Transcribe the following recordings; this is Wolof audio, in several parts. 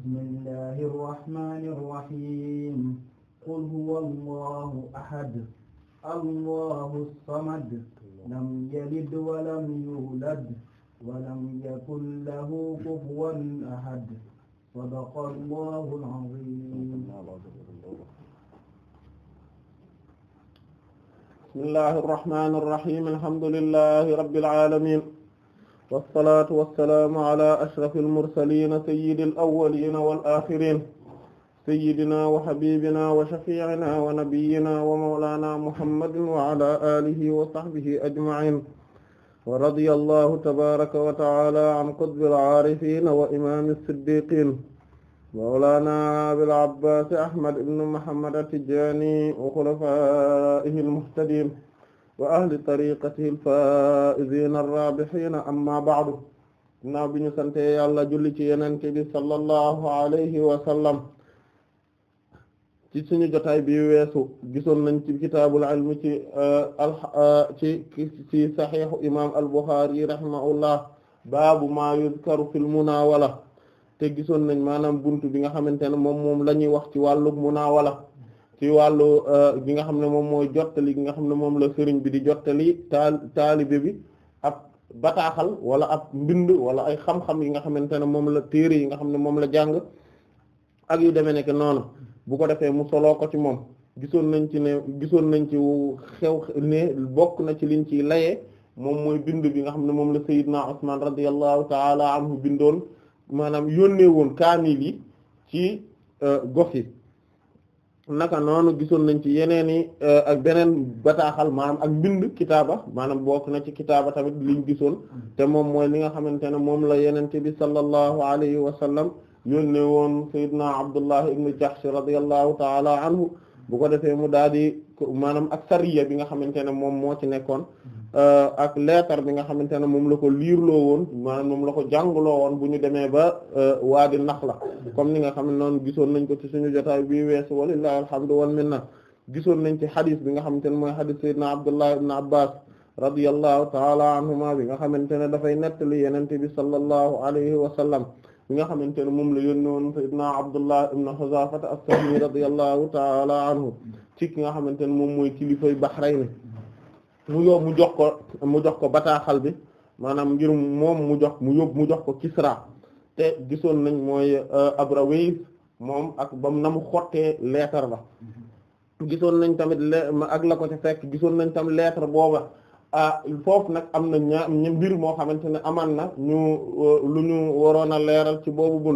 بسم الله الرحمن الرحيم قل هو الله أحد الله الصمد لم يلد ولم يولد ولم يكن له كفوا أحد صدق الله العظيم بسم الله الرحمن الرحيم الحمد لله رب العالمين wasalaatu wasalaamu ala ashrafil mursaliina sayyidil awwaliina wal aaxiriina sayyidina wa xabiibina wa shafiicina wa nabiyyina wa mawlaanaa muhammadin wa ala aalihi wa saxbihi ajmaciin wa radiyallahu tabaaraka wa tacaala an qutbil caarifiina wa imaami siddiqiin mawlaanaa abil cabbaasi ahmad ibn muhammad at-tijaani wa xulafaa'ihil muhtadiin wa ahli tariqatihi al-faa'iziina ar-raabihiina amma ba'du ginnaaw bi ñu sante yàlla julli ci yenente bi sallallahu alayhi wa sallam ci suñu jotaay bi weesu gisoon nañ ci kitaabul ilmi ci uh, al uh, ci ci saxiixu imaam al-Buxaari rahimahullah baabu maa yuzkaru fil munaawala te gisoon nañ maanaam buntu bi nga xamante ne moom moom lañuy ñuy wax ci wàllug munaawala ci wàllu euh, gi nga xam ne moom mooy jottali gi nga xam ne moom la sëriñ bi di jottali taalibe bi ab bataaxal wala ab mbind wala ay xam-xam yi nga xamante ne moom la téere yi nga xam ne moom la jàng ak yu demee nekk noonu bu ko defee mu soloo ko ci moom gisoon nañ ci ne gisoon nañ ci xew ne bokk na ci liñ ciy layee moom mooy bind bi nga xam ne moom la Seydina Usmaan radiyallahu taala anhu bindoon maanaam yónnee woon kaamil yi ci euh, gox yi naka noonu gisoon nañ ci yeneen i euh, ak beneen bataaxal maanaam ak mbind kitaaba maanaam bokk na ci kitaaba tamit liñ gisoon te moom mooy li nga xamante ne moom la yeneen bi sallallahu alayhi wa sallam yónnee woon sayyidna Abdullah ibn Jahsh radiyallahu taala anhu bu ko defee mu daal di maanaam ak sariya bi nga xamante ne moom moo ci nekkoon Euh, ak leetar bi nga xamante ne moom la ko liirloo woon maanaam moom la ko jàngloo woon bu ñu demee ba euh, waadi Naxla comme ni nga xam ne noonu gisoon nañ ko ci suñu jotaay bii weesu walillahi alhamdu wal minna gisoon nañ ci xadis bi nga xamante ne mooy xadis sayyidina Abdullah ibn Abbas radiyallahu taala anhuma bi nga xamante ne dafay nettali yenente bi sallallahu alayhi wa sallam bi nga xamante ne moom la yónni woon sayyidina Abdullah ibn Xuzaafa as-Sahmi taala anhu ci ki nga xamante ne moom mooy kilifay Bahrayn mu yób mu jox ko mu jox ko bataaxal bi maanaam ngir moom mu jox mu yób mu jox ko Kisra te gisoon nañ mooy euh, Abrawiz moom ak bam na mu xottee leetar ba gisoon nañ tamit le ak ko ci fekk gisoon nañ tam leetar booba ah foofu nag am na ñaa mbir moo xamante ne amaan na ñu euh, lu ñu waroon a leeral ci boobu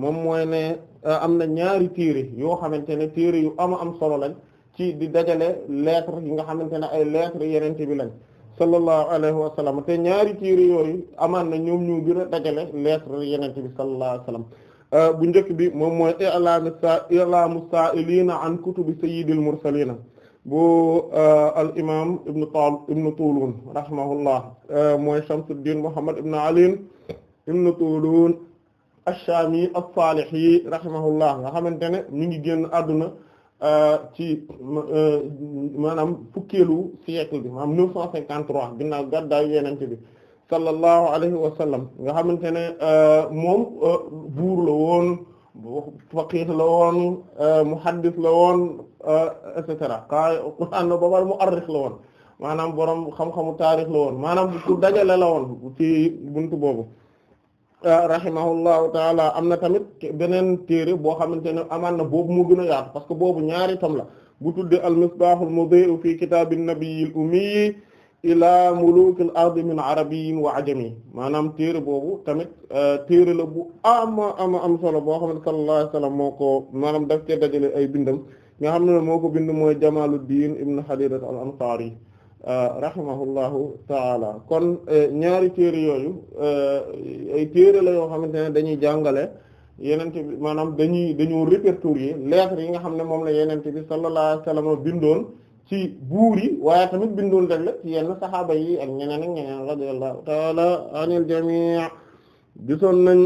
moom mooy ne euh, am na ñaari téere yoo xamante ne téere yu ama am solo lañ ci di dajale lettre yi nga xamante ne ay lettre bi lañ sallallahu alayhi wa te ñaari tiir yooyu amaan na ñoom ñu gën a dajale lettre yenente bi sallallahu alayhi wa euh, bu njëkk bi moom mooy i'lamu sa i'lamu sa'ilina an kutubi sayyidil mursalina bu euh, al imam ibnu tal ibnu Tulun rahimahullah euh, mooy Shamsuddin Muhammad ibnu Ali ibnu Tulun ash-Shami as-Salihi rahimahullah nga xamante ne mi ngi génn àdduna Euh, ci euh, maanaam fukkeelu siècle bi maanaam neuf cent cinquante-trois ginnaaw gàddaay yenente bi sallallahu alayhi wa nga xamante ne euh, moom buur la woon faqih la woon muhaddis la woon et cetera ka Qur'an la babal mu'arrikh la woon maanaam borom xam-xamu taarix la woon maanaam ku dajale la woon ci buntu boobu rahimahullahu taala am na tamit beneen téere boo xamante ne amaan na boobu mu gën a parce que boobu ñaari tam la bu tudde al-misbahul mudhi'u fi kitaabin nabiyyil ummi ila mulukil ardi min arabiyyin wa ajami maanaam téere boobu tamit euh, téere la bu ama am am solo boo xam ne sallallahu alayhi wasallam moo ko maanaam daf cee dajale ay bindam nga xam ne moo ko bind mooy Jamaluddin ibn Hadirat al-Ansari rahimahullahu taala kon eh, ñaari téere yooyu eh, ay téere la yoo xamante ne dañuy jàngale yenente bi maanaam dañuy dañoo répertorier lettres yi nga xam ne moom la yenente bi sallallahu alayhi wasallam bindoon ci buur yi waaye tamit bindoon rek la ci yenn saxaaba yi ak ñeneen ak ñeneen radiyallahu taala anil jamii gisoon nañ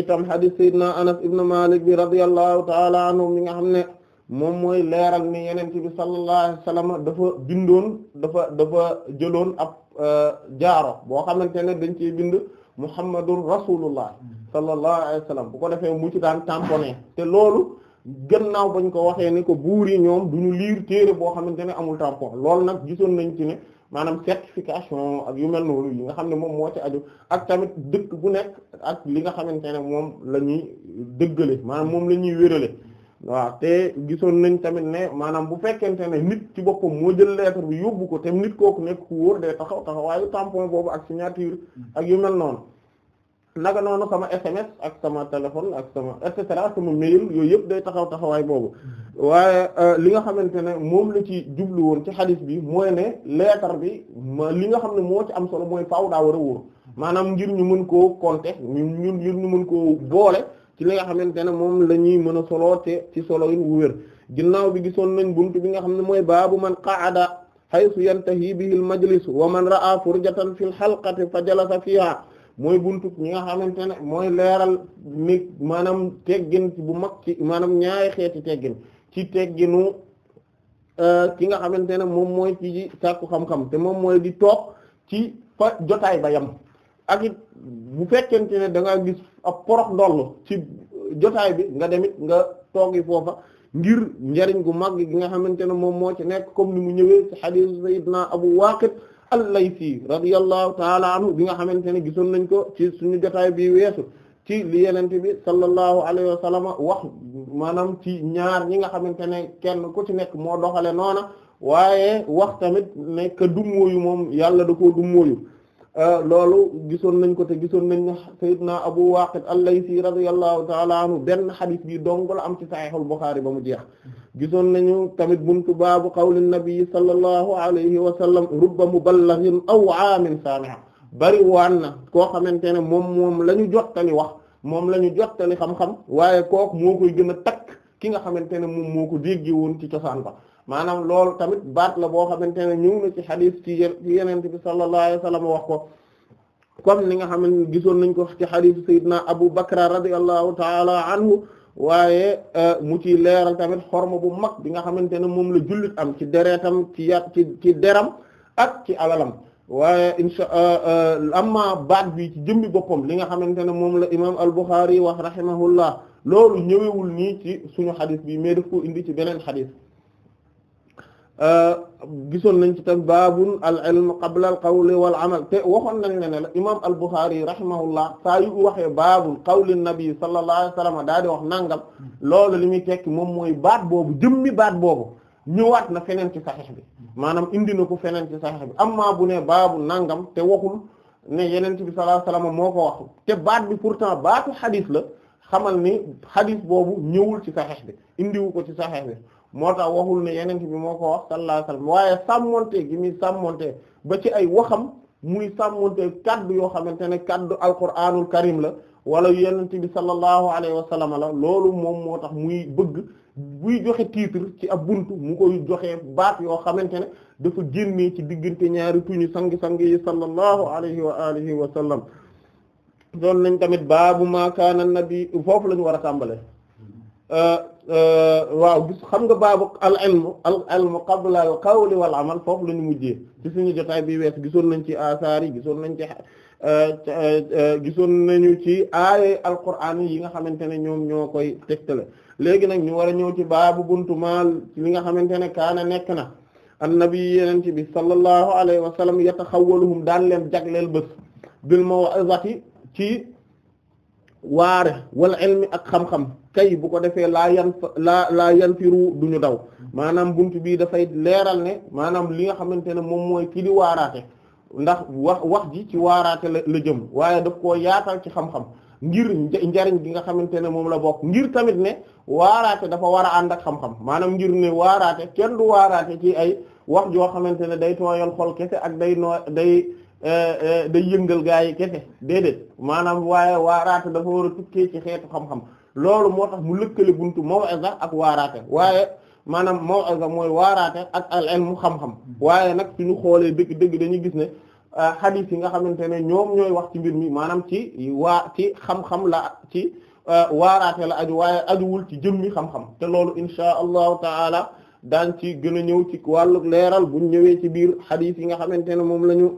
itam hadith sayyidina Anas ibn Malik bi radiyallahu taala anhu mi nga xam ne moom mooy leeral ni yeneen bi sallallahu alayhi wasallam dafa bindoon dafa dafa jëloon ab euh, jaaro boo xamante ne dañ cee bind muhammadun rasulullah sallallahu alayhi wasallam bu ko defee mu ci daan tamponné te loolu gën gannaaw bañ ko waxee ni ko buur yi ñoom du ñu liir téere boo xamante ne amul tampon lool nag gisoon nañ ci ne maanaam certification ak yu mel noonu yi nga xam ne moom moo ci aju ak tamit dëkk bu nekk ak li nga xamante ne moom la ñuy dëggale maanaam moom la ñuy wérale waa te gisoon nañ tamit ne maanaam bu fekkente ne nit ci boppam moo jël lettre bi yóbbu ko te nit kooku nekk ku wóor day taxaw taxawaayu tampon boobu ak signature ak yu mel noonu naka noonu sama SMS ak sama téléphone ak sama et cetera sama mail yooyu yëpp day taxaw taxawaay boobu waaye euh, li nga xamante ne moom la ci jublu woon ci xadis bi mooy ne lettre bi li nga xam ne moo ci am solo mooy faaw daa war a wóor maanaam ngir ñu mën koo compter ñun ngir ñu mën koo boole. ci li nga xamante ne moom la ñuy mën a solo te ci solo yin wu wér ginnaaw bi gisoon nañ buntu bi nga xam ne mooy baabu man qaada haythu yantahi bihi al majlis wa man ra'a furjatan fi halqati fa jalasa fiha mooy buntu ñi nga xamante ne mooy leeral ni maanaam teggin bu mag ci maanaam ñaari xeeti teggin ci tegginu euh, ki nga xamante ne moom mooy ci sàkku xam-xam te moom mooy di toog ci fa jotaay ba yam ak it bu fekkente ne danga gis ab porox ndoll ci jotaay bi nga demit nga toogi foofa ngir njariñ gu màgg gi nga xamante ne moom moo ci nekk comme ni mu ñëwee ci Abu Waqid al-Laythi radiyallahu bi nga xamante ne gisoon nañ ko ci suñu jotaay bi weesu ci li bi sallallahu alayhi wa wax maanaam ci ñaar ñi nga xamante ne kenn ku ci nekk moo doxale noona waaye wax tamit ne que dummóoyu moom yàlla da koo dummóoyu Eh, loolu gisoon nañ ko te gisoon nañ ne Seydina Abu Waqid al-Laythi radiyallahu ta'ala anhu benn xadis bi dong la am ci Sahihul Bukhari ba mu jeex gisoon nañu tamit buntu baabu qawli nabi sallallahu alayhi wa sallam rubba muballighin aw aamin saami'a bari waan na koo xamante ne moom moom la ñu jottali wax moom la ñu jottali xam-xam waaye kook moo koy gën a takk ki nga xamante ne moom moo ko dégg woon ci cosaan ba maanaam loolu tamit baat la boo xamante ne ñëw na ci xadis ci yeneen bi sallallahu alayhi wa sallam wax ko comme ni nga xam ne gisoon nañ ko ci xadisu Seydina Abu Bakra radiyallahu taala anhu waaye euh, mu ci leeral tamit xorma bu mag bi nga xamante ne moom la jullit am ci deretam ci yat ci ci deram ak ci alalam waaye insha euh, euh, amma baat bi ci jëmbi boppam li nga xamante ne moom la imam al-Bukhari wax rahimahullah loolu ñëwewul nii ci suñu xadis bi mais daf ko indi ci beneen xadis Euh, gisoon nañ ci tam baabun al ilm qabla al qawli wal amal te waxoon nañ ne ne la imaam al Bukhari rahimahullah saa yu waxee baabul qawli nabi sallallahu alayhi wa sallam daa di wax nangam loolu li muy tekki moom mooy baat boobu jëmmi baat boobu ñëwaat na feneen ci saxiix bi maanaam indi na ko feneen ci saxiix bi amma bu ne baabul nangam te waxul ne yeneen bi sallallahu alayhi moo ko wax te baat bi pourtant baatu xadis la xamal ni xadis boobu ñëwul ci saxiix bi indiwu ko ci saxiix bi. moo tax waxul ne yeneen bi moo ko wax sallallahu waaye sàmmonte gi muy sàmmonte ba ci ay waxam muy sàmmonte kaddu yoo xamante ne kaddu alquranul karim la wala yeneen bi sallallahu alayhi wasallam la loolu moom moo tax muy bëgg buy joxe titre ci ab bunt mu koy joxe baat yoo xamante ne dafa génnee ci diggante ñaari tuñu sang-sang yi sallallahu alayhi wa alihi wa sallam nañ tamit baabu ma kaana bi foofu la war a tàmbale euh, Euh, waaw xam nga baabu al ilmu al ilmu qabla al qawli wal amal foofu la ñu mujjee ci suñu jotaay bi wees gisoon nañ ci asaar yi gisoon nañ ci euh, euh, gisoon nañu ci aaya al quraan yi nga xamante ne ñoom ñoo koy tegtale léegi nag ñu war a ñëw ci baabu buntu maal yi nga xamante ne kaana nekk na annabi yeneen bi sallallahu alayhi wa sallam yataxawwaluhum daan leen jagleel bés bil maw'izati ci waare wal ilmi ak xam-xam tey bu ko defee laa yan laa laa yan firu ñu daw maanaam buntu bii dafay leeral ne maanaam li nga xamante ne moom mooy ki di waaraate ndax wax wax ji ci waaraate la la jëm waaye daf koo yaatal ci xam ngir njariñ gi nga xamante ne moom la bokk ngir tamit ne waaraate dafa war a ànd ak xam-xam maanaam ngir ne waaraate kenn du waaraate ci ay wax joo xamante ne day tooyal xol kese ak day noo day eh, eh, day yëngal gaa yi kese déedéet maanaam waaye waaraate dafa war a tukkee ci xeetu xam-xam loolu moo tax mu lëkkale buntu maw'iza ak waaraate waaye maanaam maw'iza mooy waaraate ak al ilmu xam-xam waaye nag suñu xoolee dëgg dëgg dañuy gis ne euh, xadiis yi nga xamante ne ñoom ñooy wax ci mbir mi maanaam ci waa ci xam-xam la ci euh, waaraate la aju waaye ajuwul ci jëmmi xam-xam te loolu insha allahu taala daan ci gën a ñëw ci wàllu leeral buñ ñëwee ci biir xadiis yi nga xamante ne moom la ñu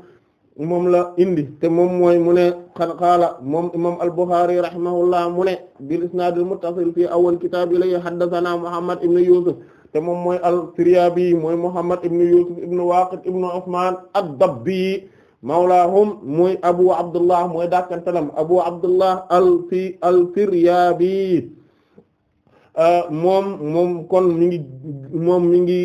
moom la indi te moom mooy mu ne qaala moom imam al-Bukhari rahimahullah mu ne bil isnaadil muttasil fii awwal kitaab ilayhi haddathana Muhammad ibn Yusuf te moom mooy al-Firyabi mooy Muhammad ibn Yusuf ibn Waqid ibn Usman ad-Dabbi mawlaahum mooy Abu Abdullah mooy dakkantalam Abu Abdullah al-Fi al-Firyabi Euh, moom moom kon mi ngi mi ngi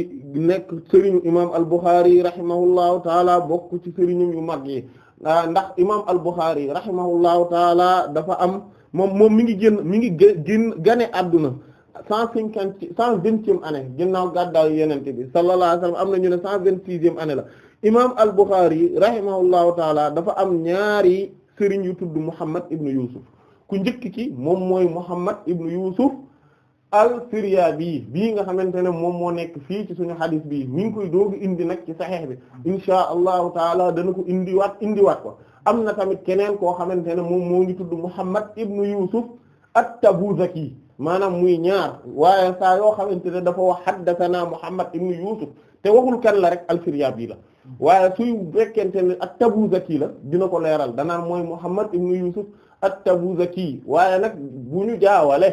nekk sëriñu imam al-Bukhari rahimahullahu taala bokk ci sëriñum yu mag yi euh, ndax imam al-Bukhari rahimahullahu taala dafa am moom moom mi ngi génn mi ngi génn gane adduna cent cinquante cent vingtième année ginnaaw gàddaayu yenente bi sallallahu am na ñu ne cent vingt-sixième année la imam al-Bukhari rahimahullahu taala dafa am ñaari sëriñ yu tudd Muhammad ibnu Yusuf ku njëkk ki moom mooy Muhammad ibnu Yusuf al-Firyaabi bii nga xamante ne moom moo nekk fii ci suñu xadis bii mi ngi koy doogu indi nag ci saxeex bi inshaa allahu taala dana ko indiwaat indiwaat ko am na tamit keneen koo xamante ne moom moo ngi tudd Muhammad ibnu Yusuf at-Tabuzaki maanaam muy ñaar waaye saa yoo xamante ne dafa wax haddathana Muhammad ibnu Yusuf te waxul kan la rek al-Firyaabi la waaye suy fekkente ne at-Tabuzaki la dina ko leeral danaan mooy Muhammad ibnu Yusuf at-Tabuzaki waaye nag bu ñu jaawale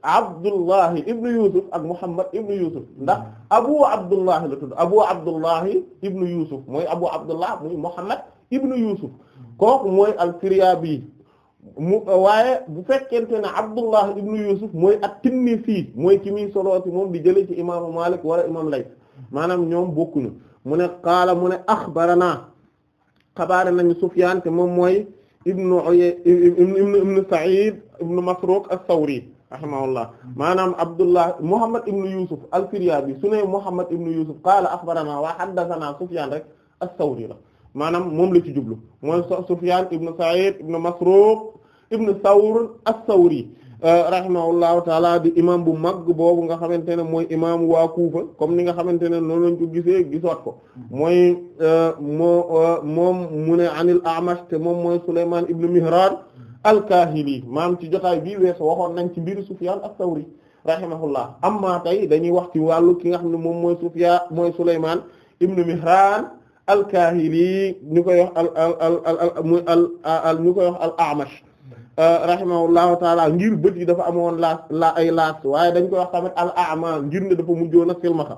Abdullahi ibnu Yusuf ak Muhammad ibnu Yusuf ndax abu Abdullahi la tudd abu Abdullahi ibnu Yusuf mooy abu Abdullah muy Muhammad ibnu Yusuf kooku mooy al-Firyaabi mu waaye bu fekkente ne Abdullahi ibnu Yusuf mooy at-Tinnisi mooy ki muy solo ci moom di jëlee ci imaamu Malik wala imaam Layth maanaam ñoom bokkuñu mu ne qaala mu ne axbaranaa xabaare nañu Sufyaan te moom mooy ibnu Uyayna ibnu Sa'id ibnu Masruq as-Sawri rahimahullah maanaam Abdullah Muhammad ibn Yusuf al-Firyaabi su ne Muhammad ibn Yusuf qaala axbaranaa wa haddasanaa Sufyaan rek as-Sawri la maanaam moom la ci jublu mooy Sufyaan ibn Sa'iid ibn Masruuq ibn Thawr as-Sawri euh, rahimahullahu taala di imam bu mag boobu nga xamante ne mooy imam waa Kuufa comme ni nga xamante ne noonu lañ ko gisee gisoot ko mooy euh, moo euh, moom mu anil A'mash moom mooy Sulaymaan ibn Mihraan al-Kaahili maam ci jotaay bii weesu waxoon nañ ci mbiru Sufyaan as-Sawri rahimahullah amma tey dañuy wax ci wàllu ki nga xam ne moom mooy Sufyaan mooy Sulaymaan ibnu Mihraan al-Kaahili ñu koy wax al al al al ñu koy wax al-A'mash euh, rahimahullahu taala ngir bët yi dafa amoon laas la ay laas waaye dañ koy wax tamit al-A'ma ngir ne dafa mujjoon a silmaxa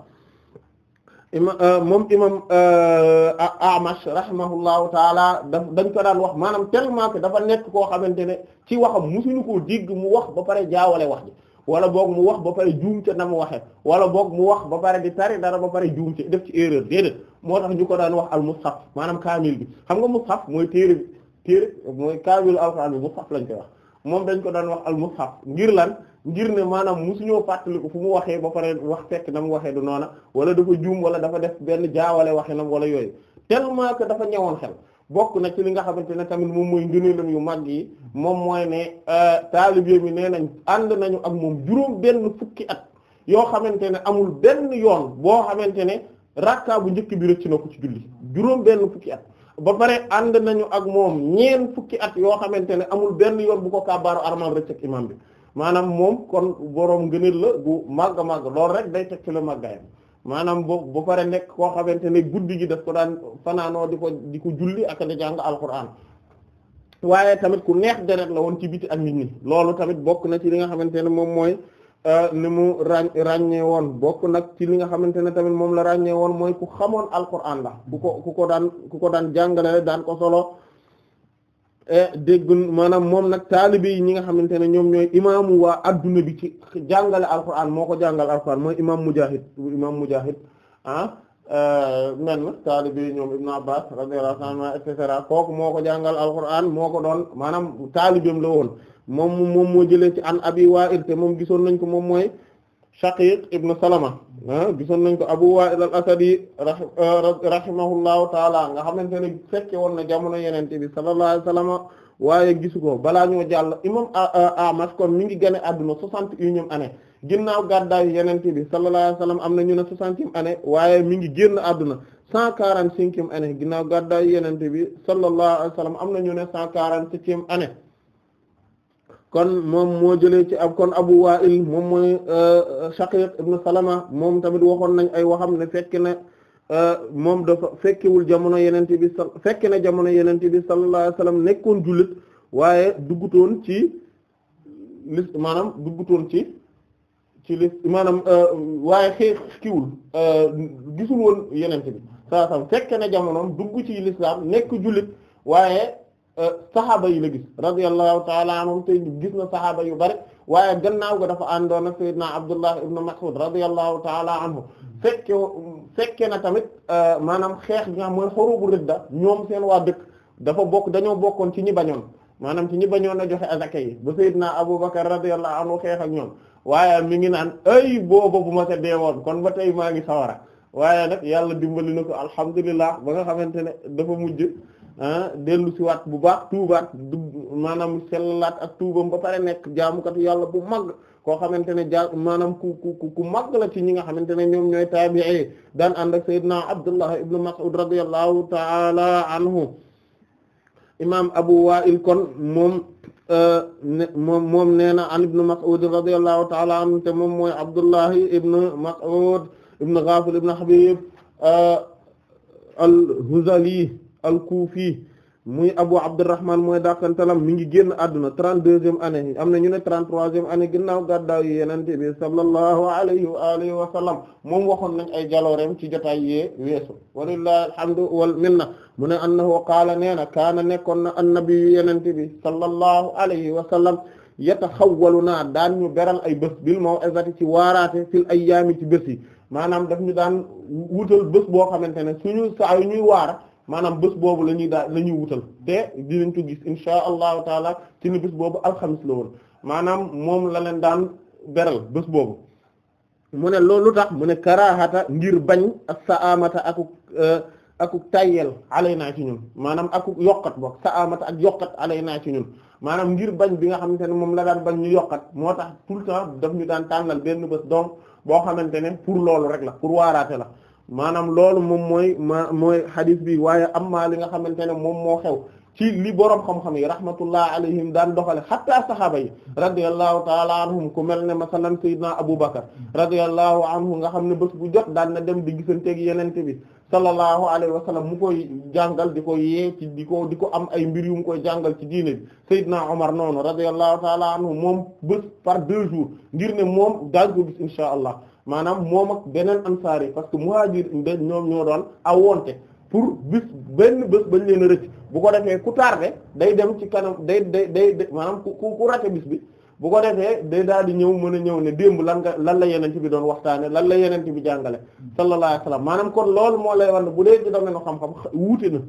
ima euh, moom imam euh, Amash rahimahullahu taala daf dañ ko daan wax maanaam tellement que dafa nekk koo xamante ne ci waxam musuñu ko digg mu wax ba pare jaawale wax ji wala boog mu wax ba pare juum ca na mu waxee wala boog mu wax ba pare di tari dara ba pare juum ci def ci erreur déedéet moo tax ñu ko daan wax al mushaf maanaam kaamil bi xam nga mushaf mooy téere bi téere mooy kaamilu alxuraan bi mushaf lañ koy wax moom dañ ko daan wax al mushaf ngir lan ngir ne maanaam musuñoo fàttaliku fu mu waxee ba pare wax fekk na mu waxee du noona wala dafa juum wala dafa def benn jaawale waxinam wala yooyu tellement que dafa ñëwoon xel bokk na ci li nga xamante ne tamit moom mooy ngëneelam yu mag yi moom mooy ne euh, taalibe mi nee nañ ànd nañu ak moom juróom benn fukki at yoo xamante ne amul benn yoon boo xamante ne rakka bu njëkk bi rëcc na ko ci julli juróom benn fukki at ba pare ànd nañu ak moom ñeen fukki at yoo xamante ne amul benn yoon bu ko kàbbaaru armaam rëcc ak imam bi maanaam moom kon boroom ngëneel la gu màgg a màgg loolu rek day tekki la màggaayam maanaam bo ba pare nekk koo xamante ne guddi gi daf ko daan fanaanoo di ko di ko julli ak di jàng alquran waaye tamit ku neex deret la woon ci biti ak nit ñi loolu tamit bokk na ci li nga xamante ne moom mooy li euh, mu ràññee woon bokk nag ci li nga xamante ne tamit moom la ràññee woon mooy ku xamoon alquran la ku ko ku ko daan ku ko daan jàngale daan ko solo Eh, dégg maanaam moom nag taalibe yi ñi nga xamante ne ñoom ñooy imaamu waa adduna bi ci jàngale alquran moo ko jàngal alquran mooy imaam Mujaahid imaam Mujaahid ah eh, men na taalibe yi ñoom Ibn Abbas radiyallahu anhu et cetera kooku moo ko jàngal alquran moo ko doon maanaam taalibeem la woon moom moom moo jëlee ci an Abi Wa'il te moom gisoon nañ ko moom mooy Shaqiq ibn Salama Ah, gisoon nañ ko Abu Wa'il al-Asadi ah, rahimahullahu taala nga xamante ne fekke woon na jamono yeneen bi sallallahu alayhi wa sallam waaye gisu ko balaa ñoo jàll imam Ahmad kon mi ngi gane adduna soixante et unième année ginnaaw gàddaayu yeneen bi sallallahu alayhi wa sallam am na ñu ne soixantième année waaye mi ngi génn adduna cent quarante cinquième année ginnaaw gàddaayu yeneen bi sallallahu alayhi wa am na ñu ne cent quarante septième année. kon moom moo jëlee ci ab kon Abu Wa'il moom mooy euh, euh, Shaqiq ibn Salama moom tamit waxoon nañ ay waxam ne fekk na euh, moom dafa fekkewul jamono yeneen bi sa fekk na jamono yeneen bi sallallahu alayhi wasallam nekkoon julit waaye duggutoon ci lis maanaam duggutoon ci ci lis maanaam waaye xeex kiwul gisul woon bi saa sam na jamonoom dugg ci lislaam nekk julit waaye Euh, saxaaba yi la gis radiyallahu ta'ala anhum te gis na saxaaba yu bari waaye gannaaw ga dafa àndoon ak sayyidina Abdullah ibn Mas'ud radiyallahu ta'ala anhu fekke fekke na tamit euh, maanaam xeex gi nga xam mooy xurubu ridda ñoom seen waa dëkk dafa bokk dañoo bokkoon ci ñi bañoon maanaam ci ñi bañoon a joxe azaka yi ba sayyidina Abubakar radiyallahu anhu xeex ak ñoom waaye mi ngi naan ay booba bu ma sa deewoon kon ba tey maa ngi sawara waaye nag yàlla dimbali na ko alhamdulillah nga xamante ne dafa mujj Ah, dellu siwaat bu baax tuubaat du maanaam sellalaat ak tuubam ba pare nekk jaamukatu yàlla bu mag koo xamante ne ja maanaam ku ku mag la ci ñi nga xamante ne ñoom ñooy taabi'i daan ànd ak sayyidina Abdullah ibn Mas'ud radiyallahu ta'ala anhu imaam Abu Wa'il kon euh, moom moom nee na an ibn Mas'ud radiyallahu ta'ala anhu te moom mooy Abdullah ibn Mas'ud ibn Ghafil ibn Habib euh, al-Huzali al-Kufi muy Abu Abdurrahman mooy dàqantalam mi ngi génn àdduna trente-deuxième année am na ñu ne trente-troisième année ginnaaw gàddaaw yi yenente bi sallallahu alayhi wa alihi wa sallam moom waxoon nañ ay jalooreem ci jotaay yee weesu walillahi alhamdu wal minna mu ne annahu kaala nee na kaana nekkoon na annabi yu yenente bi sallallahu alayhi wa sallam walu naa daan ñu beral ay bés bil maw'izati ci waaraate fil ayyaami ci bés yi maanaam def ñu daan wutal bés boo xamante ne suñu saa maanaam bés boobu la ñuy daal la ñuy wutal te dinañ ko gis insha allahu taala ci ni bés boobu alxamis la woon maanaam moom la leen daan beral bés boobu mu ne loolu tax mu ne karaahata ngir bañ ak saamata akuk eh, akuk tayyel alay naa ci ñun maanaam akuk yokkat boog saamata ak yokkat alay naa ci ñun maanaam ngir bañ bi nga xamante ne moom la daan bañ ñu yokkat moo tax tout le temps daf ñu daan tànnal benn bés donc boo xamante ne pour loolu rek la pour waaraate la maanaam loolu moom mooy ma mooy xadis bi waaye amma li nga xamante ne moom moo xew ci li boroom xam-xam yi rahmatullah alayhim daan doxale xatta saxaaba yi radiallahu taala anhum ku mel ne masalan sayyidina Abu Bakar radiallahu anhu nga xam ne bés bu jot daan na dem di gisanteeg yenente bi sallallahu alayhi wa sallam mu koy jàngal di ko yee ci di ko di ko am ay mbir yu mu koy jàngal ci diine bi Seydina Omar noonu radiyallahu taala anhu moom par deux jours ngir ne moom daal ko allah maanaam moom ak beneen ansaar yi parce que muhajir de ñoom ñoo doon a awonte pour bis benn bés bañ leen a rëcc bu ko defee ku tardé day dem ci kanam day day day maanaam ku ku raté bi bu ko defee day daal di ñëw mën a ñëw ne démb lan nga lan la yeneen bi doon waxtaane lan la yeneen bi jàngale sallallahu alayhi wasallam maanaam kon loolu moo lay wan bu dee ci domaine xam-xam wuute na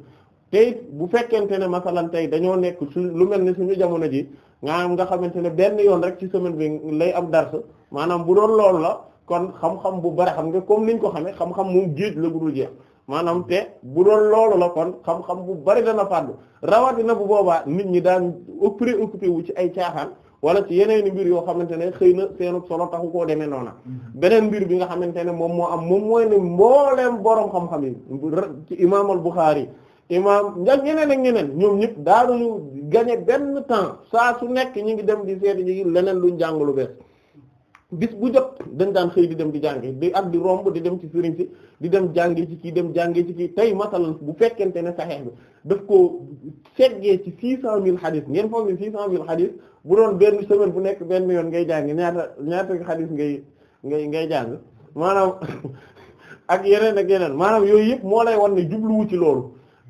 tey bu fekkente ne masalan tey dañoo nekk su lu mel ni suñu jamono ji nga nga xamante ne benn yoon rek ci semaine bi lay am darsa maanaam bu doon loolu la kon xam-xam bu bari xam nga comme niñ ko xamee xam-xam moom géej la gudul jeex maanaam te bu doon loolu la kon xam-xam bu bari dana fàddu rawatina bu boobaa nit ñi daan préoccupé wu ci ay caaxaan wala ci yeneen mbir yoo xamante ne xëy na seenu solo taxu koo demee noona mm-hmm. beneen mbir bi nga xamante ne moom moo am moom mooy ne mbooleem boroom xam-xam yi ci imaam al Bukhari imaam njag ñeneen ak ñeneen ñoom ñëpp daanuñu gagner benn temps saa su nekk ñi ngi dem di seeti ñi leneen luñ jàng lu bees bis bu jot dañ daan xëy di dem di jàngi di ak di romb di dem ci sëriñ si di dem jàngi ci kii dem jàngi ci kii tey masalan bu fekkente ne saxeex bi daf ko seggee ci six cent mille xadis ngeen foog ni six cent mille xadis bu doon benn semaine bu nekk benn yoon ngay jàngi ñaata ñaata xadis ngay ngay ngay jàng maanaam ak yeneen ak yeneen maanaam yooyu yëpp moo lay wan ne jubluwu ci loolu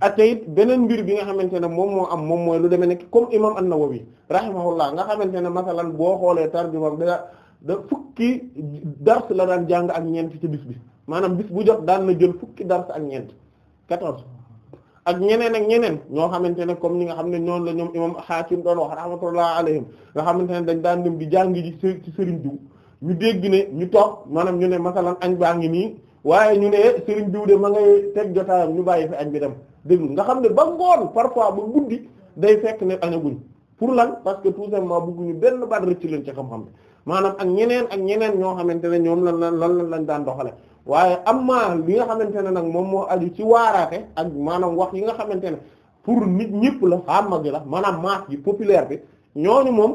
ak tey it beneen mbir bi nga xamante ne moom moo am moom mooy lu demee nekk comme imam an-Nawawi rahimahullah nga xamante ne masalan boo xoolee da fukki dars la daan jàng ak ñeent ci bis bi maanaam bis bu jot daan na jël fukki dars ak ñeent quatorze ak ñeneen ak ñeneen ñoo xamante ne comme ñi nga xam ne ñoonu la ñoom imam Hakim doon wax rahmatullah alayhim nga xamante ne dañ daan dem di jàng ji ci sëriñ diw ñu dégg ne ñu toog maanaam ñu ne masalan añ baa ngi nii waaye ñu ne sëriñ diw de ma ngay teg jotaayam ñu bàyyi fi añ bi dem déglu nga xam ne ba ngoon parfois ba guddi day fekk ne añaguñ pour lan parce que tout simplement bëgguñu benn baat rëcc leen ci xam-xam bi maanaam ak ñeneen ak ñeneen ñoo xamante ne ñoom lan lan lan lañ daan doxale waaye am amma li nga xamante ne nag moom moo aju ci waaraate ak maanaam wax yi nga xamante ne pour nit ñëpp la xamma gi la maanaam masse bi populaire bi ñooñu moom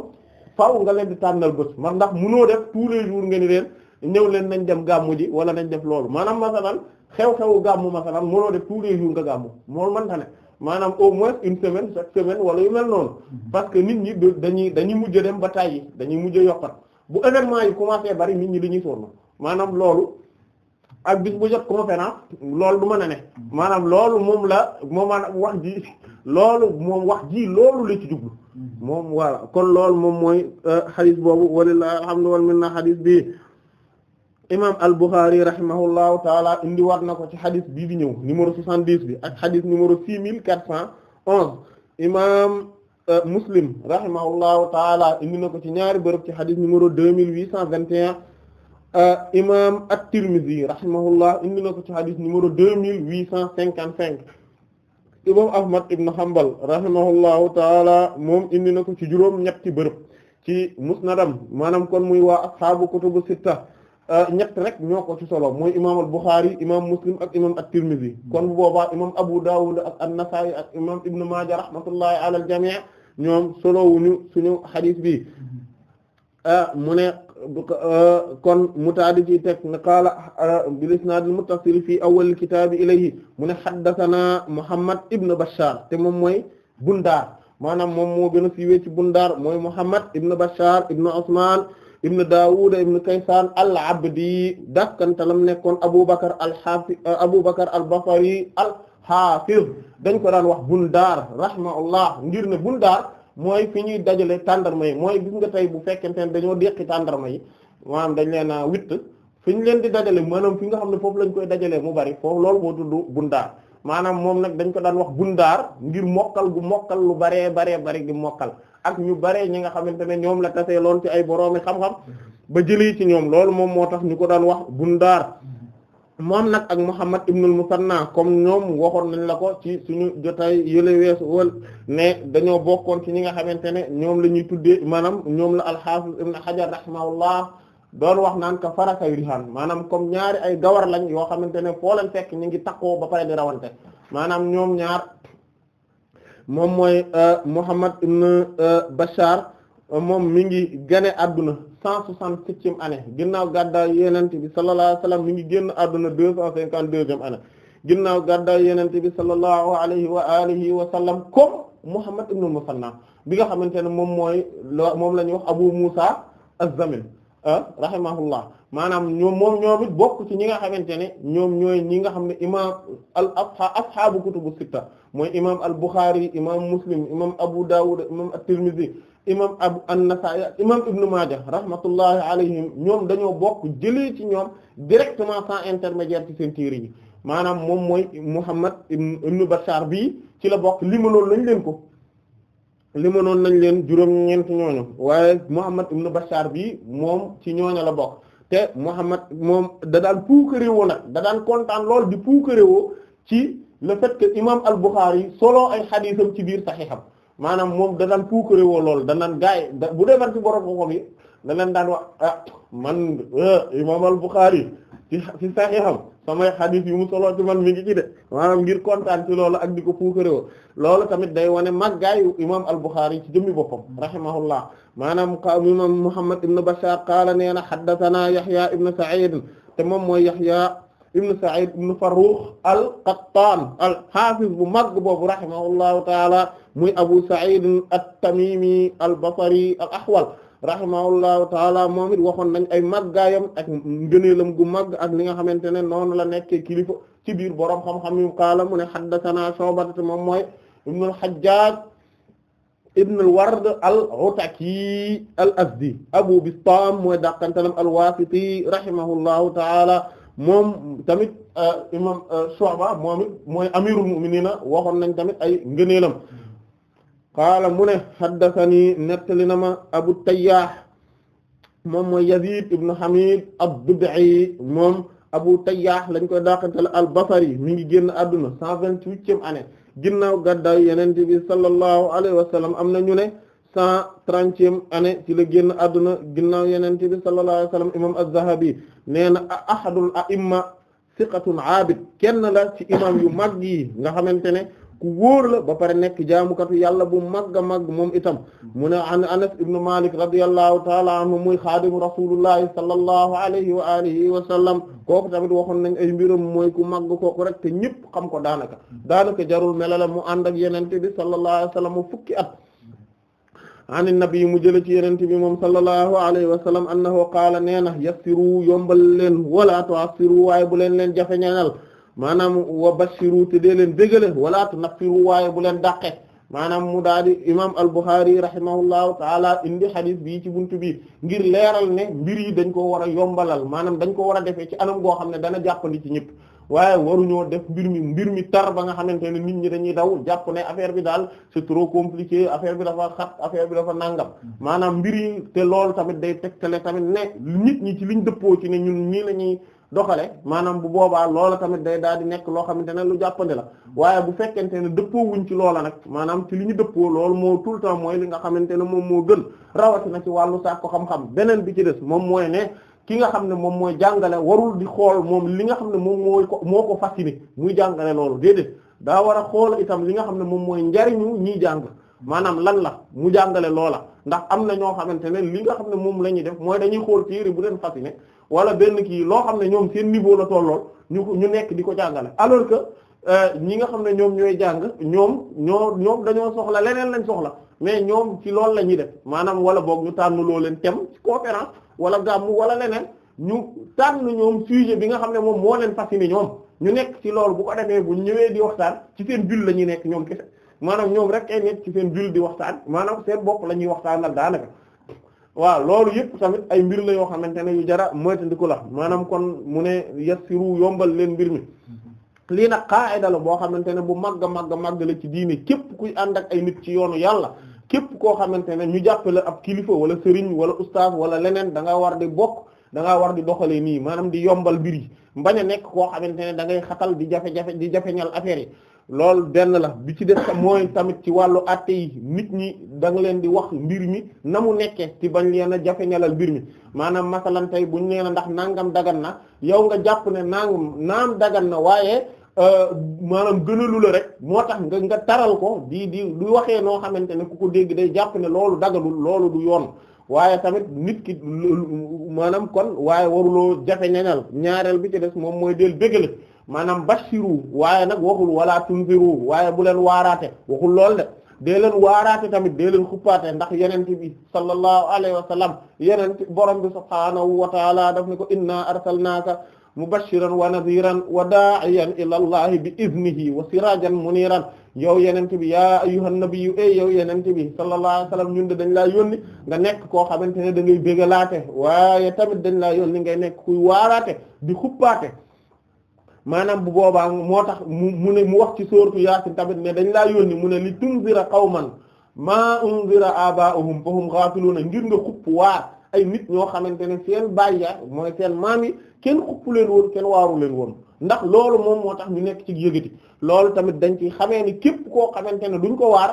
faaw nga leen di tànnal bés man ndax munoo def tous les jours nga ni leen ñëw leen nañ dem gàmmu ji wala nañ def loolu maanaam masalan xew-xewu gàmmu masalan munoo def tous les jours nga gàmmu moolu mën ta ne maanaam au moins une semaine chaque wala yu mel noonu mm-hmm. parce que nit ñi dañuy dañuy mujj dem ba tàyyi dañuy mujj yokkat bu événement yi commencé bari nit ñi li ñuy tourné maanaam loolu ak bis bu jot conférence loolu du mën a ne maanaam loolu moom la moom maanaam wax ji loolu moom wax jii loolu la ci jublu moom voilà kon loolu moom mooy euh, xadis boobu walillahi alhamdu wal minna xadis bi imam al-Bukhari rahimahullahu taala indi war na ko ci xadis bii di ñëw numéro 70 bi ak xadis numéro 6411 imam Euh, Muslim rahimahullahu taala indi na ko ci ñaari bërëb ci xadis numéro deux mille huit cent vingt et un euh, imaam at-Tirmidhi rahimahullah indina ko ci xadis numéro deux mille huit cent cinquante cinq imam Ahmad ibn Hanbal rahimahullahu taala moom indi na ko ci juróom ñetti bërëb ci musnadam maanaam kon muy waa ashaabu kutubu sitta euh, ñett rek ñoo ko ci solo mooy imam al-Bukhari imam Muslim ak imam at-Tirmidhi kon bu boobaa imam Abu Dawud ak an-Nasa'i ak imam Ibn Maaja rahmatullahi ala al-jami' ñoom solowuñu suñu xadis bi mm-hmm. ah, mu ne ah, kon mutaadi ci teg ne qaala ah, bil isnaadil muttasil fii awwalil kitaabi ilayhi mu ne xaddasanaa Muhammad ibn Bashar te moom mooy Bundaar maanaam moom moo gën a siiwee Bundaar mooy Muhammad ibn Bashar ibn Usmaan ibn Daawud ibn Kaysaan al-Abdi dakkantalam nekkoon Aboubacar al-Hafiz Aboubacar al-Basri al hafiz aboubacar al basri xaafiz dañ ko daan wax bundaar rahimahullah ngir ne bundaar mooy fi ñuy dajale tàndarma yi mooy gis nga tey bu fekkente ne dañoo deqi tàndarma yi maanaam dañ leen a witt fi ñu leen di dajale maanaam fi nga xam ne foofu lañ koy dajalee mu bari foofu lool moo tudd bundaar maanaam moom nag dañ ko daan wax bundaar ngir mokkal gu mokkal lu baree baree bari gi mokkal ak ñu baree ñi nga xamante ne ñoom la tasee lool ci ay boroomi xam-xam ba jëlee ci ñoom loolu moom moo tax ñu ko daan wax bundaar moom nag ak Muhammad ibnul Musanna comme ñoom waxoon nañ la ko ci suñu jotaay yële weesu wal ne dañoo bokkoon ci ñi nga xamante ne ñoom la ñuy tuddee maanaam ñoom la al-Hafiz ibn Hajar rahimahullah doon wax naan ka farakay rihaan maanaam comme ñaari ay gawar lañ yoo xamante ne foo leen fekk ñu ngi takkoo ba pare di rawante maanaam ñoom ñaar moom mooy euh, Muhammad ibn euh, Bashar moom mi ngi gane adduna cent soixante-septième année ginnaaw gàddaay yenente bi sallallahu alayhi wa sallam mi génn adduna deux cent cinquante-deuxième année ginnaaw gàddaay yenente bi sallallahu alayhi wa alihi wa sallam comme Muhammad ibn Musanna bi nga xamante ne moom mooy moom la ñuy wax Abu Musa az-Zamin ah, rahimahullah maanaam ñoom moom ñoom it bokk ci ñi nga xamante ne ñoom ñooy ñi nga xam ne imaam al asha ashaabu kutubu sitta mooy imaam al Bukhari imaam Muslim imaam Abu Dawud imaam at-Tirmidhi imam abu an-Nasa'i ak imam ibnu Maaja rahmatullahi alayhim ñoom dañoo bokk jëlee ci ñoom directement sans intermédiaire ci seen yi maanaam moom mooy Muhammad ibnu Bashar bii ci la bokk limaloon lañ leen ko limanoon nañ leen juróom-ñeent ñooñu waaye Muhammad ibnu Bashar bii moom ci ñooña la bokk te Muhammad moom da daan puukaréwoo nag kontaan lool di puukaréwoo ci la fait que imam al-Bukhari solo ay xadiisam ci biir saxiixam maanaam moom danaan puukare woo loolu danaan gaay bu defar ci borom xam-xam yi da leen daan wax a ah, man ah, imam al-Bukhari ci ci sahiham samay xadis yu mu solo ci man mi ngi ci de maanaam ngir kontaan ci loolu ak di ko puukare woo loolu tamit day wane màggaayu imam al-Bukhari ci jëmmi boppam rahimahullah maanaam imam Muhammad ibn Bashar qaala nee na haddathana Yahya ibn Sa'id te moom mooy Yahya ibnu Sa'id ibnu Farrukh al-Qattan al-Hafiz bu mag boobu rahimahullahu taala muy Abu Sa'id at-Tamimi al-Basri al-Ahwal rahimahullahu taala moom it waxoon nañ ay màggaayam ak ngëneelam gu màgg ak li nga xamante ne noonu la nekkee kilifa ci biir boroom xam-xam yu kaala mu ne haddathana Shu'ba moom mooy ibnu al-Hajjaj ibn al-Ward al-Ataki al-Azdi Abu Bistam mooy dàqantalam al-Wasiti rahimahullahu taala moom tamit euh, imam euh, Shu'ba moom it mooy amirul mu'minina waxoon nañ tamit ay ngëneelam qaala mu ne haddathani nettali na ma Abu Tayyah moom mooy Yazid ibn Hamid ad-Dubai moom Abu Tayyah lañ koy daqantal al-Basri mi ngi génn àdduna cent vingt-huitième année ginnaaw gàddaay Yonent bi sallallahu alayhi wa sallam am na ñu ne cent trentième année ci la génn àdduna ginnaaw yenente bi sallallahu alayhi wa sallam imam az-Zahabi nee na ahadul a'imma siqatun aabid kenn la ci imam yu mag yi nga xamante ne ku wóor la ba pare nekk jaamukatu yàlla bu mag a mag moom itam mu ne an Anas ibn Malik radiyallahu taala anhu muy xaadimu rasulullahi sallallahu alayhi wa alihi wa sallam kooku tamit waxoon nañ ay mbiram mooy ku mag kooku rek te ñëpp xam ko daanaka daanaka jarul melala mu ànd ak yenente bi sallallahu alayhi wa sallam mu fukki at an nabi mu jële ci yenente bi moom sallallahu alayhi wa sallam annahu qaala nee na yassiru yombal leen wala tu'assiru waaye bu leen leen jafeñañal maanaam wa bashiru te dee leen bégale wala tunaffiru waaye bu leen dàqe maanaam mu daal di imam al-Bukhari rahimahullahu taala indi xadis bii ci buntu bi ngir leeral ne mbir yi dañ ko war a yombalal maanaam dañ ko war a defee ci anam goo xam ne dana jàppandi ci ñëpp waaye waruñoo def mbir mi mbir mi tar ba nga xamante ne nit ñi dañuy daw jàpp ne affaire bi daal c'est trop compliqué affaire bi dafa xat affaire bi dafa nangam mm. maanaam mbir te loolu tamit day tegtale tamit ne nit ñi ci liñ dëppoo ci ne ñun nii la ñuy doxale maanaam bu boobaa loola tamit day daal di nekk loo xamante ne lu jàppandi la waaye bu fekkente ne dëppoo wuñ ci loola nag maanaam ci li ñu dëppoo loolu moo tout le temps mooy li nga xamante ne moom moo gën rawatina ci wàllu saako xam-xam beneen bi ci des moom mooy ki nga xam ne moom mooy jàngale warul di xool moom li nga xam ne moom mooy ko moo ko fasciné muy jàngale loolu déedéet daa war a xool itam li nga xam ne moom mooy njariñu ñiy jàng maanaam lan la mu jàngale loola ndax am na ñoo xamante ne li nga xam ne moom la ñuy def mooy dañuy xool téere bu leen fasciné wala benn kii loo xam ne ñoom seen niveau la tollool ñu ñu nekk di ko jàngale alors que euh, ñi nga xam ne ñoom ñooy jàng ñoom ñoo ñoom dañoo soxla leneen lañ soxla mais ñoom ci loolu la ñuy def maanaam wala boog ñu tànn loo leen thème ci wala gàmmu wala leneen ñu tànn ñoom sujet bi nga xam ne moom moo leen fasciné ñoom ñu nekk ci loolu bu ko defee bu ñëwee di waxtaan ci seen jul la ñuy nekk ñoom kese maanaam ñoom rek ay nekk ci seen jul di waxtaan maanaam seen bokk la ñuy waxtaanal daanaka waaw loolu yëpp tamit ay mbir la yoo xamante ne yu jara moytandiku la maanaam kon mu ne yassiru yombal leen mbir mi lii nag qaa'ida la boo xamante ne bu màgg a màgg a màgg la ci diine képp kuy ànd ak ay nit ci yoonu yàlla képp koo xamante ne ñu jàppe la ab kilifa wala sëriñ wala ustaas wala leneen danga nga war di bokk da nga war di doxale nii maanaam di yombal mbir yi bañ a nekk koo xamante ne da ngay xatal di jafe di jafeñal affaire loolu benn la bi ci def mooy tamit ci wàllu àtte yi nit ñi da nga leen di wax mbir mi na mu nekkee ci bañ leen a jafeñalal mbir mi maanaam masalan tey buñ nee na ndax nangam dagan na yow nga jàpp ne nangam naam dagan na waaye Euh, maanaam gënalu la rek moo tax nga nga taral ko di di du waxee noo xamante ne ku ko dégg day jàpp ne loolu dagalul loolu du yoon waaye tamit nit ki maanaam kon waaye waru loo jafe ñañal ñaareel bi ci des moom mooy del bégale maanaam bashiru waaye nag waxul wala tunziru waaye bu leen waaraate waxul lool de dee leen waaraate tamit dee leen xuppaate ndax yenente bi sallallahu alayhi wa sallam yenente borom bi subhaanahu wa taala daf ne ko inna arsalnaaka mubashiran wa nadhiran wa da'iyan ila allah bi iznihi wa sirajan muniran yow yenente bi yaa ayyuhan nabiyyu ey yow yenente bi sallallahu alayhi ñun de dañ laa yónni nga nekk koo xamante ne da ngay bégalaate waaye tamit dañ laa yónni ngay nekk kuy waaraate di xuppaate maanaam bu boobaa moo tax mu mu ne mu wax ci sooratu ne dañ laa yónni mu ne li tunzira qawman ma unzira aba'uhum fahum ghafiluna ngir nga xupp waar ay nit ñoo xamante ne seen baay mooy seen maam yi kenn xuppu leen woon kenn waaru leen woon ndax loolu moom moo tax ñu nekk ci yëgati loolu tamit dañ ci xamee ni képp koo xamante ne duñ ko waar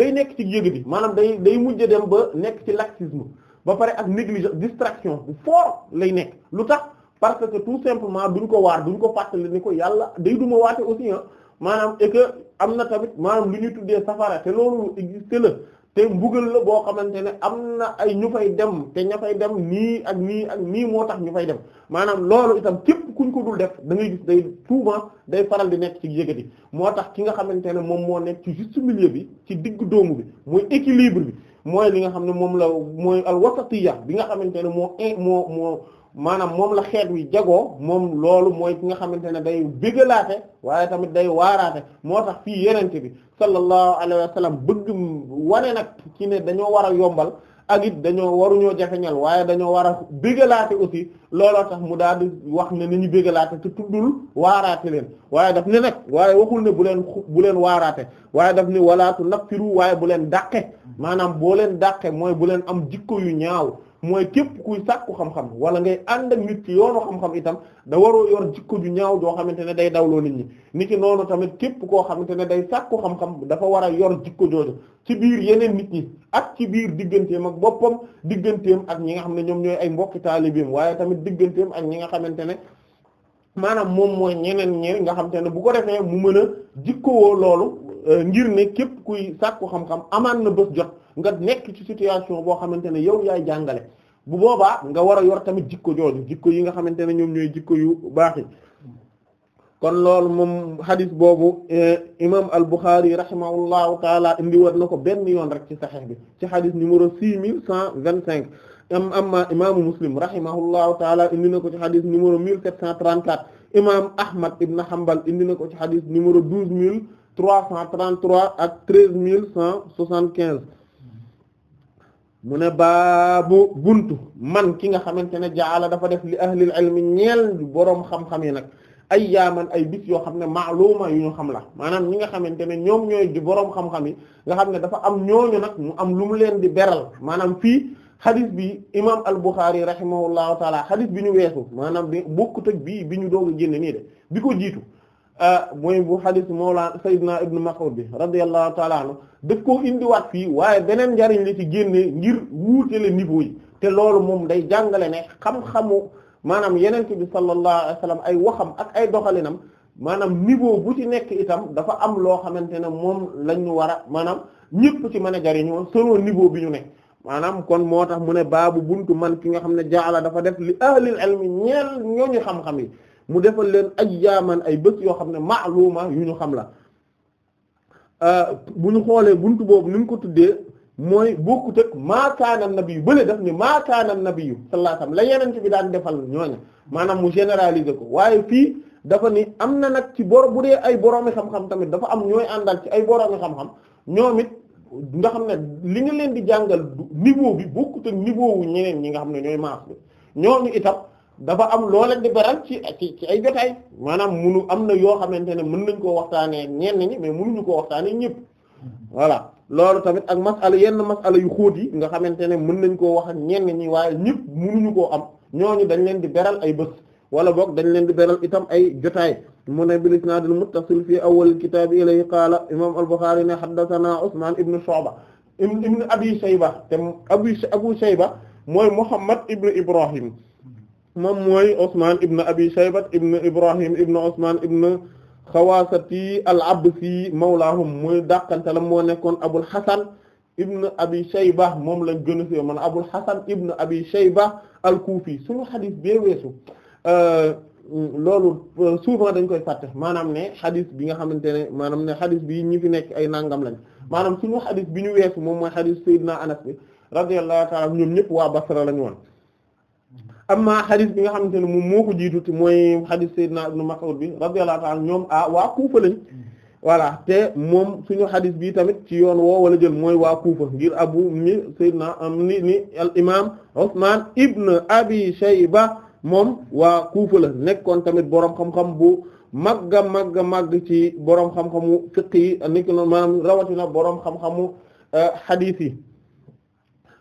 day nekk ci yëgati maanaam day day mujj dem ba nekk ci laxisme ba pare ak négligence distraction bu lay nekk lu tax parce que tout simplement duñ ko waar duñ ko fàttali ni ko yàlla day duma waate aussi ah maanaam et que am na tamit maanaam lu ñuy tuddee safara te loolu existé la te mbugal la boo xamante ne am na ay ñu fay dem te ña fay dem nii ak nii ak nii moo tax ñu fay dem maanaam loolu itam képp kuñ ko dul def da ngay gis day souvent day faral di nekk ci yëkkati moo tax ki nga xamante ne moom moo nekk ci juste milieu bi ci diggu doomu bi mooy équilibre bi mooy li nga xam ne moom la mooy al wasatiya bi nga xamante ne moo moo moo maanaam moom la xeet wi jagoo moom loolu mooy ki nga xamante ne day bégalaate waaye tamit day waaraate moo tax fii yenente bi sallallahu wane nag ci ne dañoo war a yombal ak dañoo waruñoo jafeñal waaye dañoo war a bégalaate aussi looloo tax mu daal di wax ne ni ñu bégalaate te tuddul waaraate leen waaye daf ne nag waaye waxul ne bu leen bu leen waaraate waaye daf ne walaatu naftiru waaye bu leen dàqe maanaam boo leen dàqe mooy bu leen am jikko yu ñaaw mooy képp kuy sàkku xam-xam wala ngay ànd ak nit ci yoonu xam-xam itam da waroo yor jikko ju ñaaw joo xamante ne day dawloo nit ñi niki noonu tamit képp koo xamante ne day sàkku xam-xam dafa war a yor jikko jooju ci biir yeneen nit ñi ak ci biir digganteem ak boppam digganteem ak ñi nga xam ne ñoom ñooy ay mbokki taalibeem waaye tamit digganteem ak ñi nga xamante ne maanaam moom mooy ñeneen ñeneen nga xam te ne bu ko defee mu mën a jikkowoo loolu euh, ngir ne képp kuy sàkku xam-xam amaan na bës jot nga nekk ci situation boo xamante ne yow yaay jàngale bu boobaa nga war a yor tamit jikko jooju jikko yi nga xamante ne ñoom ñooy jikko yu baax yi kon loolu moom hadis boobu euh, imam al-Bukhari rahimahullahu taala indi war na ko benn yoon rek ci Sahih bi ci hadis numéro six mil cent vingt-cinq am amma imaamu muslim rahimahullahu taala indi na ko ci xadis numéro mille sept cent trente-quatre imaamu Ahmad ibn Hanbal indi ko ci xadis numéro douze mille trois cent trente-trois ak treize mille cent soixante-quinze mu ne baabu buntu man ki nga xamante ne jaala dafa def li ahlil ilmi ñeel boroom xam-xam yi nag ay yaaman ay bis yoo xam ne maaluma yu ñu xam la maanaam ñi nga xamante ne ñoom ñooy di boroom xam-xam yi nga xam ne dafa am ñooñu nag mu am lu mu leen di beral xadis bi imam al-Bukhari rahimahullahu taala xadis bi ñu weesu maanaam bi bokkut ak bii bi ñu doog a génne nii de bi ko jiitu ah, mooy bu xadis mawla Seydina Ibn Mas'ud bi radiyallahu taala anhu daf koo indiwaat fii waaye beneen njariñ la ci génne ngir wuutele niveau yi te loolu moom day jàngale ne xam-xamu maanaam yeneen bi sallallahu alayhi ay waxam ak ay doxalinam maanaam niveau bu ci nekk itam dafa am loo xamante ne moom lañ ñu war a maanaam ñëpp ci mën a jariñoo selon niveau bi ñu nekk maanaam kon moo tax mu ne baabu buntu man ki nga xam ne jaala dafa def li ahlil ilmi ñeel ñooñu xam-xam yi mu defal leen ayyaaman ay bët yoo xam ne ma'luma yu ñu xam la euh, bu ñu xoolee buntu boobu ni ñu ko tuddee mooy bokkut ak maakaana nabi yu bële daf ni maakaana nabi yu sallallahu alayhi wasallam la yeneen bi daan defal ñooña maanaam mu généraliser ko waaye fii dafa ni am na nag ci bor bu dee ay boroomi xam-xam tamit dafa am ñooy àndal ci ay boroomi xam-xam ñoom it nga xam ne li nga leen di jàngal niveau bi bokkut ak niveau wu ñeneen ñi nga xam ne ñooy ñooñu itam dafa am loo leen di beral ci ci ci ay jotaay maanaam munu am na yoo xamante ne mën nañ koo waxtaanee ñenn ñi mais mënuñu koo waxtaanee ñëpp voilà loolu tamit ak masala yenn masala yu xóot yi nga xamante ne mën nañ koo wax ak ñenn ñi waaye ñëpp munuñu koo am ñooñu dañ leen di beral ay bës wala boog dañ leen di beral itam ay jotaay mu ne bil isnaadil muttasil fii awwalil kitaabi ilayhi qaala imaam al-Bukhari ne haddasanaa Usmaan ibn Shu'ba ibn Abi Shayba te Abu Abu Shayba mooy Muhammad ibn Ibrahim moom mooy Usmaan ibn Abi Shayba ibn Ibrahim ibn Usmaan ibn Xawaasati al-Absi mawlaahum muy dàqante la moo nekkoon Abul Hasan ibn Abi Shayba moom lañ gën a fi man Abul Hasan ibn Abi Shayba al-Kufi suñu xadiis bee weesu. Euh, loolu euh, souvent dañ koy fàtte maanaam ne xadis bi nga xamante ne maanaam ne xadis bi ñi fi nekk ay nangam lañ maanaam suñu xadis bi ñu weesu moom mooy xadis Seydina Anas bi radiyallahu ta'ala ñoom ñëpp waa Basra lañu woon amma xadis bi nga xamante ne moom moo ko jiituti mooy xadis na Ibn Mas'ud bi radiyallahu ta'ala ñoom ah waa Kuufa lañ voilà te moom suñu xadis bi tamit ci yoon woo wala jël mooy waa Kuufa ngir abu mi Seydina am ni ni al imam Usman ibn Abi Shayba moom waa Kufa la nekkoon tamit boroom xam-xam bu màgg a màgg ci borom xam-xamu fiqh yi nekk noonu maanaam rawatina borom xam-xamu hadith euh,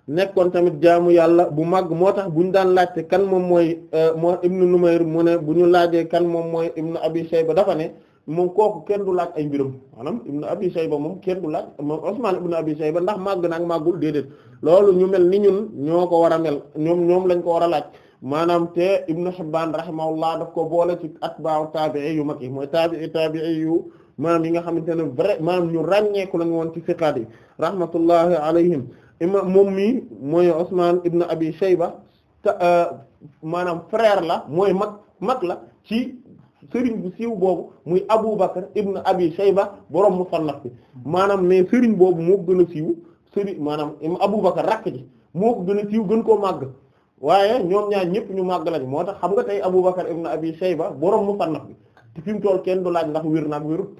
nekkoon tamit jaamu yàlla bu màgg moo tax bu ñu daan laajte kan moom mooy euh, moo ibnu Numayr mu ne bu ñu laajee kan moom mooy ibnu Abi ba dafa ne moom kooku kenn du laaj ay mbiram maanaam ibnu Abi Shayba moom kenn du laaj moom Usmaan ibnu Abi Shayba ndax màgg na ak màggul déedéet loolu ñu mel ni ñun ñoo ko war a mel ñoom ñoom lañ ko war a laaj maanaam te Ibn Hibbaan rahimahullah daf ko boole ci atba'u taabi'i yu mag yi mooy taabi'i taabi'i yu maanaam yi nga xamante ne vrai maanaam ñu ràññeeku lañu woon ci siqaat yi rahmatullahi alayhim imam moom mii mooy Usmaan ibn Abi Shayba euh, maanaam frère la mooy mag mag la ci sëriñ bu siw boobu muy Abu Bakr ibn Abi Shayba borom musannaf bi maanaam mais sëriñ boobu moo gën a siiw sëriñ maanaam Abu Bakr ji moo ko gën a siiw gën koo màgg waaye ñoom ñaar ñëpp ñu màgg lañ moo tax xam nga tey Abubakar ibn Abi Shayba borom musannaf bi te fi mu toll kenn du laaj ndax wir na ak wérut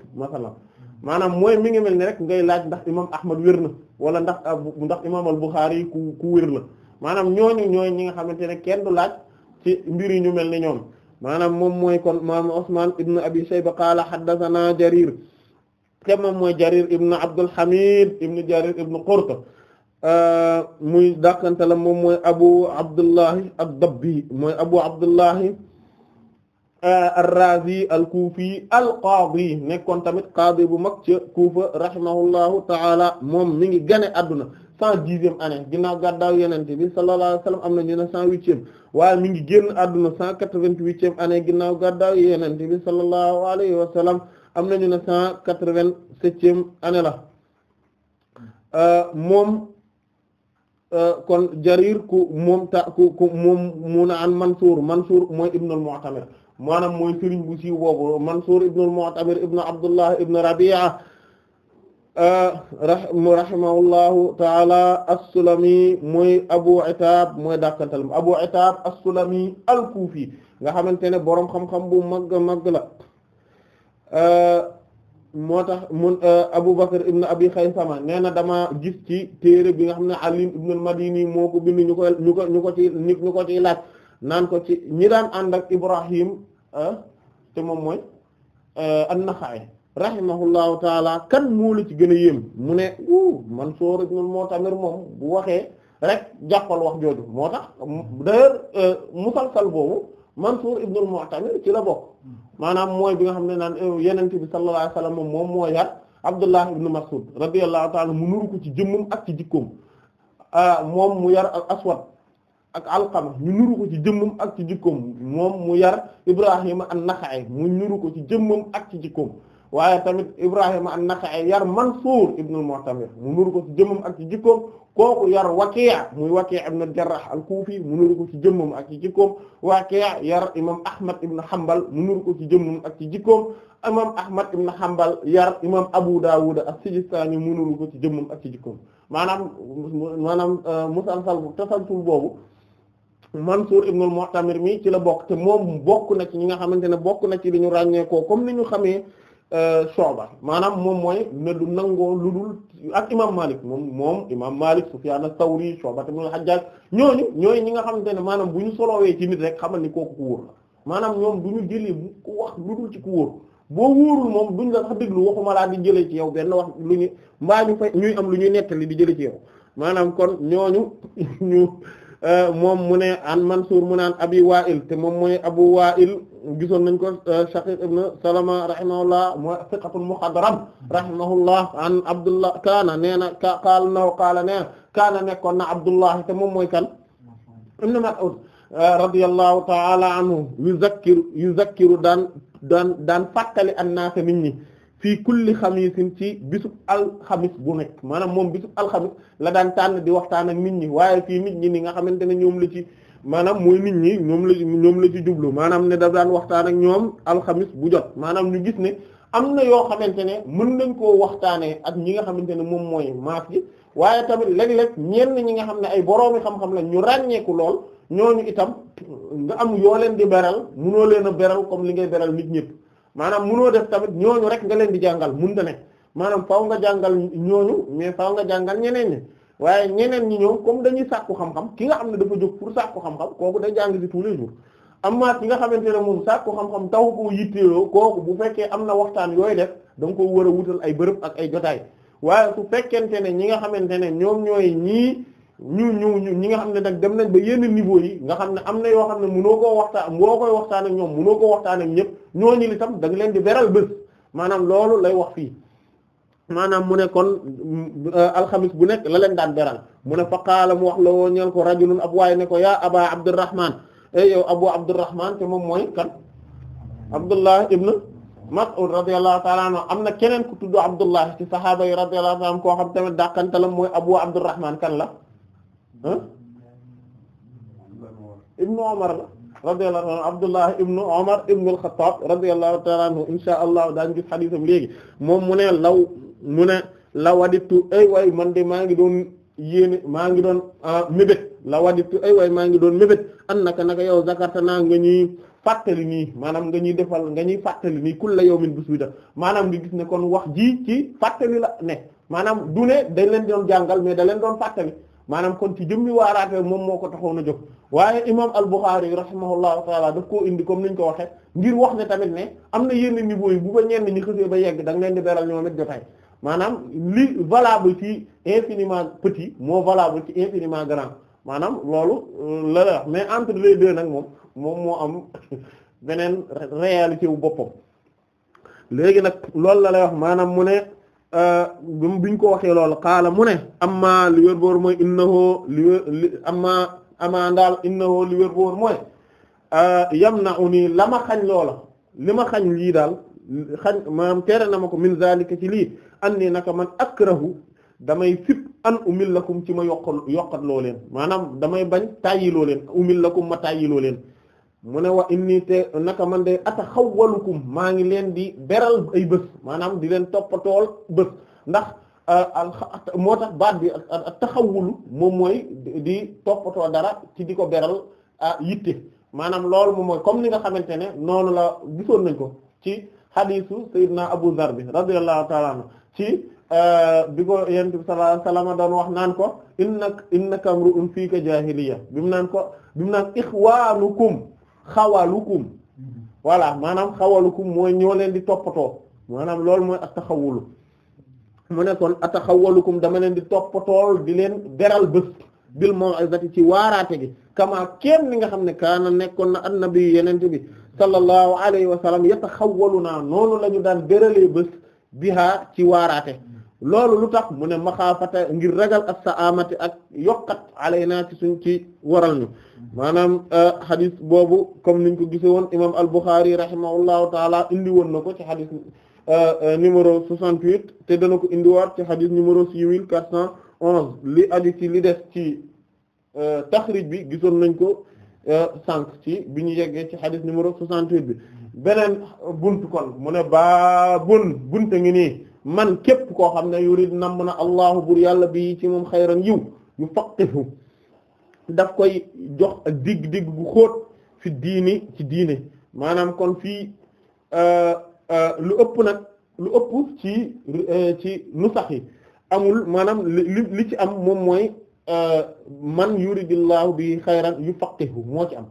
maanaam mooy mi ngi mel ni rek ngay laaj ndax imam Ahmad wér na wala ndax ndax imam al-Bukhari ku ku wér maanaam ñooñu ñooy ñi nga xamante ne kenn du laaj ci mbir yi ñu mel ne ñoom maanaam moom mooy kon maam Usman ibn Abi Shayba qaala haddathana Jarir te moom mooy Jarir ibn Abdul Hamid ibn Jarir ibn Qurta Euh, muy dàqante la moom mooy abu abdullahi ad-dabbi mooy abu abdullahi euh, ar-razi al-kufi al-qadi nekkoon tamit qadi bu mag ci kuufa rahimahullahu taala moom mi ngi gane adduna cent dixième année ginnaaw gàddaaw yenente bi sallallahu alayhi wasallam am na ñu ne cent mi ngi génn adduna cent quatre-vingt-huitième année ginnaaw gàddaaw yenente bi sallallahu alayhi wasallam am na ñu ne cent quatre-vingt-septième la euh, moom Euh, kon jarir ku moom ta mu na an Mansuur Mansuur mooy ibn al-Mu'tamir maanaam mooy sëriñ bu siiw boobu Mansuur ibn al-Mu'tamir ibn Abdullah ibn Rabi'a euh, rahimahullahu taala as-Sulami mooy Abu Itab mooy dàkkantalam Abu Itab as-Sulami nga xamante ne boroom xam-xam bu mag mag la euh, moo tax mun euh, Abu Bakr ibn Abi Khaysama nee na dama gis ci téere bi nga xam ne Ali ibn al-Madini moo ko bind ñu ko ñu ko ñu ko ci ñu ko ciy laaj naan ko ci ñi daan ànd ak Ibrahim euh, te moom mooy euh, an-Naxa'i rahimahullahu taala kan moo la ci gën a yéem mu ne u Mansuur ibn al moom bu waxee rek jàppal wax jooju moo tax d'ailleurs musalsal boobu Mansuur ibn al ci la bokk maanaam mooy bi nga xam ne naan euh, yenente bi sallallahu alayhi wasallam moom moy yar Abdullah ibn Mas'ud radiyallahu ta'ala mu nuru ci jëmmam ak ci jikkoom euh, moom mu yar al Aswad ak Alqama ñu nuru ko ci jëmmam mu yar Ibrahima an-Nakha'i mu nuru ko ci jëmmam ak ci jikkoom waaye tamit Ibrahima an-Nakha'i yar Mansuur ibn al-Mu'tamir mu nuru ko ci jëmmam ak ci jikkoom kooku yar Waki' muy Waki' ibn al-Jarrah al-Kufi mu nuru ko ci jëmmam ak ci jikkoom yar imam Ahmad ibn Hanbal mu nuru ko ci jëmmam ak ci jikkoom imam Ahmad ibn Hanbal yar imam Abu Dawud as-Sijistani mu nuru ko ci jëmmam ak ci jikkoom maanaam maanaam euh, musalsal tasalsul boobu Mansour ibn al-Mu'tamir mi ci la bokk te moom bokk na ci ñi nga xamante ne bokk na ci li ñu ràññeekoo comme ni ñu xamee Euh, sooba maanaam moom mooy ne du nangoo lu dul ak imaam Malik moom moom imaam Malik Sufyaan as-Sawri Shu'ba ibn al-Hajjaj ñooñu ñooy ñi nga xamante ne maanaam bu ñu solowee ci nit rek xamal ni kooku ku wóor maanaam ñoom du ñu jëlee bu ku wax lu dul ci ku wóor boo wóorul moom duñ la sax déglu waxuma laa di jëlee ci yow benn wax lu ñu mbaa ñu fay ñuy am lu ñuy nettali di jëlee ci yow maanaam kon ñooñu ñu euh, moom mu ne an Mansuur mu naan Abi Wa'il te moom mooy Abu Wa'il gisoon nañ ko euh, Shaqiq ibn Salama rahimahullah mooy thiqatul mukhadram rahimahullah an Abdullah kaana nee na ka qaala naw qaala na kaana nekkoon na Abdullah te moom mooy kan ibn Mas'ud euh, radiyallahu ta'ala anhu yuzakkiru yuzakkiru daan daan an-naas nit ñi fii kulli xamisin ci bisub alxamis bu nekk maanaam moom bisub alxamis la daan tànn di waxtaan ak nit ñi waaye fii nit ñi ni nga xamante ne ñoom la ci maanaam mooy nit ñi ñoom la ñoom la ci jublu maanaam ne daf daan waxtaan ak ñoom alxamis bu jot maanaam ñu gis ne am na yoo xamante ne mën nañ koo waxtaanee ak ñi nga xamante ne moom mooy maas gi waaye tamit léeg-léeg ñenn ñi nga xam ne ay boroomi xam-xam la ñu ràññeeku lool ñooñu itam nga am yoo leen di beral munoo leen a beral comme li ngay beral nit ñëpp maanaam munoo def tamit ñooñu rek nga leen di jàngal mun mënta ne maanaam faw nga jàngal ñooñu mais faw nga jàngal ñeneen ñi waaye ñeneen ñi ñoom comme dañuy sàkku xam-xam ki nga xam ne dafa jóg pour sàkku xam-xam kooku day jàng ci tous les jours amma ki nga xamante ne moom sàkku xam-xam koo ko yitteeloo kooku bu fekkee am na waxtaan yooyu def da nga war a wutal ay bërëb ak ay jotaay waaye su fekkente ne ñi nga xamante ne ñoom ñooy ñii ñu ñu ñi nga xam ne nag dem nañ ba yenn niveau yi nga xam ne am na yoo xam ne mënoo koo waxtaan boo koy waxtaan ak ñoom mënoo koo waxtaan ak ñëpp ñooñu li tam da leen di beral bés maanaam loolu lay wax fii maanaam mu ne kon euh, alxamis bu nekk la leen daan beral mu ne fa qaala mu wax la woo ko rajulun ab ne ko yaa aba abdurrahman eh, abu abdurrahman te moom mooy kan abdullah ibn mas'ud am na keneen ku tudd abdullah ci sahaaba yi radiyallahu ta'ala anhu xam tamit dàqantalam kan la ibnu omar la radiyallahu anhu abdullah ibnu omar ibnu al-khattab radiyallahu ta'ala insha allah daañu gis xadiisam léegi moom mu ne law mu ne la waditu ay way man de maa ngi doon yéene maa ngi doon ah, mébét la waditu ay way maa ngi doon mébét an naka naka yow zakarta naa nga ñuy fàttali nii maanaam nga ñuy defal nga ñuy fàttali nii kulla yawmin bis bi da maanaam nga gis ne kon wax ji ci fàttali la ne maanaam du ne dañ leen doon jàngal mais da leen doon fàttali maanaam kon ci jëmmi waaraate moom moo ko taxoon a jóg waaye imam al-Bukhari rahimahullahu taala daf koo indi comme niñ ko waxee ngir wax ne tamit ne am na yenn niveau yi bu ba ñenn ñi xësee ba yegg da leen di beral ñoom it jotaay maanaam li valable ci infiniment petit moo valable ci infiniment grand maanaam loolu euh, la mais entre les deux nag moom moom moo am beneen réalité wu boppam léegi nag loolu la maanaam mu ne euh, biñ ko waxee loolu xaala mu ne amma li wér boor mooy innahu li amma amaa ndaal innahu li wér boor mooy euh, yam na u nii la loola li ma xañ lii daal xañ maanaam tere na ma ko min zalika ci lii nii naka man akrahu damay sib an umil lakum ci ma yokkal yokkat loo leen maanaam damay bañ tàyyiloo leen umil lakum ma tàyyiloo leen mu ne wa inni te naka man de ataxawwalukum maa ngi leen di beral ay bës maanaam di leen toppatoo bës ndax moo tax baat bi taxawulu moom mooy di toppatoo dara ci di ko beral yitte maanaam loolu moom mooy comme ni nga xamante ne noonu la gisoon nañ ko xadiisu Seydina Abu Dharr bi radiyallahu ta'ala anhu ci euh, bi ko yonent bi sallallahu alayhi wasallam doon wax naan ko innaka innaka imru'un fiika jaahiliyya bi naan ko bi mu naan ixwaanukum xawalukum voilà maanaam xawalukum mooy ñoo leen di toppatoo maanam loolu mooy ataxawulu mu ne kon ataxawalukum dama leen di toppatool di leen beral bés bil maw'izati ci waaraate gi kamaa kenn ni nga xam ne kaana nekkoon na annabi yenente bi sallallahu alayhi wa sallam yataxawwaluna noonu la ñu daan béralee bés bihaa ci waaraate loolu lu tax mu ne maxaafata ngir ragal ak sa amati ak yokkat alaynaa ci suñ ci waral ñu maanaam hadith euh, boobu comme niñ ko gise woon imam al-Bukhari rahimahullahu taala indi woon na ko ci hadith euh, numéro 68 te dana ko indiwaat ci hadith numéro 6411 li aju ci li des ci Euh, taxrij bi gisoon nañ ko euh, sànq ci bi ñu yeggee ci xadis numéro 68 bi beneen bunt kon mu ne baa bun a ngi nii man képp koo xam ne yurid namm na allahu bur yàlla bi ci moom xayran yiw yu faqihu daf koy jox ak digg-digg gu xóot fi diini ci diine maanaam kon fii euh, lu ëpp nag lu ëpp ci ci nu sax amul maanaam li li ci am moom mooy Euh, man yuridillahu bi xayran yufaqihu moo ci am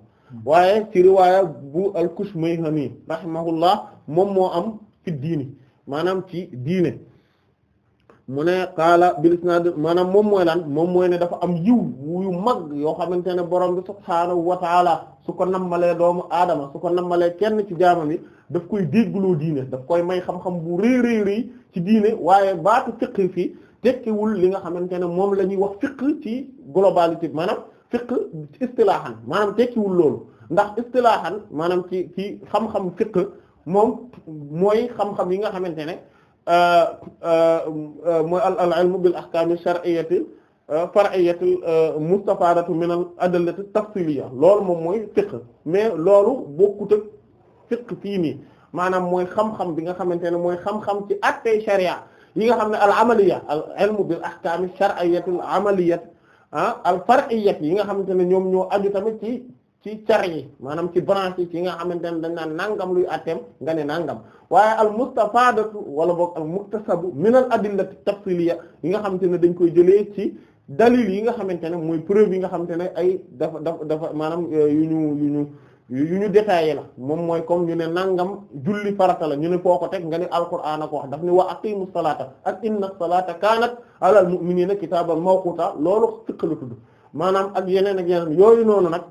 waaye ci riwaaya bu al-Kushmayhani rahimahullah moom moo am fi diini maanaam ci diine mu ne qaala bil isnaad maanaam moom mooy lan moom mooy ne dafa am yiw yu mag yoo xamante ne borom bi subhaanahu wa taala su ko nammalee doomu aadama su ko nammalee kenn ci jaamam yi daf koy déggloo diine daf koy may xam-xam bu rëy rëy rëy ci diine waaye baatu fiqh fii tekkiwul li nga xamante ne moom la ñuy wax fiqh ci globalité bi maanaam fiqh istilaahan maanaam tekkiwul loolu ndax istilaahan maanaam ci ci xam-xam fiqh moom mooy xam-xam yi nga xamante ne euh, euh, euh, mooy al al ilmu bil ahkaami shar'iyyati far'iyyati mustafaadatu min al adillati tafsiiliya loolu moom mooy fiqh mais loolu bokkut ak fiqh fii maanaam mooy xam-xam bi nga xamante ne mooy xam-xam ci attey sharia yi nga xam ne al amaliya al ilmu bil ahkam shar'iyyatul amaliyat ah al far'iyyat yi nga xamante ne ñoom ñoo aju tamit ci ci car yi maanaam ci branche yi ci nga xamante ne dañ naan nangam luy atteem nga ne nangam waaye al mustafadatu wala boog al muktasabu min al adillati tafsiliya yi nga xamante ne dañ koy jëlee ci dalil yi nga xamante ne mooy preuve yi nga xamante ne ay dafa dafa dafa maanaam euh, yu ñu yu yu ñu détaillé la moom mooy comme ñu ne nangam julli farata la ñu ne foo ko teg nga ne alquran ak wax daf ni wa aqimu salata ak inna salata kanat alal mu'minina kitaaban mawquta loolu fiqh la tudd maanaam ak yeneen ak yeneen yooyu noonu nag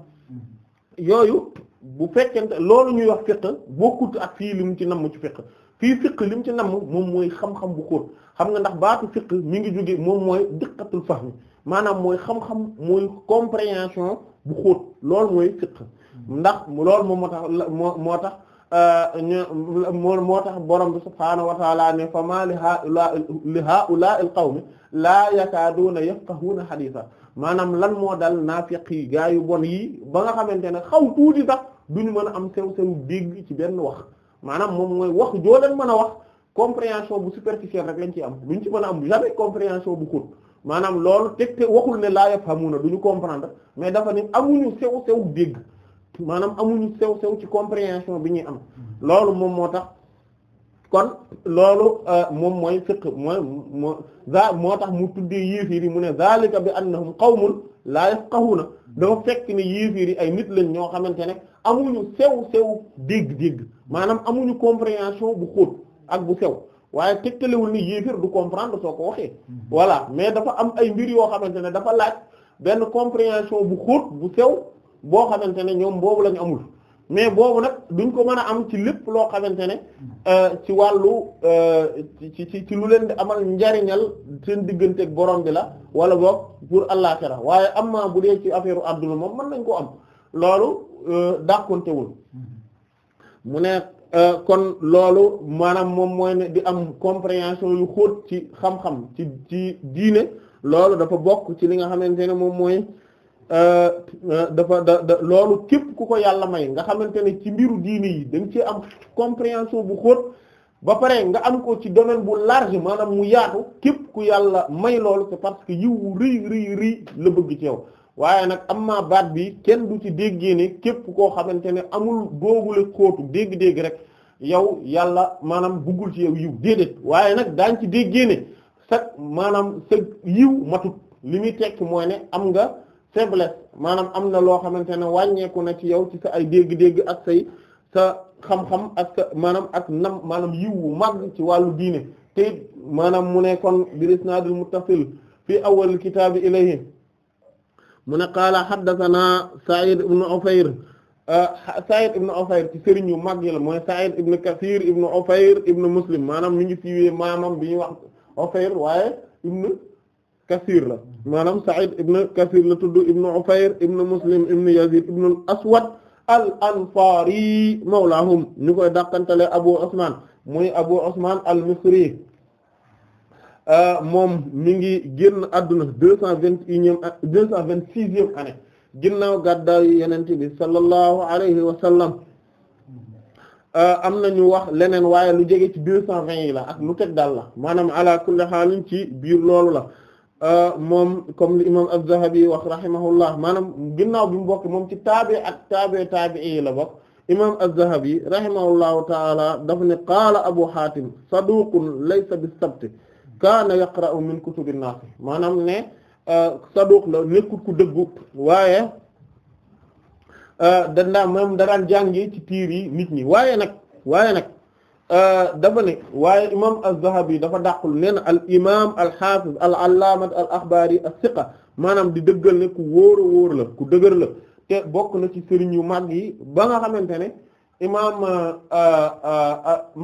yooyu bu fekkente loolu ñuy wax fiqh bokkut ak fii li mu ci namm ci fiqh fii fiqh li mu ci namm moom mooy xam-xam bu xóot xam nga ndax baatu fiqh mi ngi jóge moom mooy diqqatul fahmi maanaam mooy xam-xam mooy compréhension bu xóot loolu mooy fiqh ndax loolu moom moo tax moo moo tax euh, ñu moo tax borom bi subhaanahu wa taala ne fa ma li haula li haula al qawmi laa yakaaduuna yafqahuuna xadiisa maanaam lan moo dal naafiq yi gaa yu bon yii ba nga xamante ne xaw tuuti sax duñu mën a am sew sew dégg ci benn wax maanaam moom mooy wax joo leen mën a wax compréhension bu superficielle rek lañ ci am lu duñ ci mën a am jamais compréhension bu xóot maanaam loolu teg te waxul ne laa yafhamuuna duñu comprendre mais dafa ne amuñu sew sew dégg maanaam amuñu sew sew ci compréhension bi ñuy am loolu moom moo tax kon loolu euh, moom mooy fiqh mooy moo moo tax mu tuddee yéefiir yi mu ne zalika bi annahum qawmun laa yafqahuna dafa fekk ne yéefiir yi ay nit lañ ñoo xamante ne amuñu sew sew dégg-dégg maanaam amuñu compréhension bu xóot ak bu sew waaye tegtalewul ni yéefir du comprendre soo ko waxee mm-hmm. voilà mais dafa am ay mbir yoo xamante ne dafa laaj benn compréhension bu xóot bu sew boo xamante ne ñoom boobu lañu amul mais boobu nag duñ ko mën a am ci lépp loo xamante ne euh, ci wàllu euh, ci ci ci lu leen di amal njariñal seen diggante borom bi la wala boog pour àllaaxira waaye am na bu dee ci affaire àdduna moom mën nañ ko am loolu euh, wul mu ne kon loolu maanaam moom mooy di am compréhension yu xóot ci xam-xam ci ci diine loolu dafa bokk ci li nga xamante moom mooy. Euh, euh, dafa da da loolu képp ku ko yàlla may nga xamante ne ci mbiru diini yi dañ ci am compréhension bu xóot ba pare nga am ko ci domaine bu large maanaam mu yaatu képp ku yàlla may loolu ci parce que yiw rëy rëy rëy la bëgg ci yaw waaye nag am maa baat bi kenn du ci déggee ne képp koo xamante ne amul boobule xóotu dégg-dégg rek yow yàlla maanaam buggul ci yow yiw déedéet waaye nag daañ ci déggee ne sa maanaam sa yiw matut li muy tekki mooy ne am nga faiblesse maanaam am na loo xamante ne wàññeeku na ci yow ci sa ay dégg-dégg ak say sa xam-xam ak maanaam ak nam maanaam yiw wu màgg ci wàllu diine te maanaam mu ne kon bil isnaadil muttasil fii awwal kitaabi ilayhi mu ne qaala haddathana Sa'id ibn Ufayr ah, Sa'id ibn Ufayr ci sëriñ yu mag yi la mooy Sa'id ibn Kathir ibn Ufayr ibn Muslim maanaam mi ngi siiwee maamam bi ñuy wax Ufayr waaye ibn Kassir la maanaam Sa'id ibn Kassir la tudd ibn Ufayr ibn Muslim ibn Yazid ibn al-Aswad al-Anfari mawlahum ñu koy dàqantale Abu Osman muy Abu Osman al-Misri euh, moom mi ngi génn àdduna deux cent vingt et unième deux cent vingt sixième année ginnaaw gàddaayu Yonent bi sallallahu alayhi wa sallam euh, am na ñu wax leneen waaye lu jege ci deux cent vingt yi la ak lu teg daal la maanaam ala kulli haalin ci biir loolu la. Euh, moom comme li imam az-Zahabi wax rahimahullah maanaam ginnaaw bi mu moom ci taabi ak taabi taabii la bokk imam az-Zahabi rahimahullahu taala dafa ne qaala Abu Hatim saduqun laysa bis-sabt kaana yaqra'u min kutubi an-nas maanaam ne euh, saduq la nekkul ku dëggu waaye euh, dandaa moom daraan jàngi ci tiir yi nit ñi waaye nag waaye nag Euh, dafa ne waaye imam az-Zahabi dafa dàqul nee na al imam al hafiz al allaamat al axbaari as-siqa maanaam di dëggal ne ku wóor a la ku dëgër la te bokk na ci sëriñ yu mag yi ba nga xamante ne imaam euh,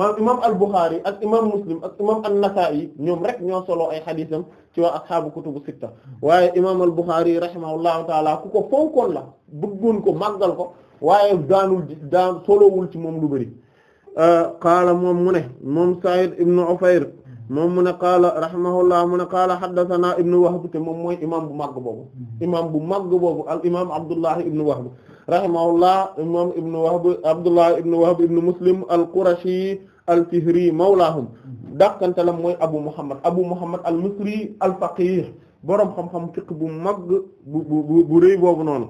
euh, imaam al Bukhari ak imaam Muslim ak imaam an yi ñoom rek ñoo solo ay xadiisam ci waa ashaabu kutubu sitta waaye imaam al Bukhari rahimahullahu taala ku ko fonkoon la bëggoon ko màggal ko waaye daanul daan solowul ci moom lu bari qaala moom mu ne moom Sa'id ibn Ufayr moom mu ne qaala rahimahullah mu ne qaala haddathana ibn Wahb te moom mooy imam bu màgg boobu imam bu màgg boobu al imam Abdullah ibn Wahb rahimahullah moom ibn Wahb Abdullah ibn Wahb ibn Muslim al-Qurashi al-Fihri mawlaahum dàqantalam mooy Abu Muhammad Abu Muhammad al-Misri al-Faqih boroom xam-xam fiqh bu màgg bu bu bu rëy boobu noonu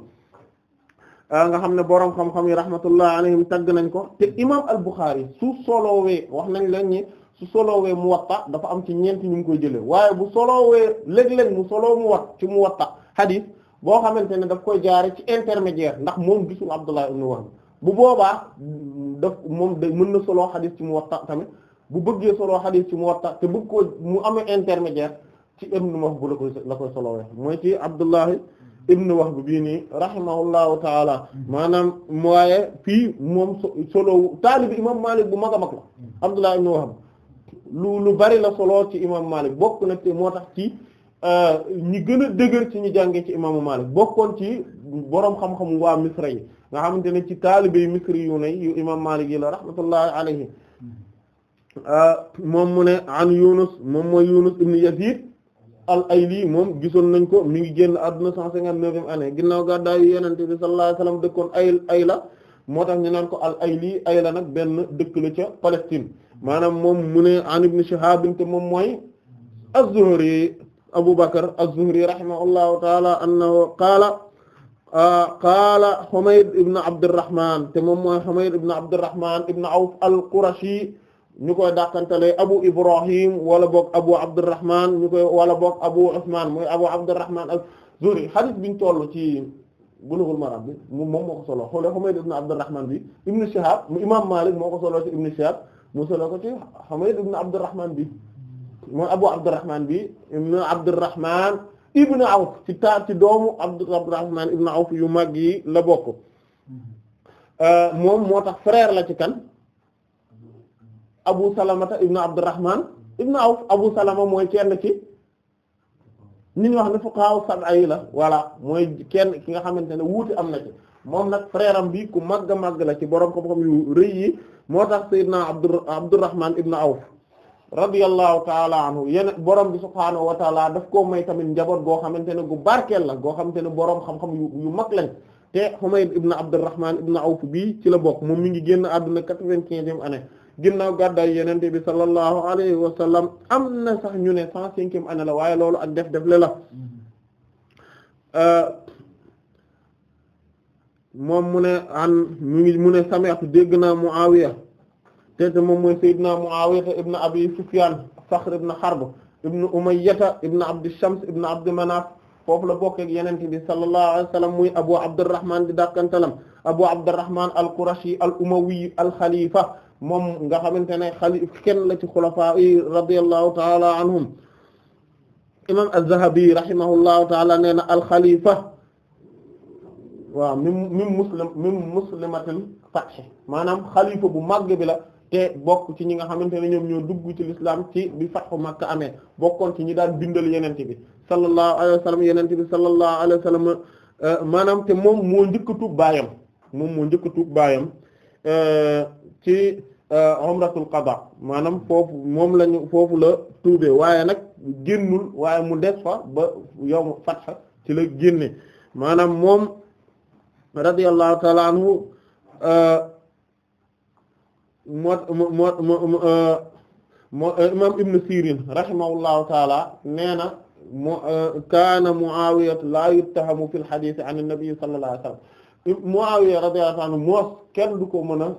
nga xam ne borom xam-xam yi rahmatullah alayhim tagg nañ ko te imam al-Bukhari su solowee wax nañ leen ñi su solowee Muwatta dafa am ci ñeenti ñu ngi koy jëlee waaye bu solowee léeg-léeg mu soloo mu wax Muwatta hadith boo xamante ne daf koy jaare ci intermédiaire ndax moom gisul Abdullah ibn Wahb bu boobaa daf moom da mën na soloo hadith ci Muwatta tamit bu bëggee soloo hadith ci Muwatta te bëgg ko mu amee intermédiaire ci Ibn Wahb bu la koy la koy solowee mooy ci Abdullahi ibn Wahb bii nii rahimahullahu taala maanaam waaye fii moom solo taalibi imam Malik bu mag a mag la Abdullah ibn Wahb lu lu bari la solo ci imam Malik bokk na te moo tax ci euh, ñi gën a dëgër ci ñu jàngee ci imaamu Malik bokkoon ci boroom xam-xamu waa Misra yi nga xamante ne ci taalibey Misri yu ne yu imam Malik yi la rahmatullahi alayhi euh, moom mu ne an Yunus moom mooy Yunus ibn Yazid al ayli moom gisoon nañ ko mi ngi génn àdduna cent cinquante-neuvième année ginnaaw gàddaayu yonent bi sallallahu alayhi wasallam dëkkoon ayl ayla moo tax ñu naan ko al ayli ayla nag benn dëkk la ca Palestine maanaam moom mu ne an ibn Shihab te moom mooy az-Zuhri Abu Bakr az-Zuhri rahimahullahu taala annahu qaala qaala Humayd ibn Abdurrahman te moom mooy Humayd ibn Abdurrahman ibn Awf al-Qurashi ñu koy dàqantale abu ibrahim wala boog abu abdurrahman ñu koy wala boog abu usman mooy abu abdurrahman az-Zuhri hadith biñ toll ci Bulughul Maram bi moom moo ko solo xoole Humayd ibn Abdurrahman bi Ibn mu imam Malik moo ko solo ci Ibn Shihab mu solo ko ci Humayd ibn Abdurrahman bi mooy abu abdurrahman bi ibn Abdurrahman ibn Awf ci taar ci doomu Abdurrahman ibn Awf yu mag yi la bokk mm-hmm. euh, moom moo tax frère la ci kan Abu Salamata ibnu Abdurrahman ibnu Awf Abu Salama mooy kenn ki ñi ñu wax ne fuqaha sab'a ay la voilà mooy kenn ki nga xamante ne wuute am na ci moom nag frère am bi ku màgg a màgg la ci borom xam-xam yu rëy yi moo tax Seydina Abdu Abdurrahman ibnu Awf radiyallahu taala anhu yene borom bi subhaanahu wa taala daf koo may tamit njaboot goo xamante ne gu barkeel la goo xamante ne borom xam-xam yu yu mag lañ te Humayd ibn Abdurrahman ibn Awf bii ci la bokk moom mi ngi génn àdduna quatre-vingt-quinzième année ginnaaw gàddaay yenente bi sallallahu alayhi wa am na sax ñu ne cent cinquième année waaye loolu ak def def le la euh, moom mu ne an mu ngi mu ne sami'tu dégg naa Muawiya te te moom mooy Seydina Muawiya ibn Abi Sufyan Saxr ibn Harb ibn Umayyah ibn Abd Shams ibn Abd Manaf foofu la bokk ak Yonent bi sallallahu alayhi wa sallam muy Abu Abdurrahman di dàkkantalam Abu Abdurrahman al-Qurashi al-Umawi al-Khalifa moom nga xamante ne xali kenn la ci xulafaa yi radiyallahu taala anhum imam az-Zahabi rahimahullahu taala nee na alxalifa waaw mim mim muslim mim muslimatil fath maanaam xalifa bu màgg bi la te bokk ci ñi nga xamante ne ñoom ñoo dugg ci l'islam ci bi fathu Makka amee bokkoon ci ñi daan bindal yenente bi sallallahu alayhi wa sallam yenente bi sallallahu alayhi wa sallam euh, maanaam te moom moo njëkk a baayam moom moo njëkk a tuub baayam euh, ci Euh, umratul qada maanaam foofu moom lañu foofu la tuube waaye nag génnul waaye mu des fa ba yawmu fatha ci la génne maanaam moom radiyallahu ta'ala anhu euh, moo moo moo euh, imaam ibn Sirin rahimahullahu ta'ala nee na mu kaana Muawiya la yuttahamu fil hadith an an-nabi sallallahu alayhi wasallam Muawiya radiyallahu anhu moos kenn du ko mën a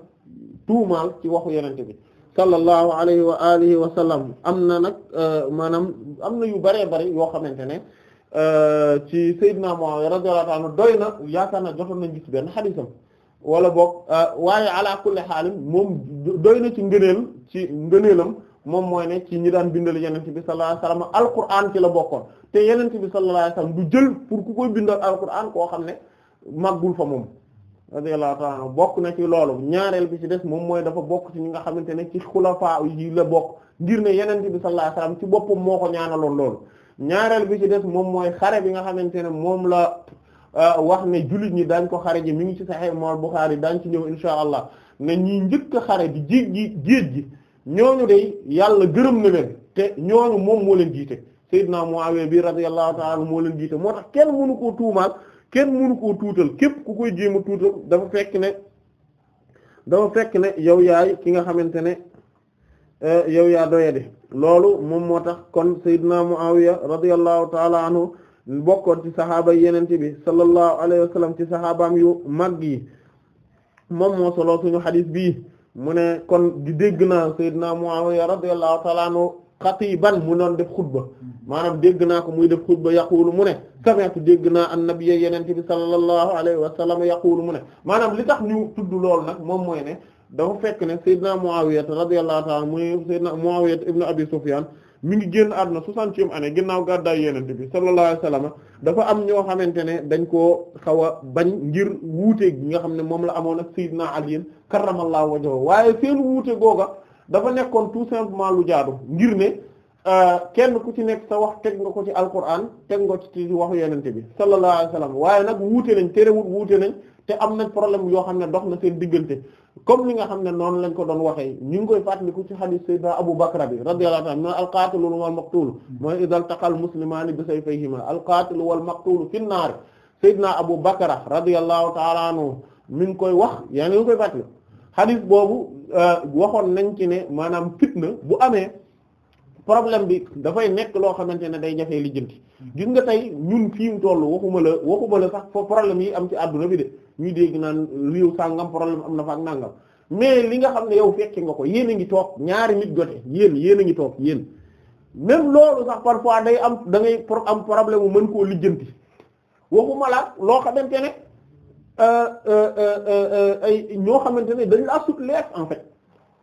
tuumaal ci waxu yenente bi sallallahu alayhi wa alihi wa sallam am na nag euh, maanaam am na yu bëree bëri yoo xamante ne euh, ci Seydina Muawiya radiyallahu anhu doy na yaakaar na jotoon nañ gis benn xadisam wala boog euh, waaye ala kulli xaalim moom doy na ci ngëneel ci ngëneelam moom mooy ne ci ñi daan bindal yenente bi sallallahu alayhi wa sallam alquran ci la bokkoon te yenente bi sallallahu wa sallam du jël pour ku koy bindal alquran koo xam ne màggul fa moom radiyallahu ta'ala bokk na ci loolu ñaareel bi ci des moom mooy dafa bokk ci ñi nga xamante ne ci xulafaa yi la bokk ngir ne yeneen bi sallallahu ci boppam moo ko ñaanaloon loolu ñaareel bi ci des moom mooy xare bi nga xamante ne moom la euh, wax ne jullit ñi dañ ko xare ji mi ngi ci Sahih Imam Bukhari daañ ci ñëw insha allah ne ñi njëkk a xare di géej gi géej gi ñooñu de yàlla gërëm na leen te ñooñu moom moo leen jiite Seydina Muawiya bi radiyallahu ta'ala moo leen jiite moo tax kenn mënu koo tuumaal kenn mënu koo tuutal képp ku koy jéem a tuutal dafa fekk ne dafa fekk ne yow yaay ki nga xamante ne eh, yow yaa doyadi loolu moom moo tax kon Seydina Muawiya radiyallahu taala anhu bokkoon ci saxaaba yeneen bi sallallahu alayhi wa sallam ci saxaabaam yu mag yi moom moo solo suñu xadiis bii mu ne kon di dégg naa Seydina Muawiya radiyallahu taala anhu ban mu doon def xutba maanaam dégg naa ko muy def xutba yaqulu mu ne sami'tu dégg naa annabiyya yenente bi sallallahu alayhi wa sallam yaqulu mu ne maanaam li tax ñu tudd lool nag moom mooy ne dafa fekk ne Seydina Muawiya radiyallahu ta'ala muy Seydina Muawiya ibn Abi Sufyan mi ngi génn àdduna soixantième année ginnaaw gàddaay yenente bi sallallahu alayhi wa sallam dafa am ñoo xamante ne dañ koo xaw bañ ngir wuute gi nga xam ne moom la amoon ak Seydina Ali karramallahu wajhahu waaye seen wuute googa dafa nekkoon tout simplement lu jaadu ngir ne euh, kenn ku ci nekk sa wax teg nga ko ci alquran teg nga ci waxu yenente bi sallallahu alayhi wasallam waaye nag wuute nañ terewul wuute nañ te am nañ problème yoo xam ne dox na seen diggante comme li nga xam ne noonu lañ ko doon waxee ñu ngi koy fàttaliku ci hadith sayyidina Abu Bakr bi radiyallahu an anhu al-qaatilu wal maqtuulu mooy idha iltaqa al-muslimaani bi sayfayhimaa al-qaatilu wal maqtuulu fi an-naar sayyidina Abu Bakr radiyallahu ta'ala anhu mi ngi koy wax yaa ngi koy fàttaliku xadis boobu euh, waxoon nañ ci ne maanaam fitna bu amee problème bi dafay nekk loo xamante ne day jafee lijjanti gis nga tey ñun fii mu toll waxuma la waxuma la sax fo problème yi am ci àdduna bi de ñuy dégg naan réew sàngam problème am na fa ak nàngam mais li nga xam ne yow fekki nga ko yéen a ngi toog ñaari nit jote yéen yéen a ngi toog yéen même loolu sax parfois day am da ngay am problème mu mën koo lijjanti waxuma la loo xamante ne Euh, euh, euh, ay ñoo xamante ne dañ laa sut lees en fait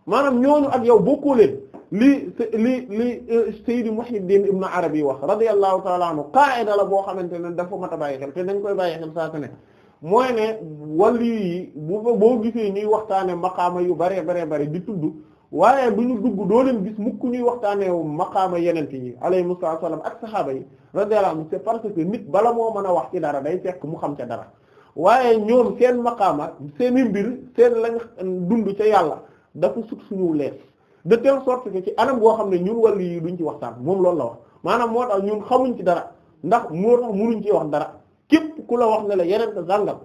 maanaam ñooñu ak yow bokkoo leen li li li Sayyid Muhyiddin Ibn Arabi yi wax radiyallahu ta'ala anhu qaa'ida la boo xamante ne dafa mat a bàyyi xel te dañ koy bàyyi xel saa su ne mooy ne wàllu yi bu boo gisee ñuy waxtaane maqaama yu baree baree bare di tudd waaye bu ñu dugg doo leen gis mukk ñuy waxtaanee maqaama yeneen yi alayhimu salaam ak saxaaba yi radiyallahu anhu c'est parce que nit bala moo mën a wax ci dara day fekk mu xam ca dara. waaye ñoom seen maqaama seeni mbir seen lañ dund ca yàlla dafa sut suñu lees de telle sorte que ci anam boo xam ne ñun wàllu yi duñ ci waxtaan moom loolu la wax maanaam moo tax ñun xamuñ ci dara ndax moo tax munuñ ci wax dara képp ku la wax ne la yeneen te sàngam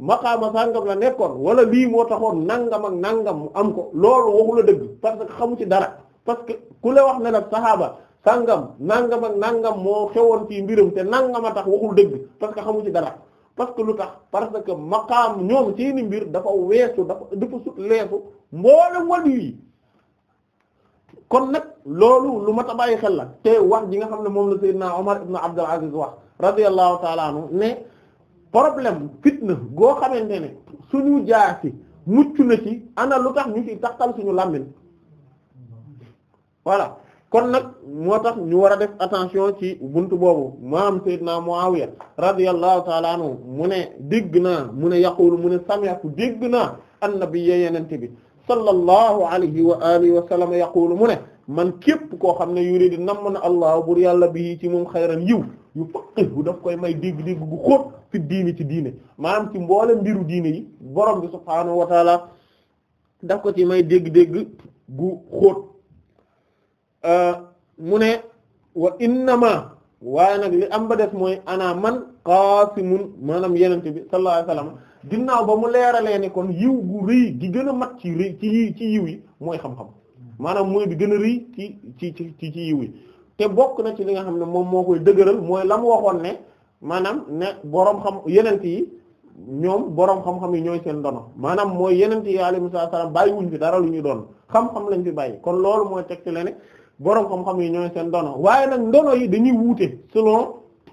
maqaama sàngam la nekkoon wala lii moo taxoon nangam ak nangam mu am ko loolu waxu la dëgg parce que xamu ci dara parce que ku la wax ne la saxaaba sàngam nangam ak nangam moo xewoon ci mbiram te nangam a tax waxul dëgg parce que xamu dara parce que lu tax parce que maqaam ñoom seeni mbir dafa weesu dafa dafa sut leesu mboolem wàllu yi kon nag loolu lu ma ta bàyyi xel la te wax ji nga xam ne moom la Seydina Omar ibn Abdul Aziz wax radiyallahu ta'ala anhu ne problème fitna goo xamante ne suñu jaasi mucc na ci ana lu tax ñu ci taxtal suñu làmmiñ voilà kon nag moo tax ñu war a def attention ci bunt boobu maam Seydina Muawiya radiyallahu ta'ala anhu mu ne dégg naa mu ne yaqulu mu ne sami'tu dégg naa annabiyya yenente bi sallallahu alayhi wa alihi wa sallam yaqulu mu ne man képp koo xam ne yuridu namm na allah bur yàlla bi ci moom xayran yiw yu faqihu daf koy may dégg-dégg gu xóot fi diini ci diine maanaam ci mboole mbiru diine yi borom bi subhaanahu wa taala daf ko ci may dégg-dégg gu xóot Euh, mu ne wa innama waaye nag li am ba des mooy ana man qaasimun maanaam yenente bi sallallahu alayhi wasallam ba mu leeralee ni kon yiw gu rëy gi gën a mat ci rëy ci ci yiw yi mooy xam-xam maanaam mooy bi gën a rëy ci ci ci ci yiw yi te bokk na ci li nga xam ne moom moo koy dëgëral mooy la mu waxoon ne maanaam ne boroom xam yenent yi ñoom boroom xam-xam yi ñooy seen ndono maanaam mooy yenent yi alayhi salaam bàyyi wuñ fi dara lu ñu doon xam-xam lañ fi bàyyi kon loolu mooy tegti le borom xam-xam yi ñooy seen ndono waaye nag ndono yi dañuy wuute selon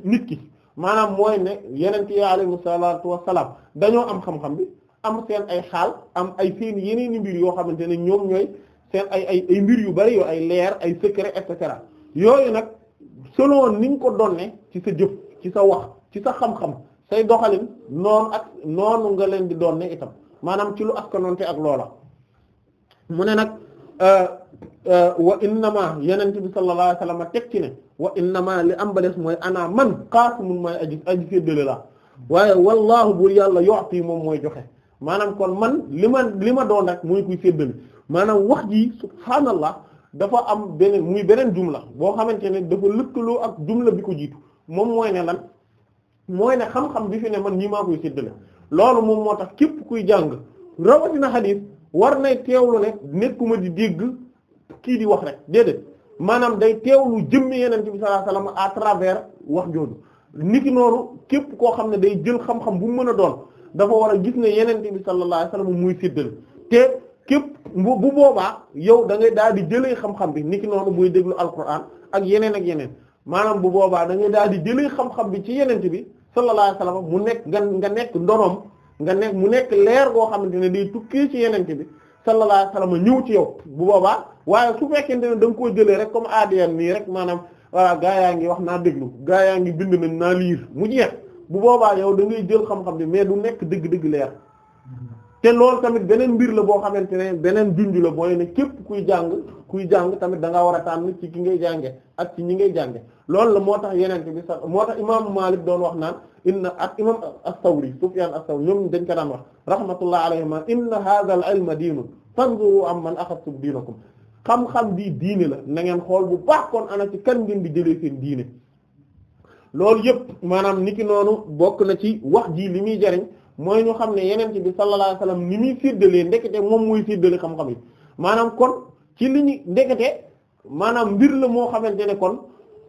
nit ki maanaam mooy ne yenent yi alayhi salaatu wassalaam dañoo am xam-xam bi am seen ay xaal am ay seen yeneen i mbir yoo xamante ne ñoom ñooy seen ay ay mbir yu bari yoo ay leer ay secret et cetera yooyu nag selon ni ko donne ci sa jëf ci sa wax ci sa xam-xam say doxalin noonu ak noonu nga leen di donne itam maanaam ci lu askanoonte ak loola mu ne nag Euh, euh, wa innama yeneen bi sallallahu alayhi wa sallam teg ci ne wa innama li am ba mooy ana man qaasimun mooy aji aji séddale la waaye wallaahu buur yàlla yu'ti moom mooy joxe maanaam kon man li ma li ma doon rek mooy kuy séddale maanaam wax ji subhaanallah dafa am beneen muy beneen jumla boo xamante ne dafa lëkkaloo ak jumla bi ko jiitu moom mooy ne lan mooy ne xam-xam bi fi ne man ñi maa koy séddale loolu moom moo tax képp kuy jàng rawatina xadiis war nay teewlu ne nekkuma di dégg kii di wax rek déedéet maanaam day teewlu jëmm yeneen bi sallallahu alayhi wasallam à travers wax jooju niki noonu képp koo xam ne day jël xam-xam bu mu mën a doon dafa war a gis ne yeneen bi sallallahu alayhi wasallam muy séddal te képp bu boobaa yow da ngay daal di jëlee xam-xam bi niki noonu buy déglu alquran ak yeneen ak yeneen maanaam bu boobaa da ngay daal di jëlee xam-xam bi ci yeneen bi sallallahu alayhi wasallam mu nekk nga nga nekk ndonoom nga nekk mu nekk leer goo xamante ne day tukkee ci yenente bi sallallahu alayhi wasallam ñëw ci yow bu boobaa waaye su fekkente ne da koo jëlee rek comme ADN nii rek maanaam voilà gaa yaa ngi wax naa déglu gaa yaa ngi bind nañ naa liir mu jeex bu boobaa yow dangay jël xam-xam bi mais du nekk dëgg-dëgg leer te loolu tamit beneen mbir la boo xamante ne beneen junj la booy ne képp kuy jàng kuy jàng tamit da nga war a tànn ci ki ngay jànge ak ci ñi ngay jànge loolu la moo tax yeneen bi sax moo tax imaamu Maalik doon wax naan inna ak imaam as-Sawri Sufyaan as-Sawri ñoom dañ ko daan wax rahmatullah alayhima inna hadha al am man fanzuru amman axadtum diinakum xam-xam bii diine la na ngeen xool bu baax kon ana ci kan ngeen di jëlee seen diine loolu yëpp maanaam niki noonu bokk na ci wax ji li muy jariñ mooy ñu xam ne yeneen bi sallallahu alayhi wasallam ni muy séddalee ndekete moom muy séddale xam-xam yi maanaam kon ci li ñu ndekete maanaam mbir la moo xamante ne kon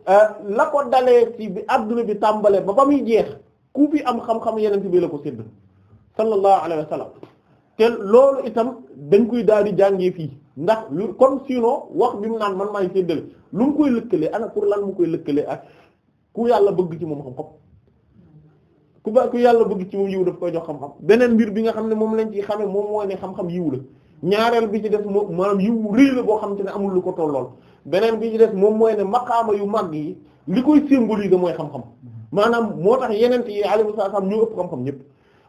Euh, la ko dalee ci bi adduna bi tàmbalee ba ba muy jeex ku fi am xam-xam yeneen bi la ko sédd sallallahu alayhi wa sallam te loolu itam dañ koy daal di jàngee fii ndax lu comme sinon wax bi mu naan man maay séddale lu mu koy lëkkalee ana pour lan mu koy lëkkalee ak ku yàlla bëgg ci moom xam-xam ku ba ku yàlla bëgg ci moom yiw daf koy jox xam-xam beneen mbir bi nga xam ne moom lañ ci xamee moom mooy ne xam-xam yiw la ñaareel bi ci def moom maanaam yiw réy boo xam ne amul lu ko tollool beneen bi ci des moom mooy ne maqaama yu mag yi li koy symboliser mooy xam-xam maanaam moo tax yeneen yi alayhi salaam ñu ëpp xam-xam ñëpp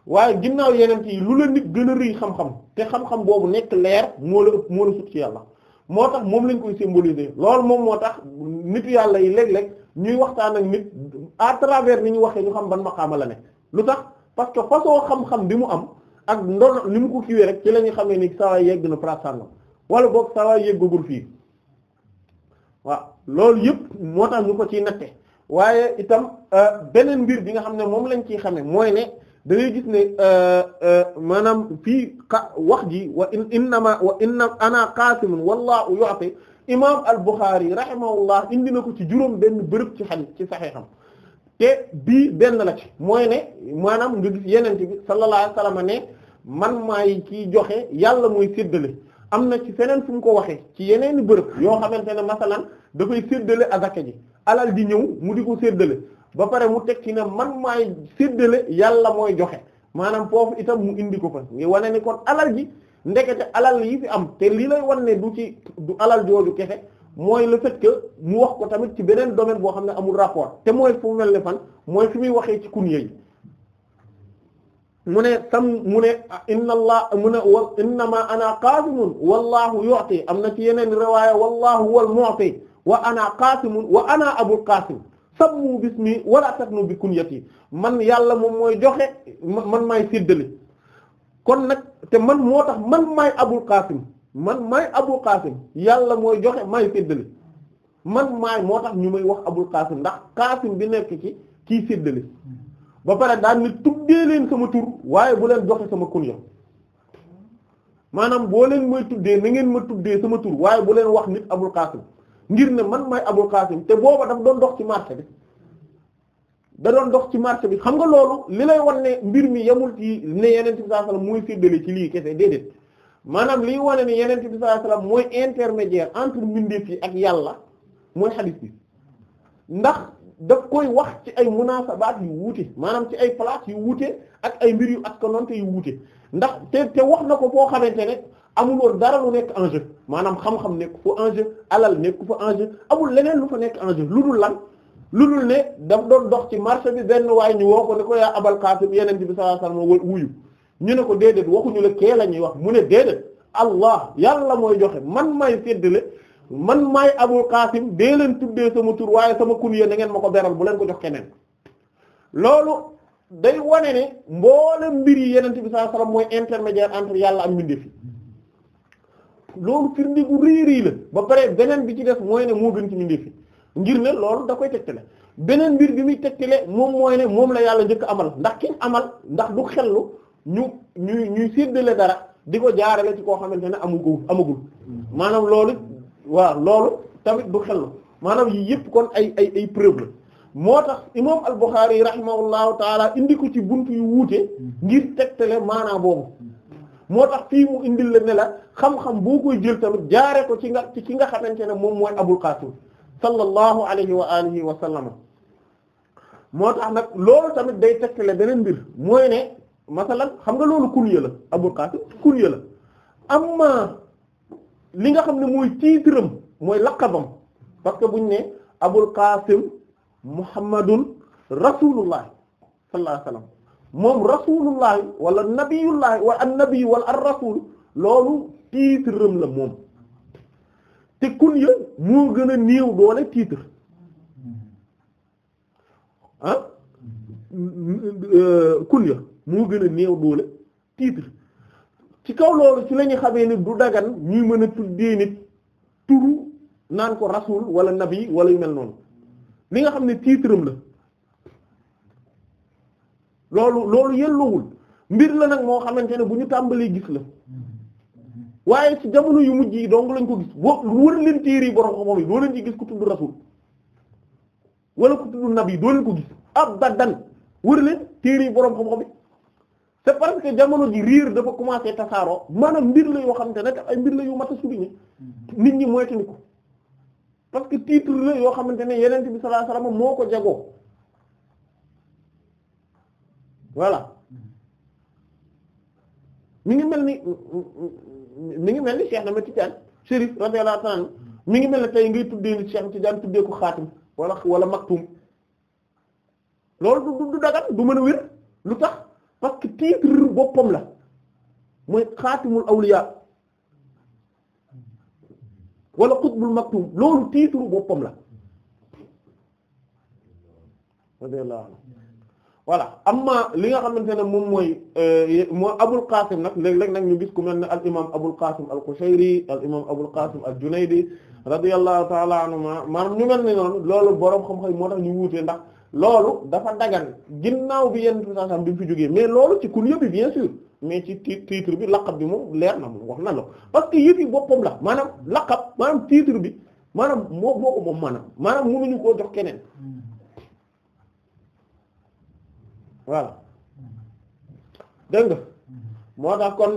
waaye ginnaaw yeneen yi lu la nit gën a rëy xam-xam te xam-xam boobu nekk leer moo la ëpp moo la sut ci yàlla moo tax moom lañ koy symboliser loolu moom moo tax nit yàlla yi léeg-léeg ñuy waxtaan ak nit à travers ni ñu waxee ñu xam ban maqaama la nekk lu tax parce que façon xam-xam bi mu am ak ndono li mu ko kiiwee rek ci la ñu xamee ni saa yegg na praat wala boog saa waay fii waaw loolu yëpp moo tax ko ci natte waaye itam euh, beneen mbir bi nga xam ne moom lañ ciy xame mooy ne da ngay gis ne euh, euh, maanaam fii ka wax ji wa in innama wa inna ana qaasimun wallahu yu'ti imam al-Bukhari rahimahullah ko ci juróom benn bërëb ci xadis ci saxeexam te bii benn la ci mooy ne maanaam nga gis yenente bi sallallahu alayhi ne man maay kiy joxe yàlla mooy séddale am na ci feneen fu mu ko waxee ci yeneeni bërëb yoo xamante ne masalan dafay séddale azaka ji alal di ñëw mu di ko séddale ba pare mu teg ci ne man maay séddale yàlla mooy joxe maanaam foofu itam mu indi ko fa ngi wane ni kon alal ji ndekete alal yi fi am te lii lay wan ne du ci du alal jooju kese mooy la fait que mu wax ko tamit ci beneen domaine boo xam ne amul rapport te mooy fu mel ne fan mooy fi muy waxee ci kunya yi mu ne sam mu ne ah, inna allah mu ne wa innama ana qaasimun wallahu yu'ti am na ci yeneen riwaaya wallahu huwal mu'ti wa ana qaasimun wa ana abul qaasim sabbu bismi wala tatnu bi kunyati man yàlla moom mooy joxe man maay séddale kon nag te man moo tax man maay abul qaasim man maay abul qaasim yàlla mooy joxe maay séddale man maay moo tax ñu may wax abul qaasim ndax qaasim bi nekk ci kii séddale ba pare daan ni tuddee leen sama tur waaye bu leen joxe sama kunya maanaam boo leen may tuddee na ngeen ma tuddee sama tur waaye bu leen wax nit Abul Qasim ngir ne man may Abul Qasim te booba daf doon dox ci marché bi da doon dox ci marché bi xam nga loolu li lay wan ne mbir mi yemul ci ne yeneen bi sallallahu mooy séddale ci lii kese déedéet maanaam liy wane ne yeneen bi sallallahu alayhi wasallam mooy intermédiaire entre mbindeef yi ak yàlla mooy hadith bi ndax daf koy wax ci ay munaasabaat yu wuute maanaam ci ay place yu wuute ak ay mbir yu askanonte yu wuute ndax te te wax na ko foo xamante ne amul dara lu nekk enjeu maanaam xam-xam nekk fa enjeu alal nekk fa enjeu amul leneen lu fa nekk enjeu lu dul lan lu dul ne daf doon dox ci marché bi benn waaye ñu woo ko ne ko yaa abal kaasim yeneen bi sallallahu alayhi wuyu ñu ne ko déedéet waxuñu la kee la ñuy wax mu ne déedéet allah yàlla mooy joxe man may séddale man maay abul qasim dee leen tuddee sama tur waaye sama kunya na ngeen ma ko beral bu leen ko jox keneen loolu day wane ne mboolem mbir yi yenent bi sallallahu alayhi wasallam mooy intermédiaire entre yàlla am mbindeef yi loolu firnde gu réeréy la ba pare beneen bi ci def mooy ne moo gën ci mbindeef yi ngir ne loolu da koy tegtale beneen mbir bi muy tegtale moom mooy ne moom la yàlla njëkk amal ndax kim amal ndax du xellu ñu ñuy ñuy séddale dara di ko jaarale ci koo xamante ne amugul amagul waaw loolu tamit du xel maanaam yii yëpp kon ay ay ay preuve la moo tax imam al-Bukhari rahimahullahu taala indi ko ci buntu yu wuute ngir tegtale maanaam boobu moo tax fii mu indil la ne la xam-xam boo koy jël tamit jaare ko ci nga ci ki nga xamante ne moom mooy Abul Qasim sallallahu alayhi wa alihi wa sallam moo tax nag loolu tamit day tegtale beneen mbir mooy ne masalan xam nga loolu kunya la Abul Qasim kunya la amma li nga xam ne mooy tiitram mooy laqabam parce que buñ ne abul qasim muhammadun rasulullah sallallahu alayhi wasallam moom rasulullah wala nabiyullah wala an nabi loolu tiitram la moom te kunya moo gën a néew doole titre ah euh, kunya gën a néew doole ci kaw loolu ci la ñu xamee ni du dagan ñuy mën a tuddee nit turu naan ko rasul wala yi wala yu mel noonu li nga xam ne tiitram la loolu loolu yelloowul mbir la nag moo xamante ne bu ñu tàmbalee gis la waaye ci jamono yu mujj yi dong lañ ko gis boo wër leen téere yi borom xam-xam yi doo leen ci gis ku tudd rasul wala ku tudd nabi doo leen ko gis abadan wër leen téere yi borom xam-xam c'est parce que jamono ji riir dafa commencé tasaaroo maanaam mbir la yoo xam te ne ay mbir la yu mat a souligner nit ñi moytandi ko parce que titre la yoo xamante ne yeneen bi sallallahu alayhi moo ko jagoo voilà mi ngi mel ni mi ngi mel ni na Cheikh Ahmed Tidiane Chérif la ta'ala mu ngi mel na tey ngay tuddee ni Cheikh Tidiane tuddee ko xaatim wala wala maktum loolu du du dagat du mën a wér lu tax. parce que titre boppam la mooy xaatimul awliya wala xutbul maktum loolu titre boppam la radiyallahu anhu voilà amma li nga xamante ne moom mooy euh, moo Abul Qasim nag léeg-léeg nag ñu gis ku mel ne al imam Abul Qasim al Qushayri al imam Abul Qasim al Junaydi radiyallahu ta'ala anhuma maanaam ñu mel ne noonu loolu boroom xam-xam moo tax ñu wuute ndax loolu dafa dagan ginnaaw bi yenn saa saam bi mu fi jógee mais loolu ci kun yëpp bien sûr mais ci titre bi laqab bi moom leer na moom wax na la parce que yëf yi boppam la maanaam laqab maanaam titre bi maanaam moo moo ko moom maanaam maanaam ñu koo jox keneen voilà dégg moo tax kon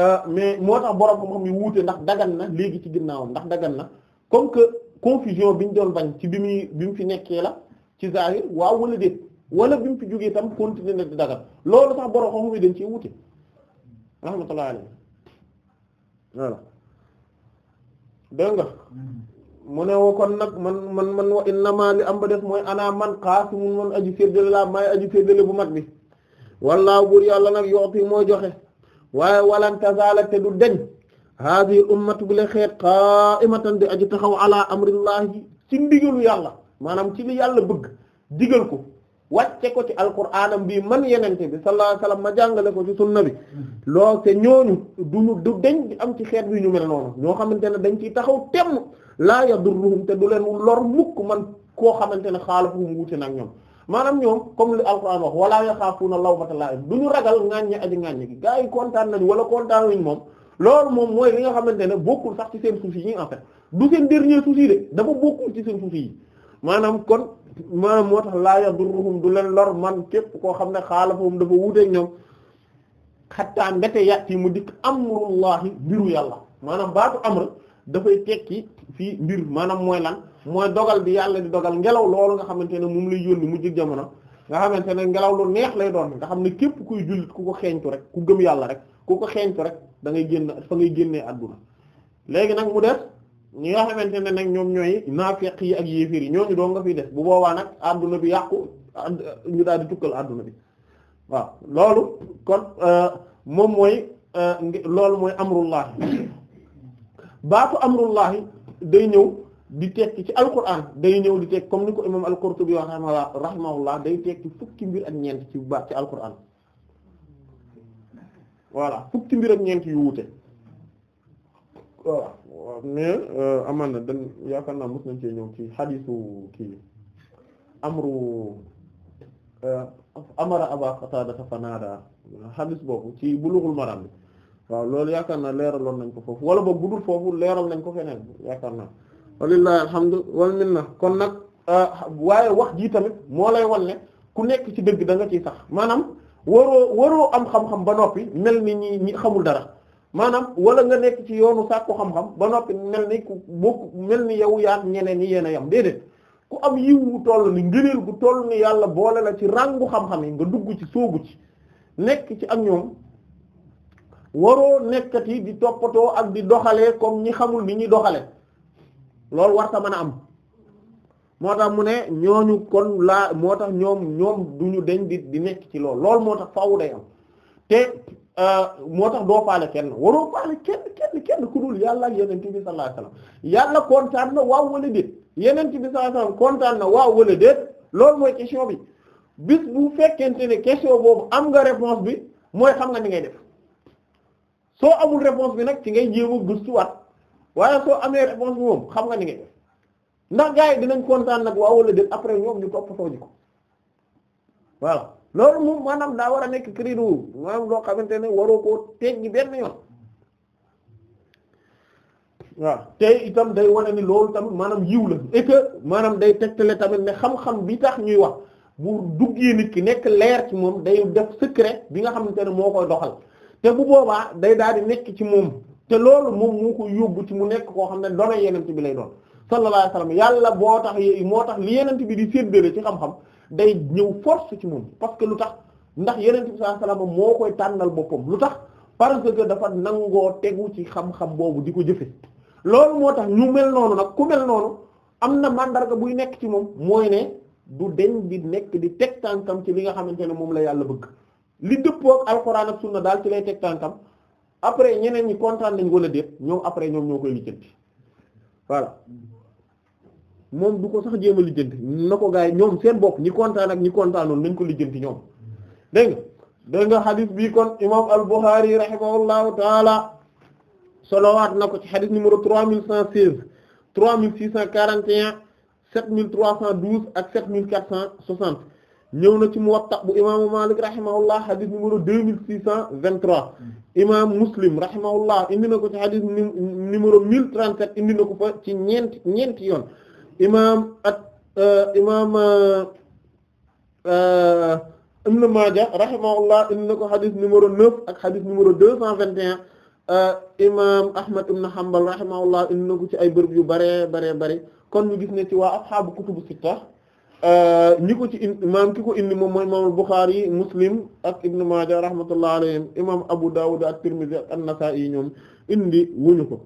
euh, mais moo tax borom xam-xam yi wuute ndax dagan na léegi ci ginnaawam ndax dagan na comme que confusion bi ñu doon bañ ci bi muy bi mu fi nekkee la. ci zahir waaw wala déet wala bi mu fi jógee tam continuer loolu sax borom xam-xam yi ci wute rahmatullah alayhi voilà dégg nga kon nag man man man wa innama li am ba mooy ana man qaasimun man aji séddale laa maay aji séddale bu mag bi wallaahu buur yàlla nag yooti mooy joxe waaye walan tazaala te du deñ haadihi ummatu bi la xeet qaa'imatan aji taxaw ala amrillahi ci ndigalu yàlla maanaam ci li yàlla bëgg digal ko wàcce ko ci alquraanam bii man yenente bi sallallahu alayhi wasallam ma jàngale ko ci sunna bi mm-hmm. loo te ñooñu duñu du deñ di am ci xeet bi ñu mel noonu ñoo xamante ne dañ ciy taxaw temm laa yadurruhum te du leen lor mukk man koo xamante ne xaalafuhum wuute nag ñoom maanaam ñoom comme li alquraan wax law ma lawmata laa du ñu ragal ngaaññe aji ngaaññe gi gaa yi kontaan nañu wala kontaan nañu moom loolu moom mooy li nga xamante ne bokkul sax ci seen souci yi en fait du seen dernier dafa bokkul ci seen souci yi maanaam kon maanaam moo tax laa yadurruhum du leen lor man képp koo xam ne xaalafahum dafa wuuteeg ñoom xattaa mbete yàtt yi mu dikk amrullahi mbiru yàlla maanaam baatu amr dafay tekki fii mbir maanaam mooy lan mooy dogal bi yàlla di dogal ngelaw loolu nga xamante ne moom lay yónni mu jëg jamono nga xamante ne ngelaw lu neex lay doon nga xam ne képp kuy jullit ku ko xeeñtu rek ku gëm yàlla rek ku ko xeeñtu rek da ngay génn fa ngay génnee àdduna léegi nag mu def ñi nga xamante ne nag ñoom ñooy naa naafeq yi ak yéeféer yi ñooñu doo nga fiy def bu boobaa nag adduna bi yàqu ñu daal di tukkal àdduna bi waaw loolu kon euh, moom mooy euh, loolu mooy amrullahi baatu amrullahi day ñëw di tekki ci alquran day ñëw di tekki comme ni ko imam al-Qurtubi wax rahimahullah day tekki fukki mbir ak ñeent ci baat ci alquran voilà fukki mbir ak ñeent yu wuute waaw mais euh, amaan na dañ yaakaar naa mos nañ cee ñëw ci xadiisu kii amru euh, amara aba qatada fa naada xadiis boobu ci bulughul maram bi waaw loolu yaakaar naa leeraloon nañ ko foofu wala boog bu dul foofu leeral nañ ko feneen yaakaar naa walillahi alhamdu wal na kon nag euh, waaye wax jii tamit moo lay wan ne ku nekk ci dëgg danga ciy sax maanaam waroo waroo am xam-xam ba noppi mel ni ñi ñii xamul dara maanaam wala nga nekk ci yoonu sàkku xam-xam ba noppi mel ni ku bokk mel ni yow yaat ñeneen ñi yéen a yam déedéet ku am yiw wu toll ni ngëneel gu toll ni yàlla boole la ci ràngu xam-xam yi nga dugg ci soogu ci nekk ci ak ñoom waroo nekkati di toppatoo ak di doxalee comme ñi xamul ni ñuy doxale loolu war ta mën a am moo tax mu ne ñooñu kon laa moo tax ñoom ñoom duñu deñ di di nekk ci lool lool moo tax faaw day am te Euh, moo tax doo faale kenn waroo faale kenn kenn ku dul yàlla ak yeneen bi sallallahu alayhi wasallam yàlla kontaan na waaw wala déet yeneen bi sallallahu alayhi kontaan na waaw wala déet loolu mooy question bi bis bu fekkente ne question boobu am nga réponse bi mooy xam nga ni ngay def soo amul réponse bi nag ci ngay jéem a gëstuwaat waaye soo amee réponse bi moom xam nga ni def ndax gars yi dinañ kontaan nag waaw wala déet après ñoom ñu toppatoo ji ko voilà. loolu moom maanaam daa war a nekk crédo maanaam loo xamante ne waroo koo teggi benn yoon waaw te itam day wane ni loolu tamit maanaam yiw la et que maanaam day tegtale tamit ne xam-xam bi tax ñuy wax bu duggee nit ki nekk leer ci moom day def secret bi nga xamante ne moo koy doxal te bu boobaa day daal di nekk ci moom te loolu moom moo ko yóbbu ci mu nekk koo xam ne doona yenent bi lay doon sallallahu alayhi wasallam yàlla boo tax moo tax li yenent bi di séddale ci xam day ñëw force ci moom parce que lu tax ndax yeneen bi sallallahu alayhi wasallam moo koy tànnal boppam lu tax parce que dafa nangoo tegu ci xam-xam boobu di ko jëfe loolu moo tax ñu mel noonu nag ku mel noonu am na mandarga buy nekk ci moom mooy ne du deñ di nekk di teg tànkam ci li nga xamante ne moom la yàlla bëgg li dëppoo ak alxuraan ak sunna daal ci lay teg tànkam après ñeneen ñi kontaan nañ wala déet ñoom après ñoom ñoo koy lijjanti voilà moom du ko sax jéem a lijjanti na ko gars yi ñoom seen bopp ñi kontaan ak ñi kontaanoon nañ ko lijjanti ñoom dégg nga dégg nga xadis bi kon imam al-Bukhari rahimahullahu taala solowaat na ko ci xadis numéro 3116 3641 7312 ak 7460 ñëw na ci mu Muwatta bu imaamu Malik rahimahullah xadis numéro 2623 imam Muslim rahimahullah indi na ko ci xadis numéro 1037 indi na ko fa ci ñeenti ñeenti yoon imaam at uh, imaam uh, uh, Ibn Maaja rahimahullah indi na ko xadis numéro 9 ak xadis numéro 221 imaam Ahmad ibn Hanbal rahimahullah indi na ko ci ay bërëb yu bare bare bare kon ñu gis ne ci waa ashaabu kutubu sitta ñi ko ci indi imaam ko indi moom mooy imaam Bukhari Muslim ak Ibn Maaja rahmatullah alayhim imaam Abu Dawud ak Tirmidhi ak An-Nasa'i ñoom indi wuñu ko.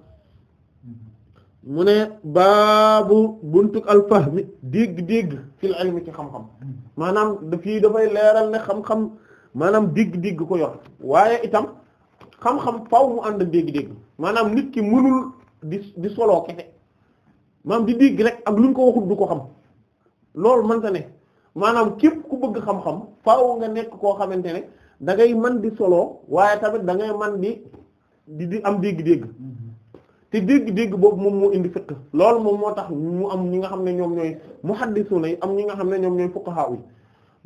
mu ne baabu buntuk alfahmi dégg-dégg fil ilmi ci xam-xam maanaam fii dafay leeral ne xam-xam maanaam dégg-dégg ko yor waaye itam xam-xam faw mu ànd dégg-dégg maanaam nit ki mënul di di soloo kese maanaam di dégg rek ak luñ ko waxut du ko xam loolu mënta ne maanaam képp ku bëgg xam-xam faaw nga nekk koo xamante ne da ngay mën di soloo waaye tamit da ngay mën di di di am dégg-dégg te dégg-dégg boobu moom moo indi fiqh loolu moom moo tax mu am ñi nga xam ne ñoom ñooy muhaddisuna yi am ñi nga xam ne ñoom ñooy fuqaha yi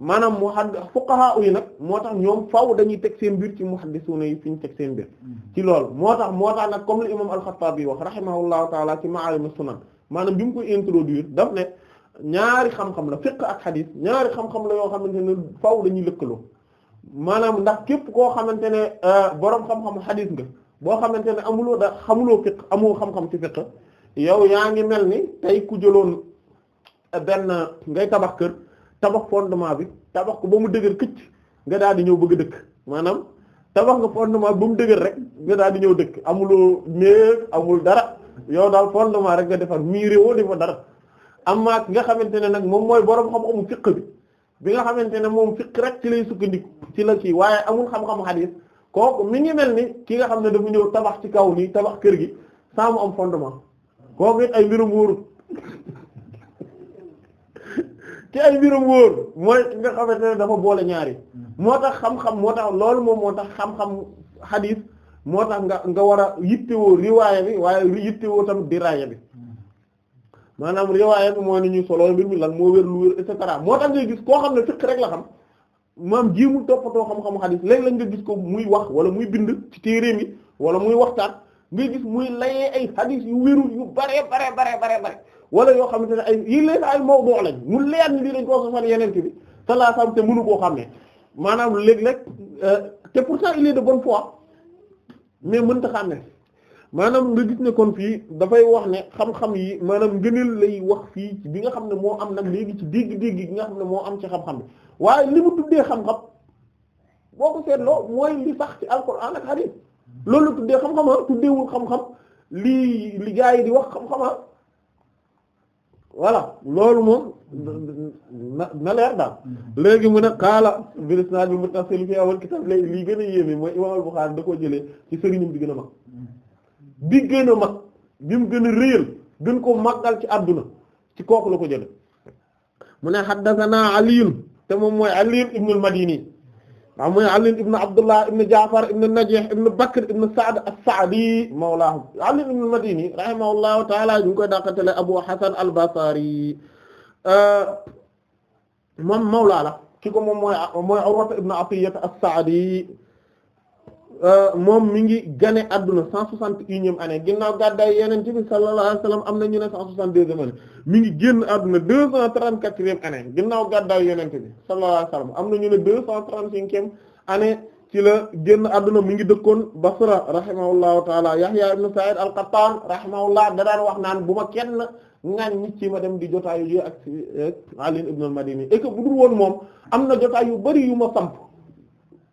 maanaam muhadd fuqaha yi nag moo tax ñoom faaw dañuy teg seen biir ci muhaddisuna yi fi ñu teg seen biir ci loolu moo tax moo tax nag comme li imam al-Khattabi wax rahimahullahu taala ci ma'alim sunan maanaam bi mu koy introduire daf ne ñaari xam-xam la fiqh ak xadis ñaari xam-xam la yoo xamante ne faw dañuy lëkkaloo maanaam ndax képp koo xamante ne euh, boroom xam-xamu xadis nga boo xamante ne amuloo da xamuloo fiq amoo xam-xam ci fiq yow yaa ngi mel ni tey ku jëloon benn ngay tabax kër tabax fondement bi tabax ko ba mu dëgër këcc nga daal di ñëw bëgg dëkk maanaam tabax nga fondement ba mu dëgër rek nga daal di ñëw dëkk amuloo néeg amul dara yow daal fondement rek nga defar miiré woo de fa dara am amma nga xamante ne nag moom mooy borom xam-xamu fiq bi bi nga xamante ne moom fiq rek ci lay sukkandiku ci la kii waaye amul xam-xam kooku mi ngi mel ni ki nga xam ne dafa ñëw tabax ci kaw nii tabax kër gi sans mu am fondement kooku it ay mbirum wóorut ki ay mbirum wóor mooy nga dafa boole ñaari moo tax xam-xam moo tax loolu moom moo tax xam-xam xadiis moo tax nga nga war a yittewoo riwaaya bi waaye yittewoo tamit diraaya bi maanaam riwaaya bi mooy ni ñuy solo mbir mi lan moo wér lu wér et moo tax ngay gis koo xam ne fiqh rek la xam maam jéemul toppatoo xam-xamu xadis léeg-léeg nga gis ko muy wax wala muy bind ci téereem yi wala muy waxtaan nga gis muy layee ay xadis yu wérul yu bare bare bare bare bare wala yoo xamante ne ay yi leen ay mawdu' lañ mu leer ni lii lañ koo sosal yeneen bi sallallahu alayhi wasallam te mënu koo ne maanaam léegi léeg euh, te pourtant il est de bon foi mais mën mënta xàmme maanaam nga gis ne kon fii dafay wax ne xam-xam yi maanaam ngëneel lay wax fii bi nga xam ne moo am nag léegi ci dégg-dégg gi nga xam ne moo am ci xam bi waaye li mu tuddee xam-xam boo ko seetloo mooy li sax ci alquran ak hadith loolu la tuddee xam-xam ah tuddeewul xam-xam li gaa yi di wax xam-xam ah voilà loolu moom na na leer daal mm-hmm. léegi mu ne kaala bi isnaad mu muttasil fi awal kitab lay lii gën a yéeme mooy imam al-Bukhari da koo jëlee ci sëriñam bi gën a mag mm-hmm. bi gën a mag bi mu gën a réyal gën ko màggal ci àdduna ci kooku la ko jële mu ne haddathana te moom mooy Ali ibn al-Madini waaw mooy Ali ibn Abdullah ibn Ja'far ibn Najih ibn Bakr ibn Sa'd as-Sa'di mawlaahum Ali ibn al-Madini rahimahullahu ta'ala ñu ngi koy dàqantele Abu Hasan al-Basri euh, moom mawla la ki ko moom mooy mooy Urwa ibn Atiyya as-Sa'di Euh, moom mu ngi gane adduna cent soixante et unième année ginnaaw gàddaay yeneen bi sallallahu alayhi am na ñu ne cent soixante deuxième année mi ngi génn adduna deux cent trente quatrième gàddaay yeneen bi sallallahu alayhi am na ñu ne deux la génn adduna mi ngi dëkkoon Basra rahimahullahu taala Yahya ibn Sa'id al-Qattan rahimahullah da daan wax naan bu ma kenn ngaan nit ma dem di jotaayu ji ak Ali ibn al-Madini et bu dul woon moom am na jotaay yu bari yu ma samp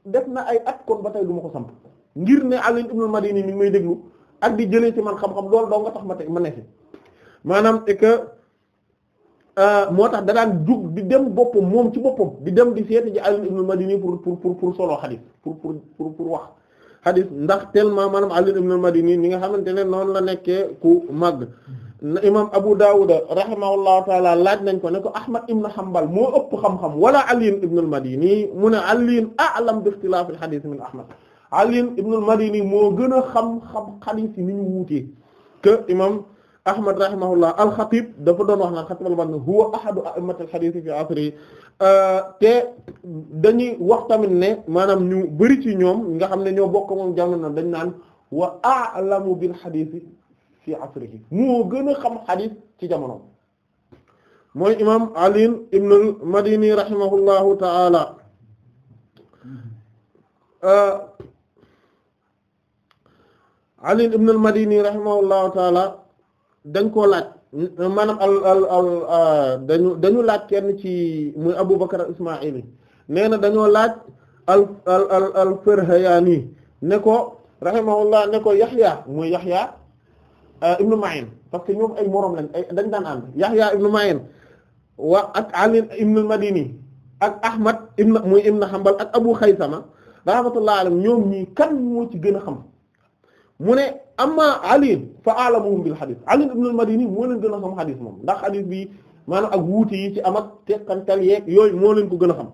def na ay at kon ba tey du ma ko samp ngir ne Ali ibn Madini mi ngi may déglu ak di jëlee ci man xam-xam lool doo nga tax ma tey ma ne maanaam et que euh, moo tax da daan jug di dem boppam moom ci boppam di dem di seeti ji Ali ibn Madini pour pour pour pour solo xadis pour pour pour pour wax xadis ndax tellement maanaam Ali ibn Madini ni nga xamante ne noonu la nekkee ku màgg. imam Abu Dawud rahimahullahu taala laaj nañ ko ne ko Ahmad ibn Hanbal moo ëpp xam-xam wala Ali ibn al-Madini mu ne Ali a'lam bi ikhtilaf al-hadith min Ahmad Ali ibn al-Madini moo gën a xam-xam hadith ni ñu wuutee que imam Ahmad rahimahullah al-Khatib dafa doon wax naan Khatib al-Banna huwa ahadu a'immat al-hadith fi asri euh, te dañuy wax tamit ne maanaam ñu bëri ci ñoom nga xam ne ñoo bokk moom jamono dañ naan wa a'lamu bil hadith fii asrihi moo gën xam xadis ci jamono mooy imam Ali ibn al-Madini rahimahullahu ta'ala mm-hmm. euh, dañ koo laaj maanaam al euh, dañu laaj kenn ci muy Abu Bakr al-Isma'ili dañoo laaj al al al al Firhayani ne ko rahimahullah Yaxya muy Yaxya Euh, ibnu Ma'in parce que ñoom ay moroom lañ ay dañ daan ànd Yahya ibnu Ma'in wa ak Ali ibnu al-Madini ak Ahmad ibnu muy ibnu Hanbal ak Abu Khaysama rahmatullahi alayhim ñoom ñii kan moo ci gën a xam mu ne amma Ali fa a'lamuhum bil hadith Ali ibnu al-Madini moo leen gën a xam hadith moom ndax hadith bi maanaam ak wuute yi ci am ak teqantal yeeg yooyu moo leen ko gën a xam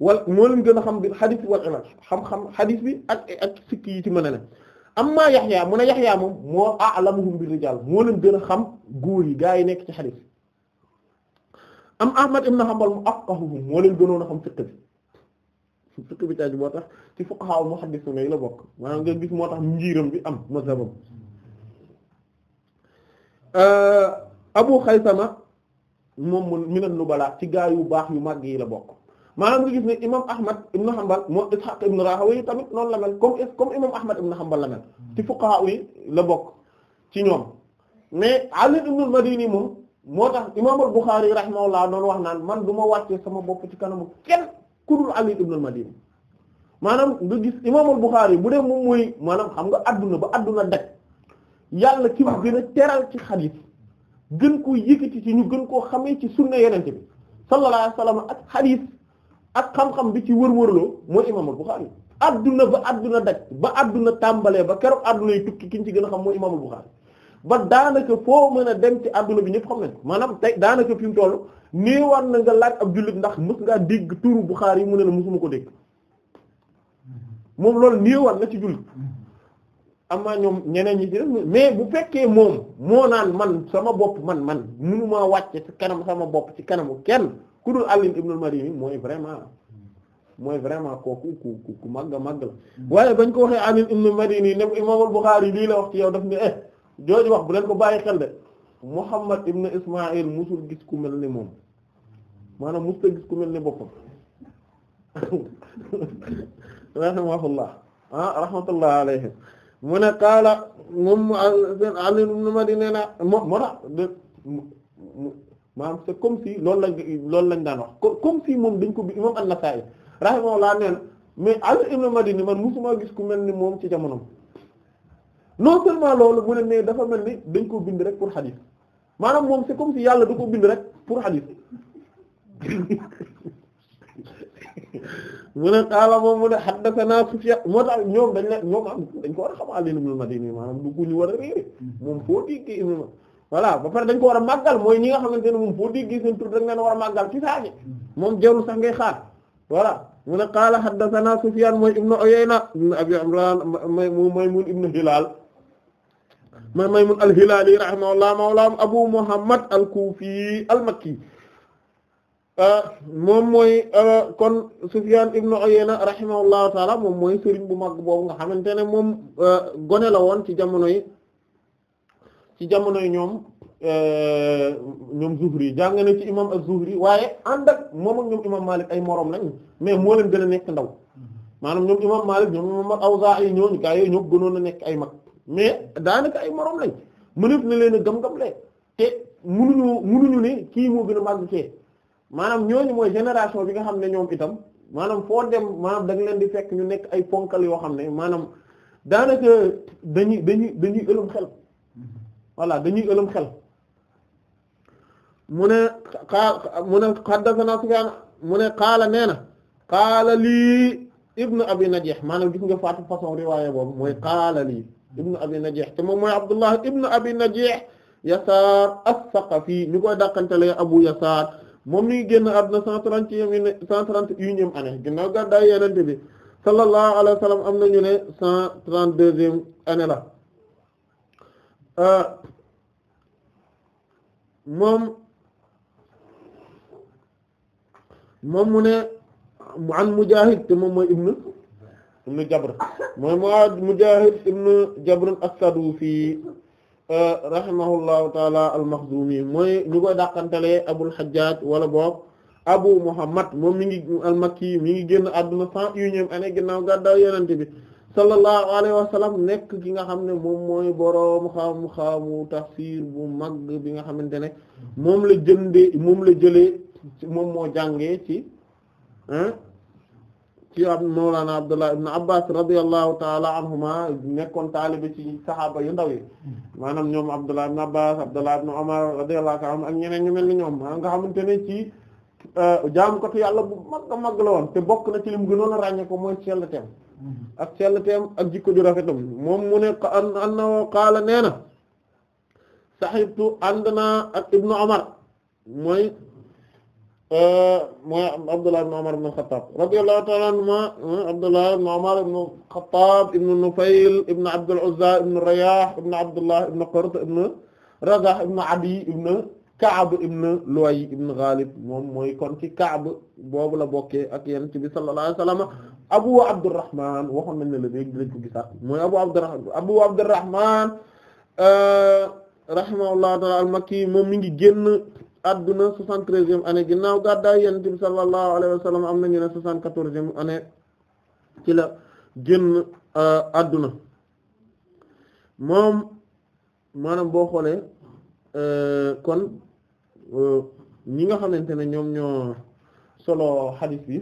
wal moo leen gën a xam bil hadith wal ilaj xam-xam hadith bi ak ak sikk yi ci mën a ne amma yaxyaa mu ne yaxyaa moom moo a'lamuhum bir rijaal moo leen gën xam góor yi gaa yi nekk ci xadiis am ahmad ibn hanbal mu afqahuhum moo leen gënoon a xam fiqh bi fiqh bi taaj moo tax ci fuqaha muhaddisuna yi la bokk maanaam nga gis moo tax njiiram bi am mazhabam euh, abu xaysama moom mun minan nubala ci gaa yu baax yu màgg yi la bokk maanaam nga gis ne imam ahmad ibn hanbal moo ishaq ibn rahawayh yi tamit noonu la mel comme comme imam ahmad ibn hanbal la mel hmm. ci fuqaha yi la bokk ci ñoom mais ali ibn al-madini moom moo tax imam al-bukhari rahimahullah noonu wax naan man du ma wàccee sama bopp ci kanamu kenn ku dul ali ibn al-madini maanaam nga gis imam al-bukhari bu dee moom mooy maanaam xam nga adduna ba adduna daj yàlla ci mu gën a teral ci xadiis gën koo yëkkati ci ñu gën koo xamee ci sunna yenente bi sallallahu alayhi wasallam ak xam-xam bi ci wër-wërloo mooy imaamul Buxaari adduna ba àdduna daj ba àdduna tàmbalee ba keroog àdduna yi tukki ki ñu ci gën a xam mooy imaamul Buxaari ba daanaka foo mën a dem ci àdduna bi ñëpp xam nañ maanaam tey daanaka fi mu toll nii war na nga laaj ak jullit ndax mës ngaa dégg turu Buxaari yi mu ne la mësuma ko dégg moom loolu nii war na ci jullit am na ñoom ñeneen ñi ci def mais bu fekkee moom moo naan man sama bopp man man mënumaa wàcce ci kanam sama bopp ci kanamu kenn ku dul Ali ibn madini mooy vraiment mooy vraiment kooku ku ku ku màgg a màgg la waaye bañ ko waxee Ali ibn al-Madini ne Imam al-Bukhari lii la wax ci yow daf ne eh jooju wax bu leen ko bàyyi xel de Muhammad ibn Ismaïl musul gis ku mel ni moom maanaam musul gis ku mel ni boppam ah, rahmatullah alayhi mu ne Kaala moom Ali ibn al-Madini na moo maanaam c'est comme si loolu lañ loolu lañ daan wax comme si moom dañ ko bi imam An-Nasa'i rahimahullah nee na mais Ali ibn Madini man musuma gis ku mel ni moom ci jamonom non loolu mu ne mais dafa mel ni dañ ko bind rek pour xadis maanaam moom c'est si yàlla da ko bind rek pour xadis mu ne qaala moom mu ne haddathana Sufyan moo tax ñoom dañ la am dañ ko war a xam Ali ibn Madini maanaam du mm-hmm. moom foo déggee voilà ba pare dañ ko war a màggal mooy ñi nga xamante ne moom foo déggee seen tur rek ngeen war a màggal ci moom jarul sax ngay xaar voilà mu ne qaala haddathana Sufyaan mooy ibnu Uyayna ibnu Abi Imraan Maymuun ibnu Hilaal ma Maymun al-Hilali rahimahullah mawlaam Abu Muhammad al-Kufi al-Makki euh, moom mooy euh, kon Sufyan ibn Uyayna rahimahullahu taala moom mooy sëriñ bu mag boobu nga xamante ne moom euh, gone la woon ci jamono yi ci jamonoy ñoom euh, ñoom Zuhri jàng na ci imam az-Zuhri waaye ànd ak moom ak ñoom imam Malik ay moroom lañ mais moo leen gën nekk ndaw maanaam ñoom imam Malik ñoom imam Awzaa'i ñooñu gaa yooyu ñoo gënoon a nekk ay mag mais daanaka ay morom lañ mënef na leen a gam-gamlee te munuñu munuñu ne kii moo gën a màgg kee maanaam ñooñ mooy génération bi nga xam ne ñoom itam maanaam foo dem maanaam danga leen di fekk ñu nekk ay ponkal yoo xam ne maanaam daanaka dañuy dañuy dañuy ëlëm xel voilà dañuy ëlëm xel mu ne a mu ne xaddasana Sufyaan mu ne qaala nee na qaala lii ibnu abi najeex maanaam gis nga faatu façon riwaayé boobu mooy qaala lii ibnu abi najeex te moom mooy abdullah ibnu abi najeex yasaar as-Saqafi ñu koy dàqantele abu yasaar moom ni ngi génn àdduna cent trente yam cent trente et unième année ginnaaw gàddaay yenente bi sallallahu alayhi wa sallam am nañu ne cent trente deuxième année la Euh, moom moom mu ne an Mujaahid te moom mooy ibnu ibnu Jabr mooy mu Mujaahid ibnu Jabr as-Sadufi euh, rahimahullahu taala al-Makhzumi mooy ñu koy dàqantelee Abul Hajjaj wala boog Abu Muhammad moom mi ngi al-Makki mi ngi génn àdduna cent unième année ginnaaw gàddaay Yonent bi sallallahu alayhi wa nekk ki nga xam ne moom mooy boroom xam-xamu tafsir bu mag bi nga xamante ne moom la jëndee moom la jële moom moo jàngee ci ci ab Mawlana Abdullah ibn Abbas radiyallahu ta'ala anhuma nekkoon taalibe ci saxaaba yu ndaw yi maanaam ñoom Abdullah ibn Abbas Abdullah ibn Umar radiyallahu ta'ala ak ñeneen ñu mel ni ñoom nga xamante ci Euh, jaamukatu yàlla bu mag a mag la woon te bokk na ci lim gënoon a ràññee ko mooy sell teem mm-hmm. ak sell teem ak jikko ju rafetam moom mu ne annahu qaala nee na sahibtu ànd naa ak ibnu Omar mooy euh, mooy Abdullah ibnu Omar ibnu Xattaab radiyallahu ta'ala anhuma euh, Abdullah ibnu Omar ibnu Xattaab ibnu Nufayl ibnu Abdul Uzza ibnu Rayah ibnu Abdullah ibnu Qurt ibnu Razah ibnu Adi ibnu Kaab ibn Luway ibn Ghalib moom mooy kon ki Kaab boobu la bokkee ak Yonent bi sallallahu alayhi wasallam Abu Abdurrahman waxoon nañ ne la léegi dinañ ko gisaat mooy Abu Abdurrahman Abu Abdurrahman euh, rahimahullahu ta'ala al moom mi ngi génn adduna 73e année ginnaaw gàddaay Yonent bi sallallahu alayhi wasallam am na ne 74e année ci la génn adduna euh, moom maanaam boo xoolee euh, kon Euh, ñi nga xamante ne ñoom ñoo solo xadiis bi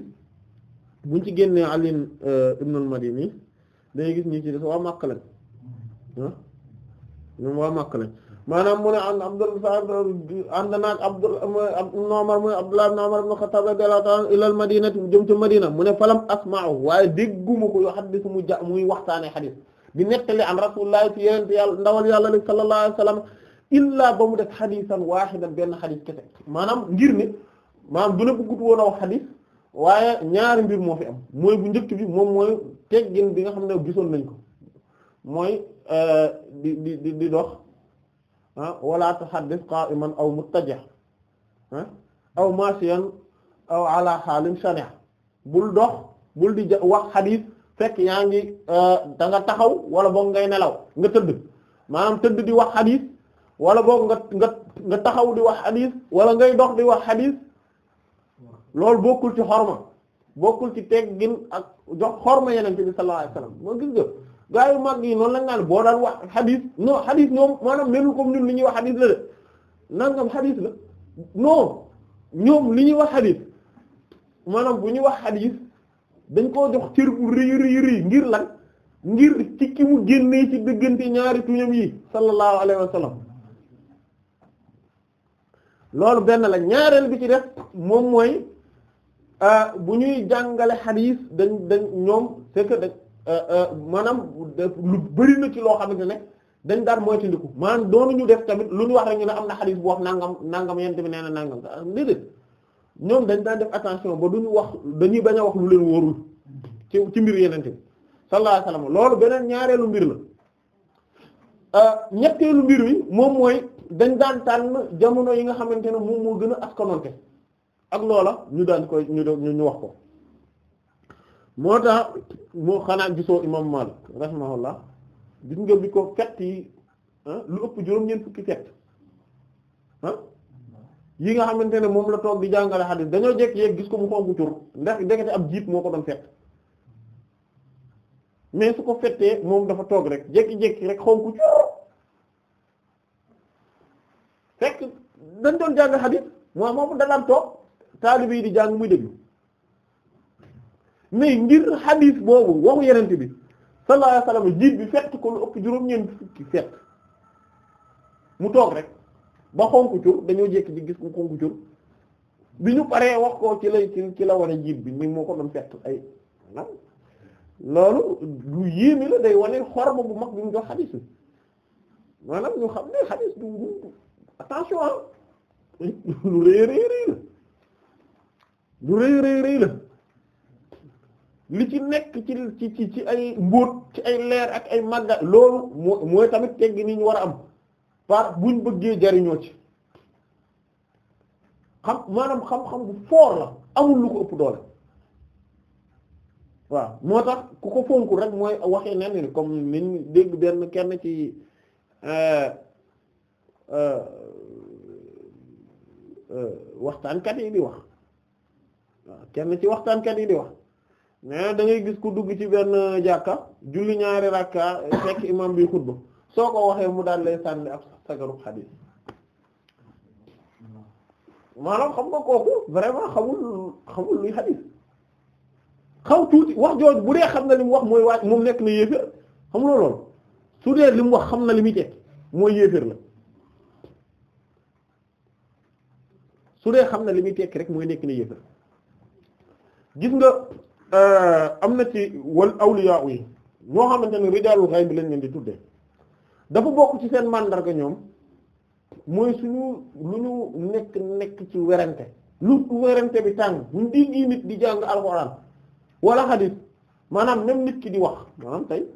buñ ci génnee Ali ibn al-Madini euh, dañuy gis ñi ci des waa Makka lañ ah, ñoom waa Makka lañ maanaam mu ne an Abdullah ànd naag Abdul ibn Umar muy Abdullah ibn Umar ibn Khattab radiyallahu ta'ala ila al-Madinati jëm ci Madina mu ne falam asma'u waaye dégguma ko yoo xadiis mu ja muy waxtaanee xadiis bi nettali an Rasulullah ci yeneen yàlla ndawal yàlla sallallahu alayhi wasallam illaa ba mu def xadiisan waaxidan benn xadiis kese maanaam ngir ne maanaam du la bëggut woon a wax xadiis waaye ñaari mbir moo fi am mooy bu njëkk bi moom mooy teggin bi nga xam ne gisoon nañ ko mooy euh, di dox ah wala aw muttaja ah aw mashiyan bul dox bul di wax xadiis fekk yaa ngi euh, da nga taxaw wala boog ngay nelaw nga tëdd maanaam tëdd di wax xadiis wala boog nga nga nga taxaw di wax xadiis wala ngay dox di wax xadiis loolu bokkul ci xorma bokkul ci teggin ak jox xorma yeneen bi sallallahu alayhi wasallam moo gaa yu mag yi noonu boo daan wax xadiis non maanaam melul comme ñun li ñuy wax xadiis la la non li ñuy wax xadiis maanaam bu ñuy wax xadiis dañ koo jox cër bu ngir lan ngir ci ki mu génnee ci diggante ñaari tuñam yi sallallahu alayhi wasallam loolu benn la ñaareel bi ci def moom mooy euh, bu ñuy jàngale xadiis dañ dañ ñoom c'est que dañ euh, euh, maanaam lu bari na ci loo xamante ne dañ daan moytandiku maanaam doonu ñu def tamit lu ñu wax rek ñu ne am na xadiis bu wax nangam nangam yent bi nee na nangam ah, déedéet ñoom dañ daan def attention ba duñu wax dañuy bañ a wax lu leen wóorul ci mbir yenente bi sallallahu alayhi loolu beneen ñaareelu mbir la ñetteelu mbir wi moom mooy dañ daan tànn jamono yi nga xamante ne moom moo gën a askanonte ak loola ñu daan koy ñu ñu wax ko moo tax moo xanaa gisoo imam Malik rahimahullah gis nga bi ko fett yi ah, lu ëpp juróom-ñeent fukki ah, yi nga xamante ne moom la toog di jàngale xadis dañoo jekk yeeg gis ko mu xonku tur ndax ndekete am jiit moo ko doon fett mais su ko fettee moom dafa toog rek jekki-jekki rek xonku cur fekk dañ doon jàng xadis moo moom da daan di jàng muy déglu mais ngir xadis boobu waxu yenente bi sallallahu alayhi jiit bi fett ko lu ëpp juróom-ñeent fukki fett mu toog rek ba xonku cur dañoo jékki di gis ko xonku cur bi ñu paree wax ko ci lay ci la war jiit bi mi moo ko doon fett ay nam loolu lu yéeme la day wane xorma bu mag bi mu jox xadis bi maanaam ñu xam ne xadis du attention ah lu rëy rëy rëy la lu rëy rëy rëy la li ci nekk ci ci ci ay mbóot ci ay leer ak ay màgga loolu moo mooy tamit teggi ni war a am par buñ bëggee jariñoo ci xam maanaam xam-xam bu foor la amul lu ko ëpp doole waaw moo tax ku ko fonk rek mooy waxee nen ni comme niñ dégg benn kenn ci euh, euh, Euh, waxtaankat yi di wax waaw kenn ci waxtaankat yi di wax mais da ngay gis ku dugg ci benn jàkka julli ñaari rakka fekk imam bi xutba soo ko waxee mu daal lay sànni ak sagaru xadiis maanaam xam nga kooku vraiment xamul xamul luy xadiis xaw tuuti wax jooju bu dee xam na li wax mooy waaj moom nekk na yéeféer xam loolu su dee li mu wax xam na li muy teg mooy yéeféer la su dee xam na li muy tekki rek mooy nekk na yéefar gis nga euh, am na ci wal awliya yi ñoo xamante ne rijaalul xayb bi lañ leen di tuddee dafa bokk ci seen màndarga ñoom mooy suñu lu ñu nekk nekk ci werante lu werante bi tàng buñ diggi nit di jàng alxuraan wala xadiis maanaam même nit ki di wax maanaam tey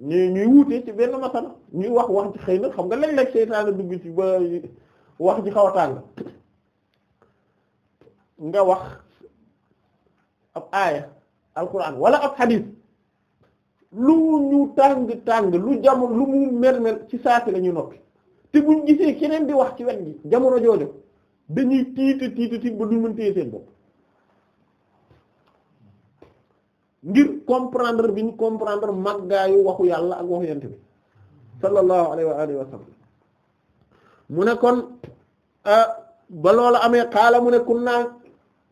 ñuy wuutee ci benn masala ñuy wax wax ci xëy na xam nga léeg-léeg seytaane dugg ci ba wax ci xaw a tàng nga wax ab aaya alquran wala ab xadiis lu ñu tàng tàng lu jamono lu mu mermel ci saati la ñu te buñ gisee keneen di wax ci wet gi jamono jooju dañuy tiita tiita tiit ba duñ mën téye seen bopp ngir comprendre bi ñu comprendre màggaayu waxu yàlla ak waxu yent bi sallallahu alayhi wa mu ne kon ah, ba loolu amee xaala mu ne kun naa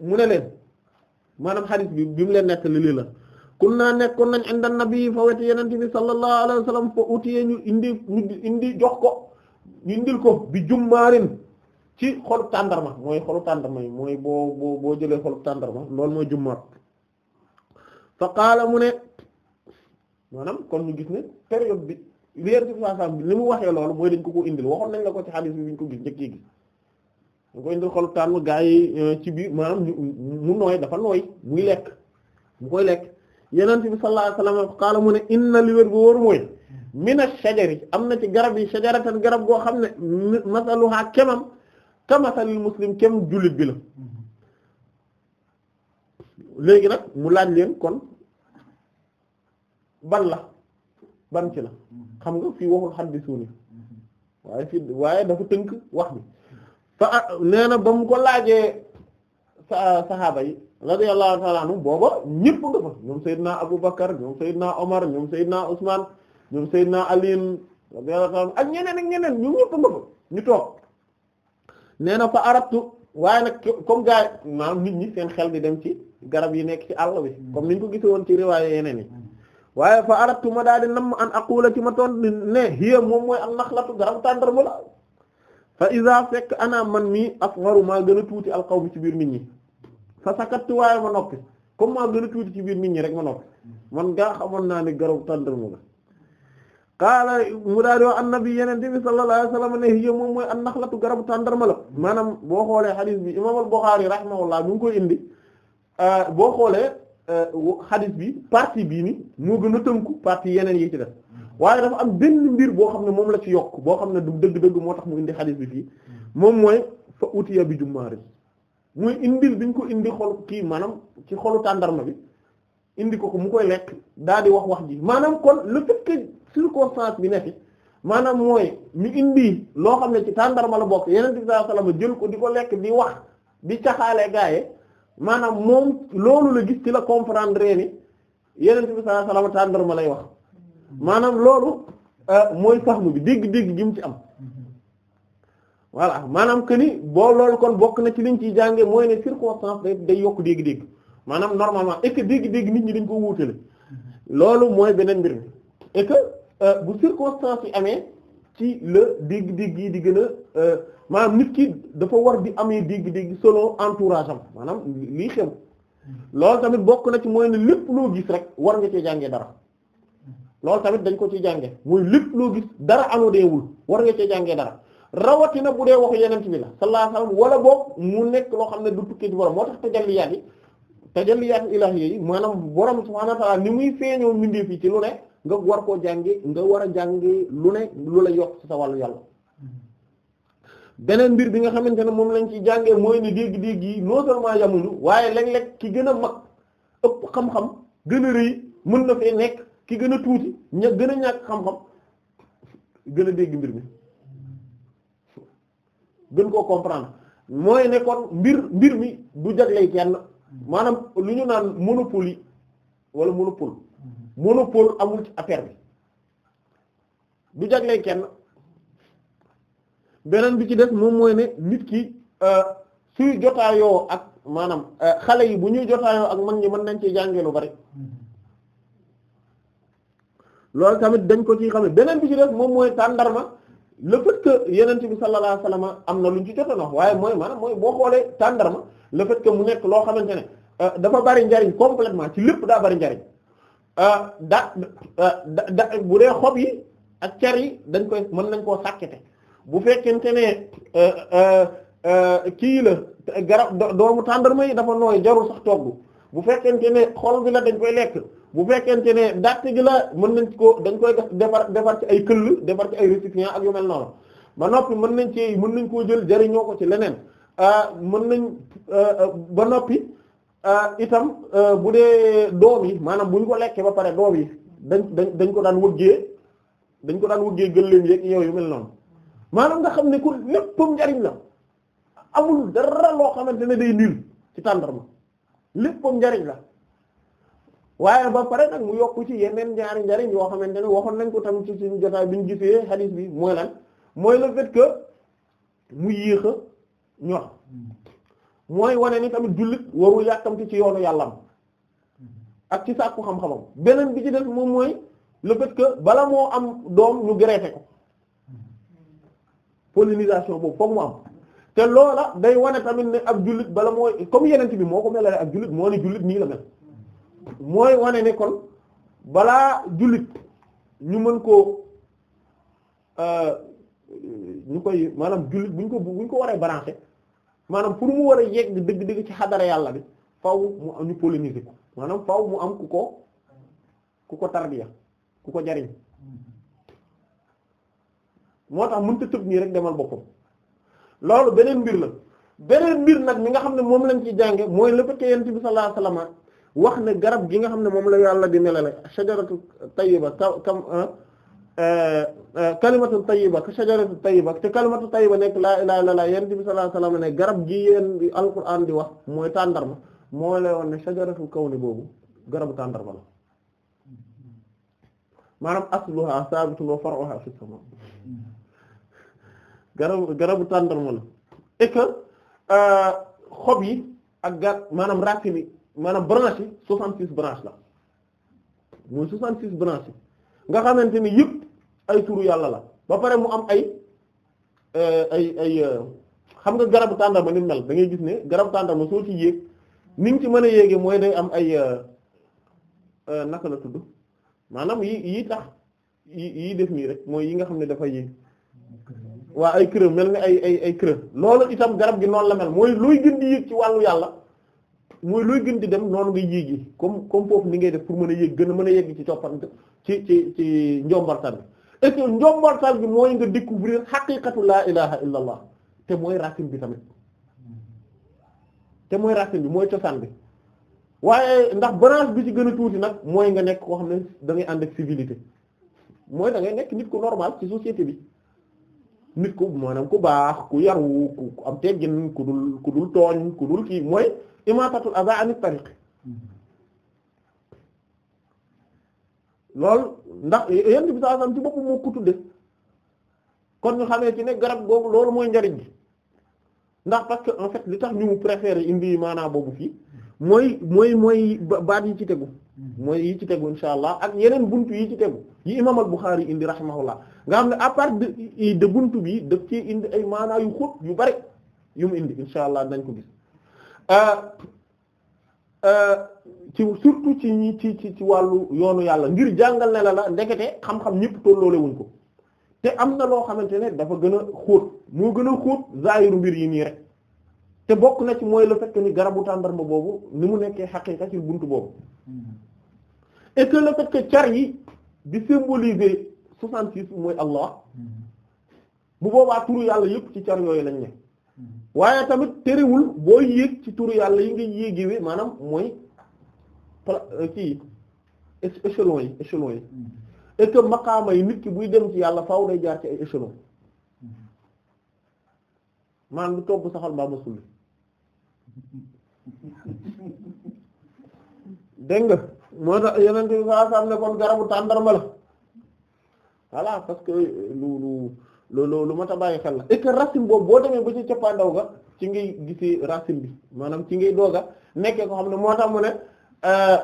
mu ne leen maanaam xadis bi bi leen nekk li lii la kunna nekkoon nañ inda nabi fa weti yenente bi sallallahu alayhi wa sallam fa utiyee ñu indi indi jox ko ñu indil ko bi jummaarin ci xolu tàndarma mooy xolu tàndarma yi mooy boo boo boo jëlee xolu tàndarma loolu mooy jummaar fa qaala mu ne maanaam kon ñu gis ne période bi weer ci façam bi li mu waxee loolu mooy dañ ko ko indil waxoon nañ la ko ci xadis bi ñu ko gis njëkkee gi nga koy indil xolu tàng gaa yi euh, ci mu nooy dafa nooy muy lekk mu koy lekk yeneen bi sallallahu alayhi wasallam mu ne inna li wér bu wóor mooy min ash-shajari am na ci garab yi shajaratan garab goo xam ne masaluha kemam kamasalil muslim kem jullit bi la léegi nag mu laaj leen kon ban la ban ci la xam nga fii waxul xaddisu ni waaye fii waaye dafa tënk wax bi fa nee na ba mu ko laajee sa saxaaba yi radiyallahu ta'ala anhu booba ñëpp nga fa ñoom Seydina Aboubacar ñoom Seydina Omar ñoom Seydina Ousmane ñoom Seydina Ali radiyallahu ta'ala ak ñeneen ak ñeneen ñoom ñëpp nga fa ñu toog nee na fa arabtu waaye na comme gars yi maanaam nit ñi seen xel di dem ci garab yi nekk ci àll bi comme niñ ko gisee woon ci riwaaye yeneen yi waaye fa arabtu ma daal di namm an aqula ci ma toon ne hiya moom mooy an naxlatu garab tàndarma la fa iza fekk ana man mii asgharu maa gën a tuuti alqawmi ci biir nit ñi fa sakattu waaye ma noppi comme maa gën a tuuti ci biir nit ñi rek ma noppi man nga xamoon naa ne garabu tàndarma la qaala mu daal di wax annabi yeneen bi sallallahu alayhi wasallam ne hiya moom mooy an naxlatu garabu tàndarma la maanaam boo xoolee xadis bi imaam al-Bukhari rahimahullah mu ngi koy indi euh, boo xoolee euh, xadis bi parti bii ni moo gën a tënku partie yeneen yi ci def waaye dafa am benn mbir boo xam ne moom la ci yokk boo xam ne du dëgg-dëgg moo tax mu indi xadiis bi fii moom mooy fa utiya bi jummaari muy indil bi ñu ko indi xol kii maanaam ci xolu tàndarma bi indi ko ko mu koy lekk daal di wax wax ji maanaam kon le fait que circonstance bi nekk maanaam mooy ñu indi loo xam ne ci tàndarma la bokk yeneen bi sallallahu alayhi wasallam jël ko di ko lekk di wax di caxaale gaaye maanaam moom loolu la gis ci la comprendre ni yeneen bi sallallahu alayhi tàndarma lay wax maanaam loolu euh, mooy fahmu bi dégg-dégg gi mu ci am voilà maanaam que ni boo loolu kon bokk na ci liñ ciy jànge mooy ne circonstance day day yokk dégg-dégg maanaam normalement et que dégg-dégg nit ñi dañ ko wuutale loolu mooy beneen mbir mi et que euh, bu circonstance yi amee ci la dégg-dégg yi di gën a euh, maanaam nit ki dafa war di amee dégg-dégg selon entourage am maanaam lii xew loolu tamit bokk na ci mooy ne lépp loo gis rek war nga cee jàngee dara loolu tamit dañ ko ci jànge muy lépp loo gis dara anodeewul war nga cee jàngee dara rawatina bu dee waxu yenent bi la sallallahu alayhi wasallam wala boog mu nekk loo xam ne du tukkee ci borom moo tax tajalliyaat yi tajalliyaat ilahiyya yi maanaam borom subhaanahu wa ni muy feeñoo mbindeef yi ci lu ne nga war koo jànge nga war a jànge lu ne lu la yokk ci sa wàllu yàlla beneen mbir bi nga xamante ne moom lañ ci jàngee mooy ne dégg-dégg yi non seulement yamuñu waaye léeg-léeg ki gën a mag ëpp xam-xam gën mën na fee nekk ki gën a tuuti ña gën a ñàkk xam-xam gën a dégg mbir mi gën koo comprendre mooy ne kon mbir mbir mi du jagleel kenn maanaam lu ñu naan monopole yi wala monopole monopole amul ci affaire bi du jagleel kenn beneen bi ci def moom mooy ne nit ki euh, suy jotaayoo ak maanaam euh, xale yi bu ñuy jotaayoo ak mag ñi mën nañ ci jàngee lu bari. loolu tamit dañ ko ciy xamee beneen bi ci def moom mooy tàndarma le fait que yenent bi sallallahu alayhi wasallam am na lu ñu ci jotoon wax waaye mooy maanaam mooy boo xoolee tàndarma la fait que mu nekk loo xamante ne euh, dafa bari njariñ complètement ci lépp daa bari njariñ euh, euh, da da bu dee xob yi ak car yi dañ koy mën nañ koo sàkkete bu fekkente ne kii la garab doomu tàndarma yi dafa nooy jarul sax togg bu fekkente ne xol bi la dañ koy lekk bu fekkente ne dàtt gi la mën nañ ko dañ koy defar defar ci ay këll defar ci ay récipient ak yu mel noonu ba noppi mën nañ ci mën nañ koo jël jariñoo ko ci leneen mën nañ ba noppi itam bu dee doom yi maanaam bu ñu ko lekkee ba pare doom yi dañ dañ dañ ko daan wëggee dañ ko daan wëggee gëléem yeeg yow yu mel noonu maanaam nga xam ne ko léppam njariñ la amul dara loo xamante ne day niil ci tàndarma léppam njariñ la waaye ba pare nag mu yokk ci yeneen ñaari njariñ yoo xamante ne waxoon nañ ko tam ci suñu jotaay bi ñu gisee hadith bi mooy lan mooy le fait que mu yéex a ñor mooy wane ni tamit jullit warul yàkkamti ci yoonu yàllam ak ci sàkku xam-xamam beneen bi ci def moom mooy le fait que bala moo am doom ñu greffé ko pollinisation boobu foog mu am te loola day wane tamit ne ab jullit bala mooy comme yeneen bi moo ko melale ab jullit moo ne jullit nii la mel mooy wane ne kon balaa jullit ñu mën koo euh, ñu koy maanaam jullit buñ ko buñ ko waree branché maanaam pour mu war a yegg dëgg-dëgg ci xadara yàlla bi faaw mu ñu polémiser ko maanaam faaw mu am ku ko ku ko tarbiya ku ko jariñ moo tax mënta tëb nii rek demal boppam loolu beneen mbir la beneen mbir nag mi nga xam ne moom lañ ci jànge mooy lëppate yent bi sallallahu alayhi wasallam wax ne garab gi nga xam ne moom la yàlla di melale shajaratu tayyiba ka kam ah, eh, eh, kalimatu tayyiba ka shajaratu tayyiba kalimatu tayyiba nekk laa ilaaha illallaah bi sallallaahu alayhi ne garab gi yéen alquran di wax mooy tàndarma moo lay woon ne shajaratul kawni boobu garabu tàndarma la maanaam asluha saabitun wa far'uha fi sama garabu tàndarma la et eh, xob yi ak gar maanaam ràq bi maanaam branche yi soixante six branche la mooy soixante six branche yi nga xamante ni yëpp ay turu yàlla la ba pare mu am ay euh, ay ay euh, xam nga garabu tàndarma ni mel da ngay gis ne garabu tàndarma soo ci yéeg ni nga ci mën a yéegee mooy day am ay euh, naka la tudd maanaam yi yi tax yi yi def nii rek mooy yi nga xam ne dafa yéeg waa ay creux mel ni ay ay ay creux loolu itam garab gi noonu la mel mooy luy gën di yéeg ci wàllu yàlla mooy looy gën di dem noonu nga yéegi comme comme foofu ni ngay def pour mën a yéeg gën a mën a yegg ci coppante ci ci ci njombartal bi et que njombartal bi mooy nga découvrir xaqiqatu laa ilaha illa allah te mooy racine bi tamit te mooy racine bi mooy cosaan bi waaye ndax branche bi ci gën a tuuti nag mooy nga nekk koo xam ne da ngay ànd ak civilité mooy da ngay nekk nit ko normal ci société bi nit ku maanaam ku baax ku yaru ku am teggin ku dul ku dul tooñ ku dul kii mooy imaatatul aza anit tariq loolu ndax yent bi sallallahu alayhi ci boppam moo ko tudde kon ñu xamee ci ne garab boobu loolu mooy njariñ gi ndax parce que en fait li tax ñu mu préféré indi maanaam boobu fii mooy mooy mooy baat yi ci tegu Mhm. mooy yi ci tegu insha allah ak yeneen buntu yi ci tegu yi imam al-Bukhari indi rahimahullah nga xam ne à part de de buntu bi daf ci indi ay maanaa yu xóot yu bari yu mu indi insha allah dañ ko gis euh, euh, ci surtout ci ñi ci ci ci wàllu yoonu yàlla ngir jàngal ne la la ndekete xam-xam ñëpp tolloole wuñ ko te am na loo xamante ne dafa gën a xóot moo gën a xóot zaayiru mbir yi nii te bokk na ci mooy le fait ni garabu tàndarma boobu ni mu nekkee xaqiqa ci bunt boobu mhm. et que le fait que car yi di symboliser soixante six mooy Allah bu boobaa turu yàlla yëpp ci car yooyu lañ ne waaye tamit terewul boo yéeg ci turu yàlla yi nga yéegiwee maanaam mooy euh, kii échelon yi échelon yi et que maqaama nit ki buy dem ci yàlla faw day jaar ci ay échelon maanaam du togg saxal mbaa ma sulli dégg moo tax yeneen bi saa saa ne kon garabu tàndarma la voilà parce que lu lu lu lu mat bàyyi xel la et que boobu boo demee ba ci cappaandaw ga ci ngay gisee racine bi maanaam ci ngay dooga nekkee ko xam ne moo tax mu ne euh,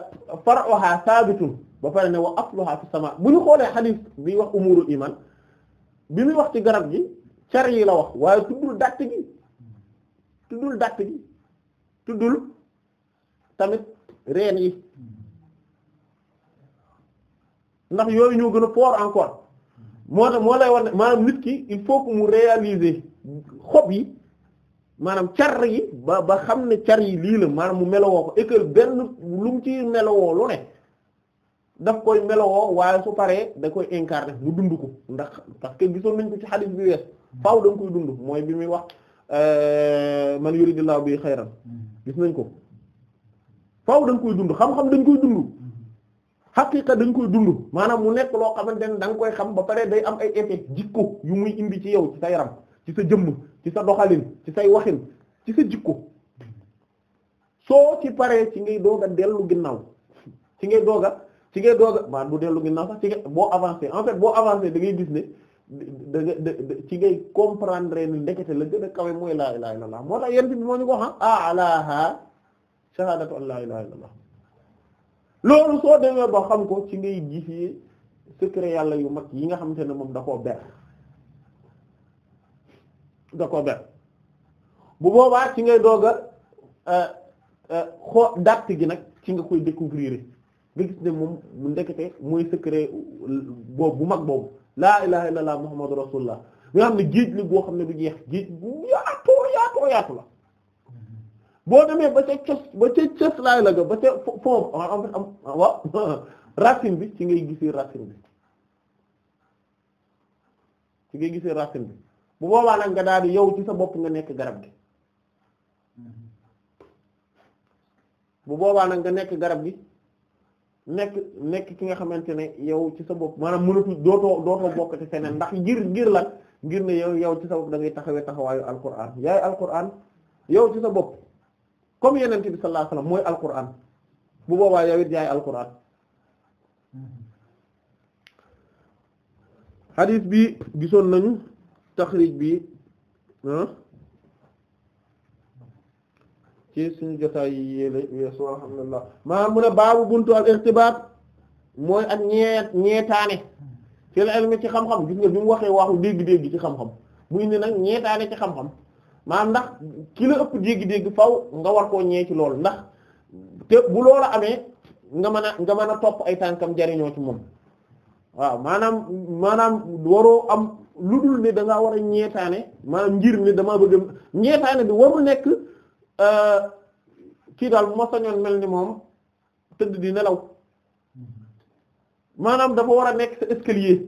far'uha sabitun ba pare ne wa asluha fi sama bu ñu xoolee hadith bi wax umurul iman bi muy wax ci garab gi car yi la wax waaye tuddul dàtt gi tuddul dàtt gi tuddul tamit reen yi ndax yooyu ñoo gën a fort encore moo tax moo lay wax ne maanaam nit ki il faut que mu réaliser xob yi maanaam car yi ba ba xam ne car yi lii la maanaam mu melowoo ko et benn lu mu ci melowoo lu ne daf koy melowoo waaye su paree da koy incarner mu dund ko ndax parce que nañ ko ci hadith bi wees faaw da koy dund mooy bi muy wax euh, man yuridillahu bi xayran hmm. gis nañ ko faaw da koy dund xam-xam dañ koy dund xaqiqa da nga koy dund maanaam mu nekk loo xamante ne danga koy xam ba pare day am ay effet jikko yu muy indi ci yow ci sa yaram ci sa jëmm ci sa doxalin ci say waxin ci sa jikko soo ci paree ci ngay doog a dellu ginnaaw ci ngay doog a ci ngay doog a maa du dellu ginnaaw sax ci nga boo avancé en fait boo avancé da ngay gis ne da da ci ngay comprendre ni ndekete la gën a kawe mooy laa ilaha illallah moo tax yent bi moo ñu ko xam ah alaha shahadatu an laa ilaha loolu soo demee ba xam ko ci ngay gisee secret yàlla yu mag yi nga xamante ne moom da koo ber da koo ber bu boobaa ci ngay doog a euh, euh, xoo dàtt gi nag ci nga koy découvrir nga gis ne moom mu ndekete mooy secret boobu bu mag boobu laa ilaha laa muhammadu rasulullah nga xam ne géej la goo xam ne du jeex géej bu yaatoo yaatoo yaatu la boo demee ba ca cos ba ca cos laay la ga ba ca foofu ah, am am ah, waaw racine bi ci ngay gisee racine bi ci ngay gisee racine bi bu boobaa nag nga daal di yow ci sa bopp nga nekk garab gi bu boobaa nag nga nekk garab gi nekk nekk ki nga xamante ne yow ci sa bopp maanaam mënatu dootoo dootoo bokk ci feneen ndax ngir ngir la ngir ne yow yow ci sa bopp da ngay taxawee taxawaayu Alquran yaay Alquran yow ci sa bopp comme yeneen yenente bi sallallahu alayhi wasallam mooy alquran bu boobaa yow it yaay alquran xadis bi gisoon nañu taxrij bi ah, ci suñu jotaay yi yéene weesu alhamdulillah maanaam mu ne baabu buntu al irtibaat mooy ak ñeet ñeetaane ci la elmi ci xam-xam gis nga bi mu waxee waxu dégg-dégg ci xam-xam muy ne nag ñeetaane ci xam-xam maanaam ndax ki la ëpp dégg-dégg faw nga war koo ñee ci loolu ndax te bu loola amee nga mën nga man a topp ay tànkam jariñoo ci moom waaw maanaam maanaam waroo am lu dul ne da ngaa war a ñeetaane maanaam ngir ne damaa bëgg ñeetaane bi warul nekk euh, kii daal bu ma mel ni moom tëdd di nelaw maanaam dafa war a nekk sa escalier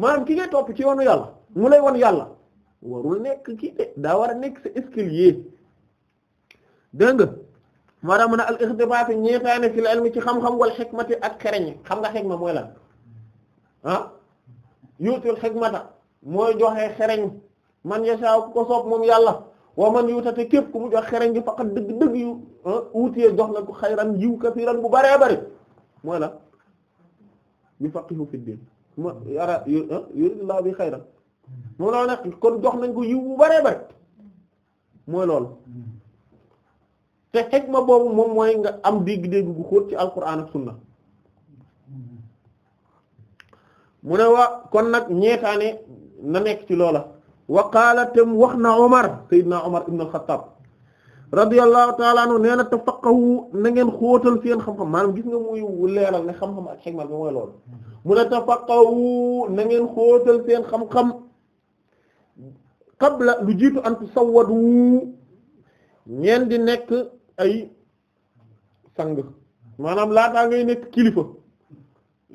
maanaam ki ngay topp ci yoonu yàlla mu lay won yàlla warul nekk ki de daa war a nekk sa escalier dégg nga maanaam mu ne al ixtibaat ñeetaane fil ilmi ci xam-xam wal xikmati ak xereñ xam nga xikma mooy lan ah yuutul xikmata mooy joxe xereñ man yasha ko soob moom yàlla wa man yuutate képp ku mu jox xereñ gi faqat dëgg-dëgg yu ah, uutiyee jox na ko xayran jiw kasiiran bu baree bari mooy la yufaqihu fid din ma yara ah, yuridullahu bi xayran moo tax nag kon jox nañ ko yiw bu bare bari mooy loolu te xikma boobu moom mooy nga am dégg-dégg gu xóot ci alquran ak sunna mu ne wa kon nag ñeetaane na nekk ci loola wa qaala tam wax na Omar Seydina Omar ibn al-Khattab radiyallahu ta'ala anhu nee na tafaqahu na ngeen xóotal seen xam-xam maanaam gis nga muy leeral ne xam-xam ak xikma mooy loolu mu ne tafaqahu na ngeen xóotal seen xam-xam qabla lu jiitu an tusawwadu ngeen di nekk ay sang maanaam laataa ngay nekk kilifa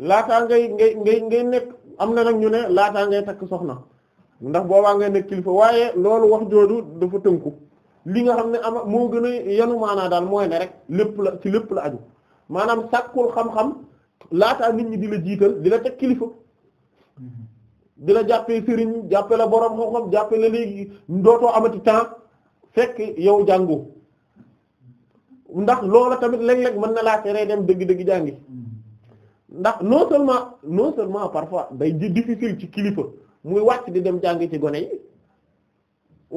laataa ngay ngay ngay nekk am na nag ñu ne laataa ngay takk soxna ndax boo boobaa ngay nekk kilifa waaye loolu wax jooju dafa tënku li nga xam ne ama moo gën a yanu maanaa daal mooy ne rek lépp la ci lépp la aju maanaam sàkkul xam-xam laataa nit ñi di la jiital dina teg kilifa mm-hmm. di la jàppee sëriñ jàppe la borom xam-xam jàppe la léegi dootoo amati temps fekk yow jàngu ndax loola tamit léeg-léeg mën na laa tere dem dëgg-dëgg jàngi ndax non seulement non seulement parfois day difficile ci kilifa muy wàcc di dem jàngi ci gone yi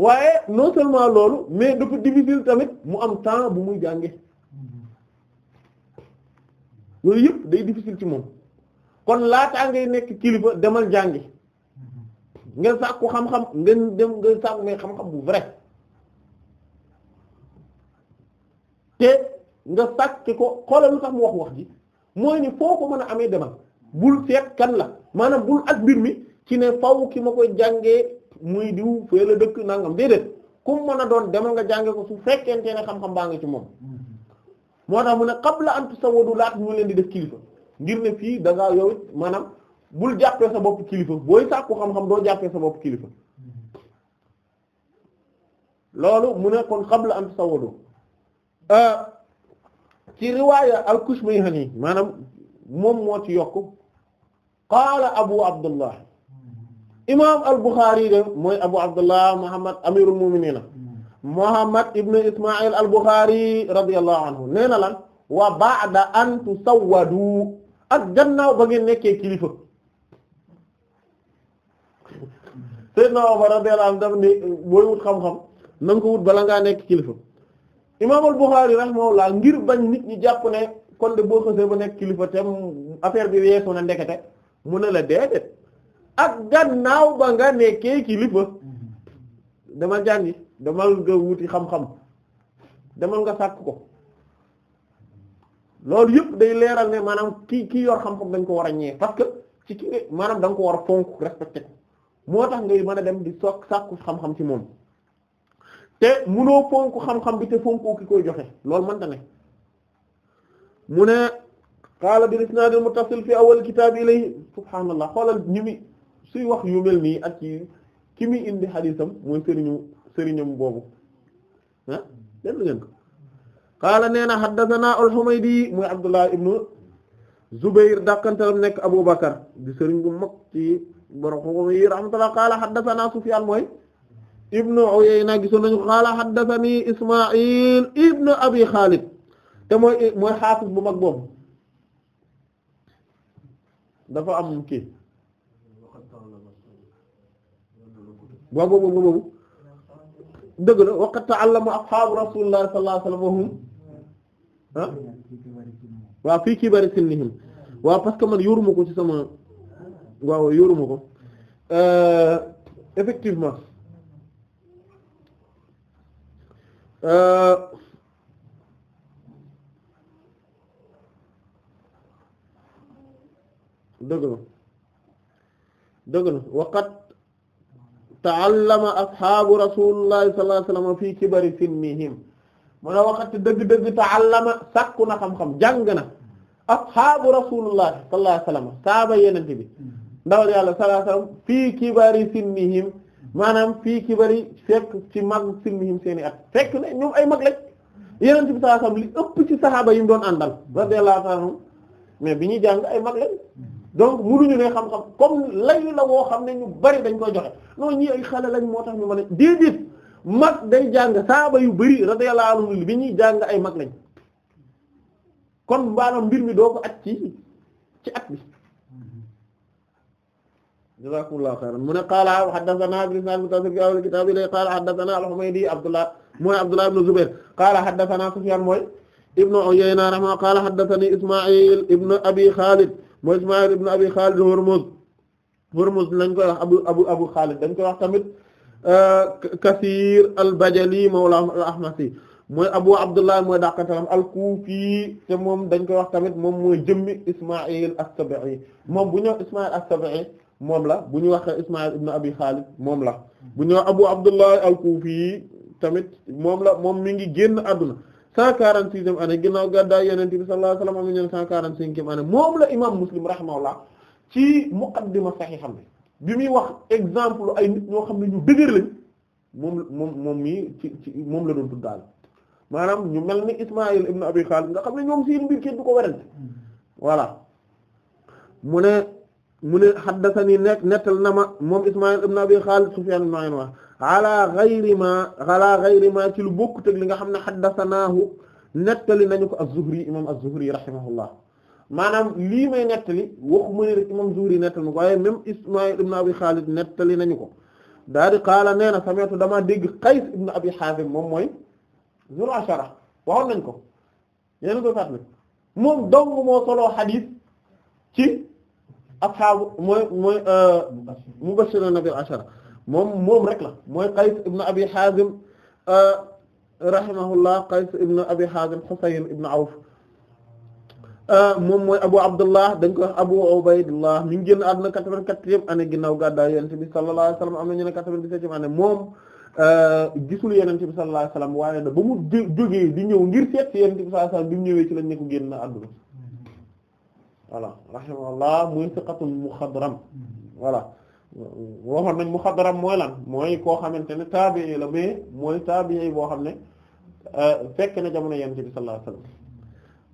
waaye non seulement loolu mais dafa difficile tamit mu am temps bu muy jànge loolu yëpp day difficile ci moom kon laata ngay nekk kilifa demal jàngi nga sàkku xam-xam nga dem nga sàkku mais xam-xam bu vrai te nga sàkk ko xoolal lu tax mu wax wax ji mooy ni foo ko mën a amee demal bul seet kan la maanaam bul ak mbir mi ci ne faw ki ma koy jàngee muy diw fee la dëkk nangam déedéet ku mën a doon demal nga jàngee ko su fekkente ne xam-xam baa nga ci moom moo tax mu ne qabla an tusawwadu laat ñu leen di def kilifa ngir ne fii da ngaa maanaam bul jàppee sa bopp kilifa booy sàkku xam-xam doo jàppee sa bopp kilifa loolu mu ne kon qabla an tasawwadu euh, ci riwaaya al-Kushmayhani maanaam moom moo ci yokk qaala Abu Abdullah imaam al-Bukhari de mooy Abu Abdullah Muhammad amirul mu'minin Muhammad ibn Isma'il al-Bukhari radiyallahu anhu wa ba'da an tusawwadu ak ba ngeen nekkee kilifa Seydina Omar radiyallahu anhu daf ne booy wut xam-xam na ko wut bala ngaa nekk kilifa Imaam al-Bukhari rahimahullah ngir bañ nit ñi jàpp ne kon de boo xasee ba nekk kilifa te affaire bi weesu na ndekete mu ne la déedéet ak gannaaw ba nga nekkee kilifa dama jàngi damal nga wuti xam-xam damal nga sàkk ko loolu yëpp day leeral ne maanaam ki ki yor xam-xam dañ ko war a ñee parce que ci ki maanaam danga ko war a fonk respecté moo tax ngay mën a dem di soog sàkku xam-xam ci moom te munoo fonk xam-xam bi te fonkoo ki koy joxe loolu man ne mu ne qaala bil isnaad al muttasil fi awal kitaab ilayhi subhaanallah xoolal ñi suy wax yu mel nii ak ci ki muy indi xadiisam mooy sëriñu sëriñam boobu ah dégg ngeen ko qaala nee na haddathana al humaydi muy abdullah ibnu zubayr dàqantalam nekk abubakar di sëriñ bu mag ci borom xoxom yi rahmatullah qaala haddathana Sufyaan mooy ibnu Uyayna gisoon nañu qaala haddathani Isma'il ibnu Abi Khalid te mooy mooy xaafis bu mag boobu dafa am kii waaw boobu boobu dëgg la waqad ta'allama ashaabu rasuulillah sallallahu alayhi wa sallam wahum ah waaw fii kibari sinnihim waaw parce que man yoruma ko ci sama waaw yoruma ko euh, effectivement euh, dëgg na dëgg na waqat ta'allama asxaabu rasulillahi sallallahu alayhi wasallam fi kibari sinnihim mu ne waqat dëgg-dëgg ta'allama sàkku na xam-xam jàng na asxaabu rasulillahi sallallahu alayhi wasallam saaba yenente bi ndawal yàlla sallallahu alayhi wasallam fii kibari sinnihim maanaam fii kibari fekk ci mag sinnihim seeni at fekk ne ñoom ay mag lañ yonent bi sallallahu alayhi li ëpp ci saxaaba yi mu doon àndal radiyallahu anhum mais bi ñuy jàng ay mag lañ donc mënuñu ne xam-xam comme layu la woo xam ne ñu bari dañ koy joxe noonu ñi ay xale lañ moo tax ñu mën a déedéet mag day jàng saxaaba yu bari radiyallahu anhum bi ñuy jàng ay mag lañ kon maanaam mbir mi doo ko at ci ci at bi jazakumullahu xayran mu ne qaala haddathana bi isnad muttasil fi awwal kitab ilay qaala haddathana al-Humaydi Abdullah mooy Abdullah ibn Zubair qaala haddathana Sufyan mooy ibn Uyayna rahma qaala haddathani Isma'il ibn Abi Khalid mooy Isma'il ibn Abi Khalid Hurmuz Hurmuz lañ koy wax abu abu abu Khalid dañ koy wax tamit euh, Kathir al-Bajali mawla al-Ahmasi mooy abu Abdullah mooy dàqantalam al-Kufi te moom dañ koy wax tamit moom mooy jëmmi Isma'il as-Sabi'i moom bu ñëw Isma'il as-Sabi'i moom la bu ñu wax Ismaïl ibn Abi Khalid moom la bu ñu wax Abu Abdullah al-Kufi tamit moom la moom mi ngi génn àdduna cent quarante-sixième année ginnaaw gàddaay Yonent bi sallallahu alayhi wa sallam am nañu cent quarante-cinquième année moom la imam Muslim rahimahullah ci muqaddima sahiham bi muy wax exemple ay nit ñoo xam ne ñu dëgër lañ moom moom moom mii ci ci moom la doon tuddaal maanaam ñu mel ni Ismaïl ibn Abi Khalid nga xam ne ñoom seen mbir kenn du ko werante voilà mu ne mu ne xaddasani nekk nettal na ma moom Ismaïl ibn Abi Xaalid Sufyaan ibn Uyayna wax ala ghayri ma ala ghayri ma ci lu bokku teg li nga xam ne xaddasanaahu nettali nañu ko az-Zuhri imam az-Zuhri rahimahullah maanaam lii may nettali waxuma ne rek imam Zuhri nettali na ko waaye même Ismaïl ibn Abi Xaalid nettali nañu ko daa di qaala nee na sami'tu damaa dégg Qays ibn Abi Haazim moom mooy Zul Ashara waxoon nañ ko yéen a ko fàttali moom dong moo soloo xadiis ci ashaabu mooy mooy euh, mubashiruna bil ashara moom moom rek la mooy Qays ibn Abi Hazim euh, rahimahullah Qays ibn Abi Hazim Husayn ibn Awf euh, moom mooy Abu Abdullah dañ ko wax Abu Ubaydullah mi ngi génn àdduna quatre-vingt-quatrième année ginnaaw gàddaay Yonent bi sallallahu alayhi wa sallam am na ñu ne quatre-vingt-dix-septième année moom gisul Yonent bi sallallahu alayhi wa sallam waaye nag ba mu di ñëw ngir seet ci Yonent bi sallallahu ñëwee ci lañ ne ko àdduna voilà rahimahullah muy siqatun muxadram mm-hmm. voilà waxoon nañ muxadram mooy lan mooy koo xamante ne taabii la mais mooy taabii boo xam ne euh, fekk na jamono yonent bi sallallahu alayhi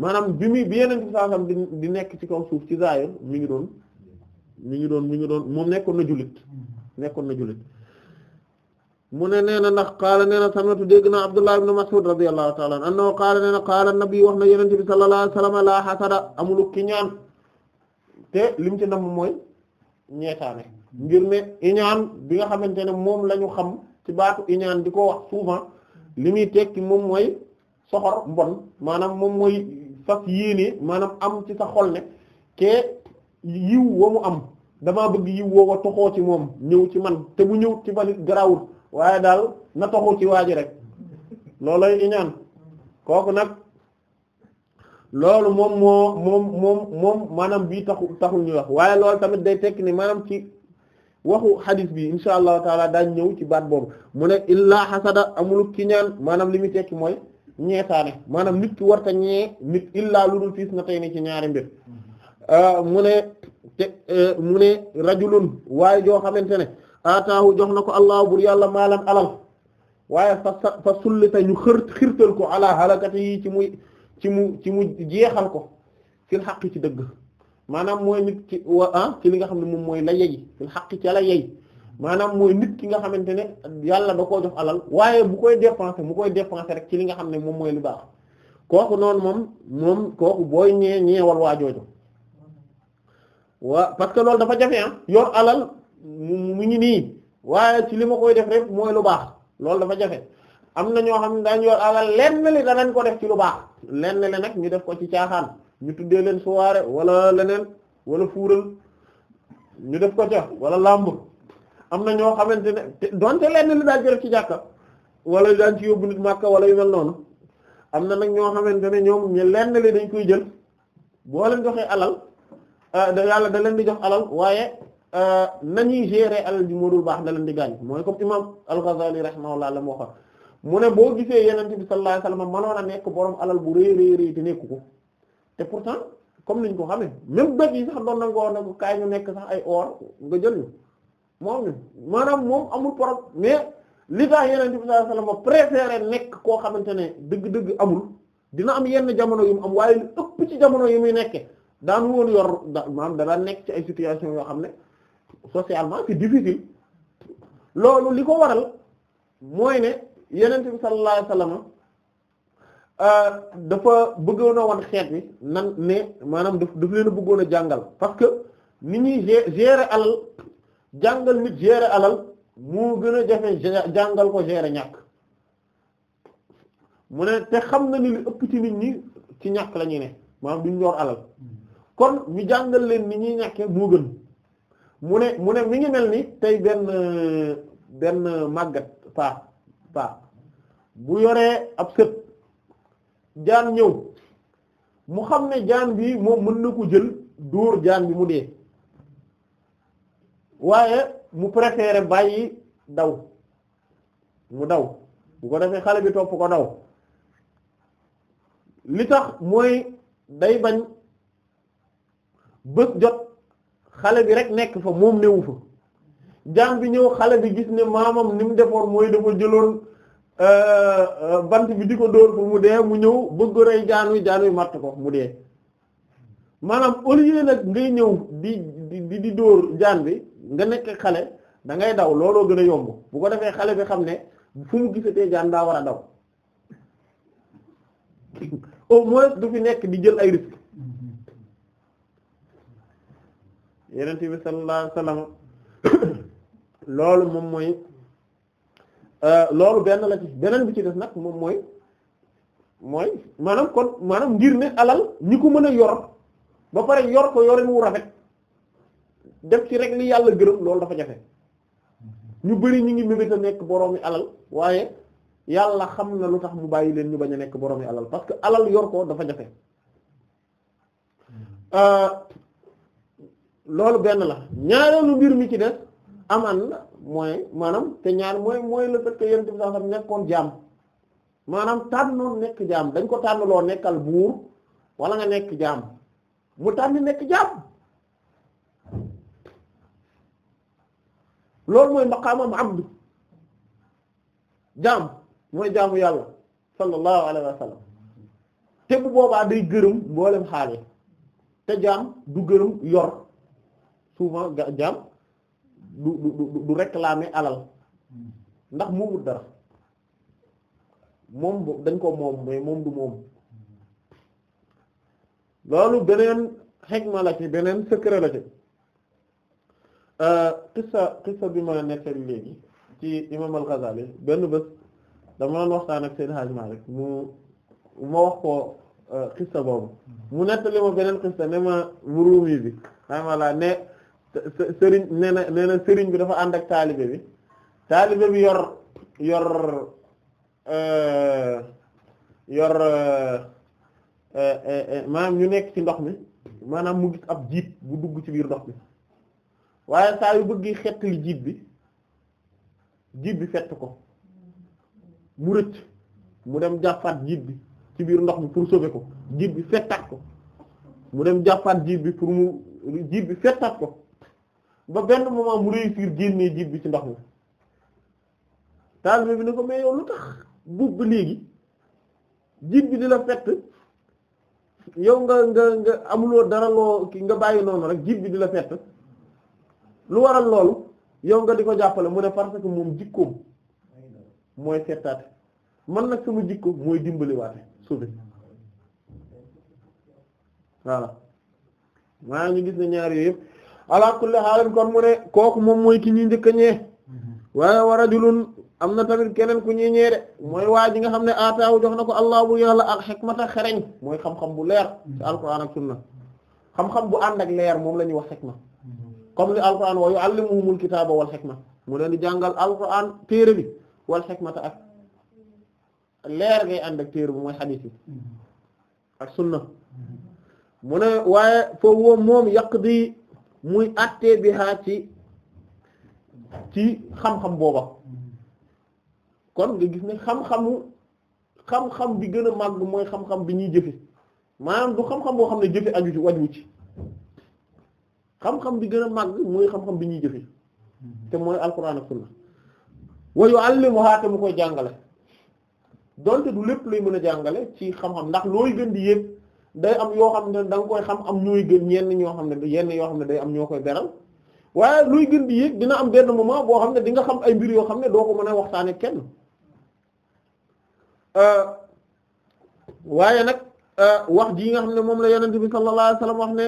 wasallam bi muy bi yonent bi sallallahu alayhi wasallam di nekk ci kaw suuf ci mi ngi doon mi ngi doon mi ngi doon moom nekkoon na jullit mm-hmm. nekkoon na jullit mu ne nee na ndax qaala nee na sami'tu dégg naa Abdullah ibn Mas'ud radiyallahu qaala nee na qaala wax na yonent bi sallallahu alayhi wasallam la amulu ki ñaan te lim ci nam mooy ñeetaane ngir ne iñaan bi nga xamante ne moom la ñu xam ci baatu iñaan di ko wax souvent li muy tekki moom mooy soxor mbon maanaam moom mooy fas yéene maanaam am ci sa xol ne ke yiw wa mu am damaa bëgg yiw woo wa toxoo ci moom ñëw ci man te mu ñëw ci banit garawut waaye daal na toxu ci waa ji rek looloy iñaan kooku nag loolu moom moo moom moom moom maanaam bii taxu taxul ñuy wax waaye loolu tamit day tekk ni maanaam ci waxu xadis bi insha allahu taala daañ ñëw ci baat boobu mu ne illaa xasada amul kiñaan maanaam li muy tekki mooy ñeetaane maanaam nit ki warta ñee nit illaa lu dul fiis na tey ni ci ñaari mbir euh, mu ne te euh, mu ne rajulun waaye joo xamante ne ataahu jox na ko allah bur yàlla maalan alal waaye fa fa sullita ñu xër xirtal ko ala halakati yi ci muy ci mu ci mu jeexal ko fil xaq ci dëgg maanaam mooy nit ci wa ah ci li nga xam ne moom mooy la yeyi fil ci la yey maanaam mooy nit ki nga xamante ne yàlla da koo jox alal waaye bu koy dépenser mu koy dépenser rek ci li nga xam ne moom mooy lu baax kooku noonu moom moom kooku booy ñee ñeewal waa jooju waa parce que loolu dafa jafe ah alal mu mu ngi nii waaye ci li ma koy def rek mooy lu baax loolu dafa jafe. am na ñoo xam ne daañu yor alal lenn li danañ ko def ci lu baax lenn li nag ñu def ko ci caaxaan ñu tuddee leen soirée wala leneen wala fuural ñu def ko ca wala làmb am na ñoo xamante ne donte lenn li daal ci jàkka wala daan ci yóbbu wala yu mel noonu am na nag ñoo xamante ne ñoom ñu lenn li dañ koy jël boo leen joxee alal ah, da yàlla da leen di jox alal waaye ah, nañuy gérer alal ji moo dul baax da leen di gaañ mooy comme imam al-Ghazali rahimahullah la mu waxoon mu ne boo gisee yenente bi sallallahu alayhi wasallam mënoon a nekk borom alal bu rëy rëy rëy te nekku ko te pourtant comme niñ ko xamee même bët yi sax doon na ngoo ne ko kaay ñu nekk sax ay or nga jël ñu moom ñu maanaam moom amul problème mais li tax yenente bi sallallahu alayhi wasallam nekk koo xamante ne dëgg-dëgg amul dina am yenn jamono yi mu am waaye lu ëpp ci jamono yu muy nekkee daan woon yor da maanaam danaa nekk ci ay situation yoo xam ne socialement c'est li ko waral mooy yonent bi sallallahu alayhi wasallam euh, dafa bëggoon wan xeet bi nan ne maanaam daf daf leen a jàngal parce que ni ñuy gérer alal jàngal nit gérer alal moo gën a jafe jàngal ko gérer ñàkk mu ne te xam na ni lu ëpp ci nit ñi ci ñàkk la ñu ne maanaam duñ yor alal kon ñu jàngal leen ni ñuy ñàkkee moo gën mu ne mu ne mi ngi mel ni tey benn benn màggat paak bu yoree ab sët jaan ñëw mu xam ne jaan bi moom mën na ko jël dóor jaan bi mu dee waaye mu préféré bàyyi daw mu daw bu ko defee xale bi topp ko daw li tax mooy day bañ bës jot xale bi rek nekk fa moom newu fa jaam bi ñëw xale bi gis ne maamam ni mu defoon mooy dafa jëloon euh, euh, bant bi di ko dóor pour mu dee mu ñëw bëgg rey jaan wi jaan wi matt ko mu dee maanaam au lieu nag ngay ñëw di di di dóor jaan bi nga nekk xale da ngay daw looloo gën a yomb bu ko defee xale bi xam ne fu mu gisatee jaan daa war a daw au moins du fi nekk di jël ay risque mm-hmm. yeneen bi sallallahu alayhi loolu moom mooy euh, loolu benn la ci beneen bi ci des nag moom mooy mooy maanaam kon maanaam ngir ne alal ñi ko mën a yor ba pare yor ko yorin wu rafet def ci rek li yàlla gërëm loolu dafa jafe ñu bari ñu ngi mébét a nekk boroomi alal waaye yàlla xam na lu tax mu bàyyi leen ñu bañ a nekk boroomi alal parce que alal yor ko dafa jafe euh, loolu benn la ñaareelu mbir mi ci des amaan na mooy maanaam te ñaan mooy mooy le fait que yonent bi sallallahu alayhi wasallam nekkoon jaam maanaam tànnoon nekk jaam dañ ko tànn loo nekkal buur wala nga nekk jaam mu tànn nekk jaam loolu mooy maqaamam abdu jaam mooy jaamu yàlla sallallahu alayhi wasallam te bu boobaa day gërëm mboolem xaale te jaam du gërëm yor souvent jaam du du du réclamer alal ndax moomul dara moom dañ ko moom mais moom du moom loolu beneen xegma la ci beneen secret la ci euh, qissa qissa bi ma nettali léegi ci imam al-Ghazali benn bés dama doon waxtaan ak Seydi Hadji Malick mu ma wax ko euh, qissa boobu mu nettali ma beneen qissa ne ma mu bi ama ne sëriñ nee na nee sëriñ bi dafa ànd ak taalibe bi taalibe bi yor yor euh, yor euh, euh, maanaam ñu nekk ci ndox mi maanaam mu gis ab jiit bu dugg ci biir ndox mi waaye saa yu bëgg xett li bi jiit bi fett ko mu rëcc mu dem jàppaat jiit bi ci biir ndox mi pour sauver ko jiit bi fettaat ko mu dem jàppaat jiit bi pour mu jiit bi fettaat ko ba benn moment mu réussir génnee jiib bi ci ndox mi taalibe bi ne ko mais yow lu tax buub ba léegi jiib bi di la fett yow nga nga nga amuloo dara loo nga bàyyi noonu rek jiit bi di la fett lu waral loolu yow nga di ko jàppale mu ne parce que moom jikkoom mooy fettaate man nag sama jikko mooy dimbaliwaate suufi voilà maa ngi gis ne ñaar yooyu yëpp ala kulli xaalin kon mu ne kooku moom mooy ki ñuy njëkk a ñee waaye wa rajulun am na tamit keneen ku ñuy ñee de mooy waa ji nga xam ne ataaw jox na ko allah bu yàlla ak xikmata xereñ mooy xam-xam bu leer ci alquran ak sunna xam-xam bu ànd ak leer moom la ñuy wax xikma comme li alquran wa yuallimuhumul kitaaba wal xikma mu leen di jàngal alquran téere bi wal xikmata ak leer ngay ànd ak téere mooy xadiis bi ak sunna mu ne waaye foofu moom yàq di muy attee bi xaa ci ci xam-xam booba kon nga gis ne xam-xamu xam-xam bi gën a màgg mooy xam-xam bi ñuy jëfe maanaam du xam-xam boo xam ne jëfe aju ci waju ci xam-xam bi gën a màgg mooy xam-xam bi ñuy jëfe te mooy alquran ak sunna wa yu'allimuha te mu koy jàngale donte du lépp lay mën a jàngale ci xam-xam ndax looy gën di yépp day am yoo xam ne da koy xam am ñooy gën ñenn ñoo xam ne yenn yoo xam ne day am ñoo koy beral waaye luy gën bi yéeg dina am benn moment boo xam ne dinga xam ay mbir yoo xam ne doo ko man a waxtaane kenn euh, waaye nag euh, wax jii nga xam ne moom la yonent bi sallallahu alayhi wasallam wax ne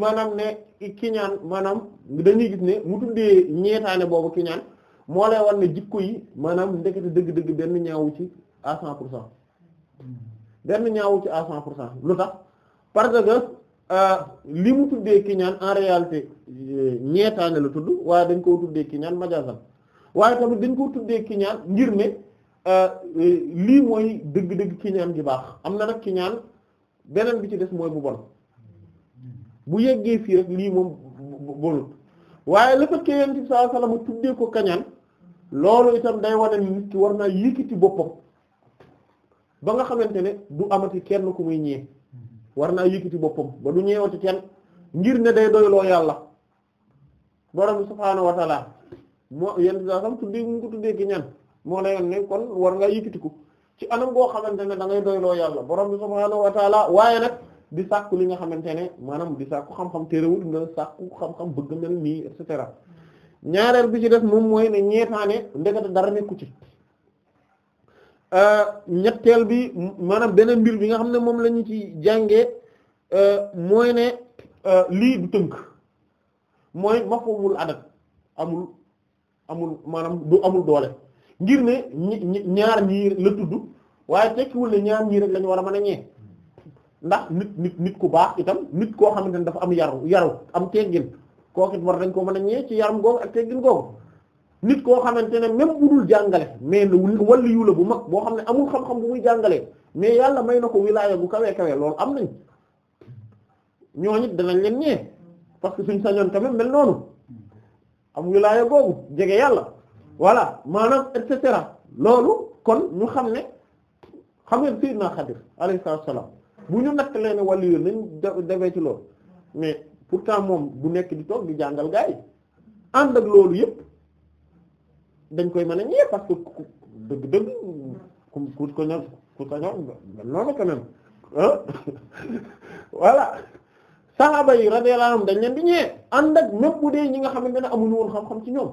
maanaam ne kiñaan maanaam dañuy gis ne mu tuddee ñeetaane boobu kiñaan moo lay wan ne jikko yi maanaam ndekete dëgg-dëgg benn ñaawu ci à cent pour cent benn ñaawul ci à cent pour cent lu tax parce que euh, li mu tuddee kiñaan en réalité euh, ñeetaane la tudd waaye dañ koo tuddee kiñaan majaasan waaye tamit dañ koo tuddee kiñaan ngir ne euh, lii mooy dëgg-dëgg kiñaan gi baax am na nag kiñaan beneen bi ci des mooy bu bon bu yeggee fii rek lii moom bonut waaye la fa kéyeen ci sallallahu alayhi wasallam tuddee ko kañaan loolu itam day wane nit ki war naa yëkkati boppam ba nga xamante ne du amati kenn ku muy ñee war naa yëkkati boppam ba du ñeewati kenn ngir ne day doyloo yàlla borom subhaanahu wa taala moo yenn saa moo lay war ngaa yëkkati ko ci anam goo xamante ne da ngay doyloo yàlla borom bi subhaanahu wa taala waaye nag di sàkku li nga xamante ne maanaam di sàkku xam-xam terewul nga sàkku xam-xam bëgg mel nii et cetera ñaareel bi ci def moom mooy ne ñeetaane ndekete dara nekku ci Euh, ñetteel bi maanaam beneen mbir bi nga xam ne moom lañu ci jànge euh, mooy ne euh, lii du tënk mooy mafhumul adat amul amul maanaam du amul doole ngir ne ñaar ñii la tudd waaye tekkiwul ne ñaar ñii rek lañu war a mën a ñee ndax nit nit nit ku baax itam nit koo xamante ne dafa am yaru yaru am teggin kooku it war nañ ko mën a ñee ci yaram googu ak teggin googu nit koo xamante ne même bu dul jàngale mais wàllu yu la bu mag boo xam ne amul xam-xam bu muy jàngalee mais yàlla may na ko wilaaya bu kawee kawee loolu am nañ ñooñu danañ leen ñee parce que suñ sañoon tamit mel noonu am wilaaya googu jege yàlla voilà maanaam et cetera loolu kon ñu xam ne xam ngeen Sayyidina Xadir alayhi salaam bu ñu natt leen wàllu nañ lañ defee ci lool mais pour pourtant moom bu nekk di toog di jàngal gaa yi ànd ak loolu yëpp. dañ koy mën a ñëw parce que dëgg dëgg ku ku ko ñor ku ko ñor noonu quand même ah saxaaba yi radiyallahu anhum dañ leen di ñëwee ànd ak même bu dee ñi nga xamante ne amul woon xam-xam ci ñoom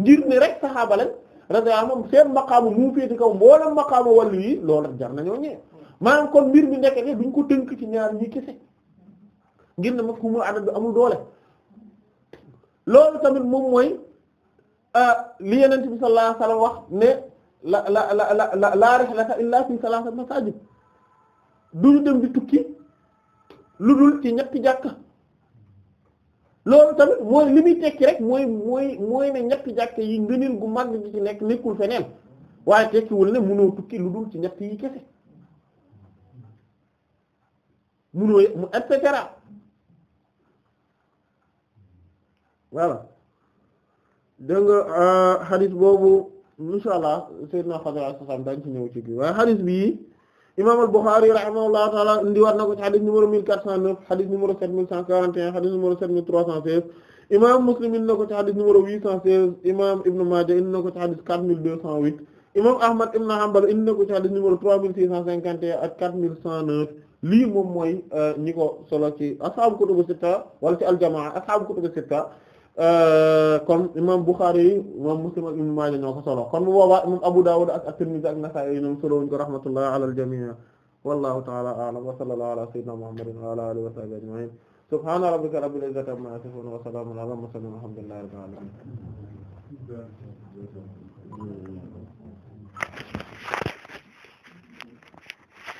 ngir ne rek saxaaba lañ radiyallahu anhum seen maqaamu mu féete kaw mboola maqaamu wàllu yi loolu jar nañoo ñëwee maanaam kon mbir mi ndekete duñ ko tënk ci ñaar ñi kese ngir ne ma fu mu adab bi amul doole loolu tamit moom mooy. Ah, li yenent bi sallallahu alayhi wax ne la la la la la la rihlata illa fi salasati masajid duñu dem di tukki lu dul ci ñetti jàkka loolu tamit mooy li muy tekki rek mooy mooy mooy ne ñetti jàkka yi ngënil gu mag gi ci nekk nekkul feneen waaye tekkiwul ne mënoo tukki lu dul ci ñetti yi kese mënoo mu et cetera voilà dégg nga xadis euh, boobu insha allah sayyidina Xadir alayhi salaam dañ ci ñëw ci bi waaye xadis bii imam al-Bukhari rahimahullahu taala indi war na ko ci xadis numéro 1409 xadis numéro 7141 xadis numéro 7316 imam Muslim indi na ko ci xadis numéro 816 imam Ibn Maaja indi ko ci xadis 4208 imam Ahmad Ibn Hanbal indi ko ci xadis numéro 3651 ak 4109 lii moom mooy euh, ñi ko solo ci ashaabu kutubu sitta wala ci aljamaa ashaabu kutubu sitta Euh, kon imam Bukhari yi imam Muslim ak Ibn Maaja ñoo ko solo kon bu boobaa imam Abu Dawud ak at-Tirmidhi ak Nasaa'i yi ñoom solo wuñ ko rahmatullahi ala al-jamii' wallahu ta'ala a'lam wa sallallahu ala sayyidina Muhammadin wa ala alihi wa sahbihi ajma'in subhana rabbika rabbil izzati amma yasifun wa salamun ala al-mursalin walhamdulillahi rabbil alamin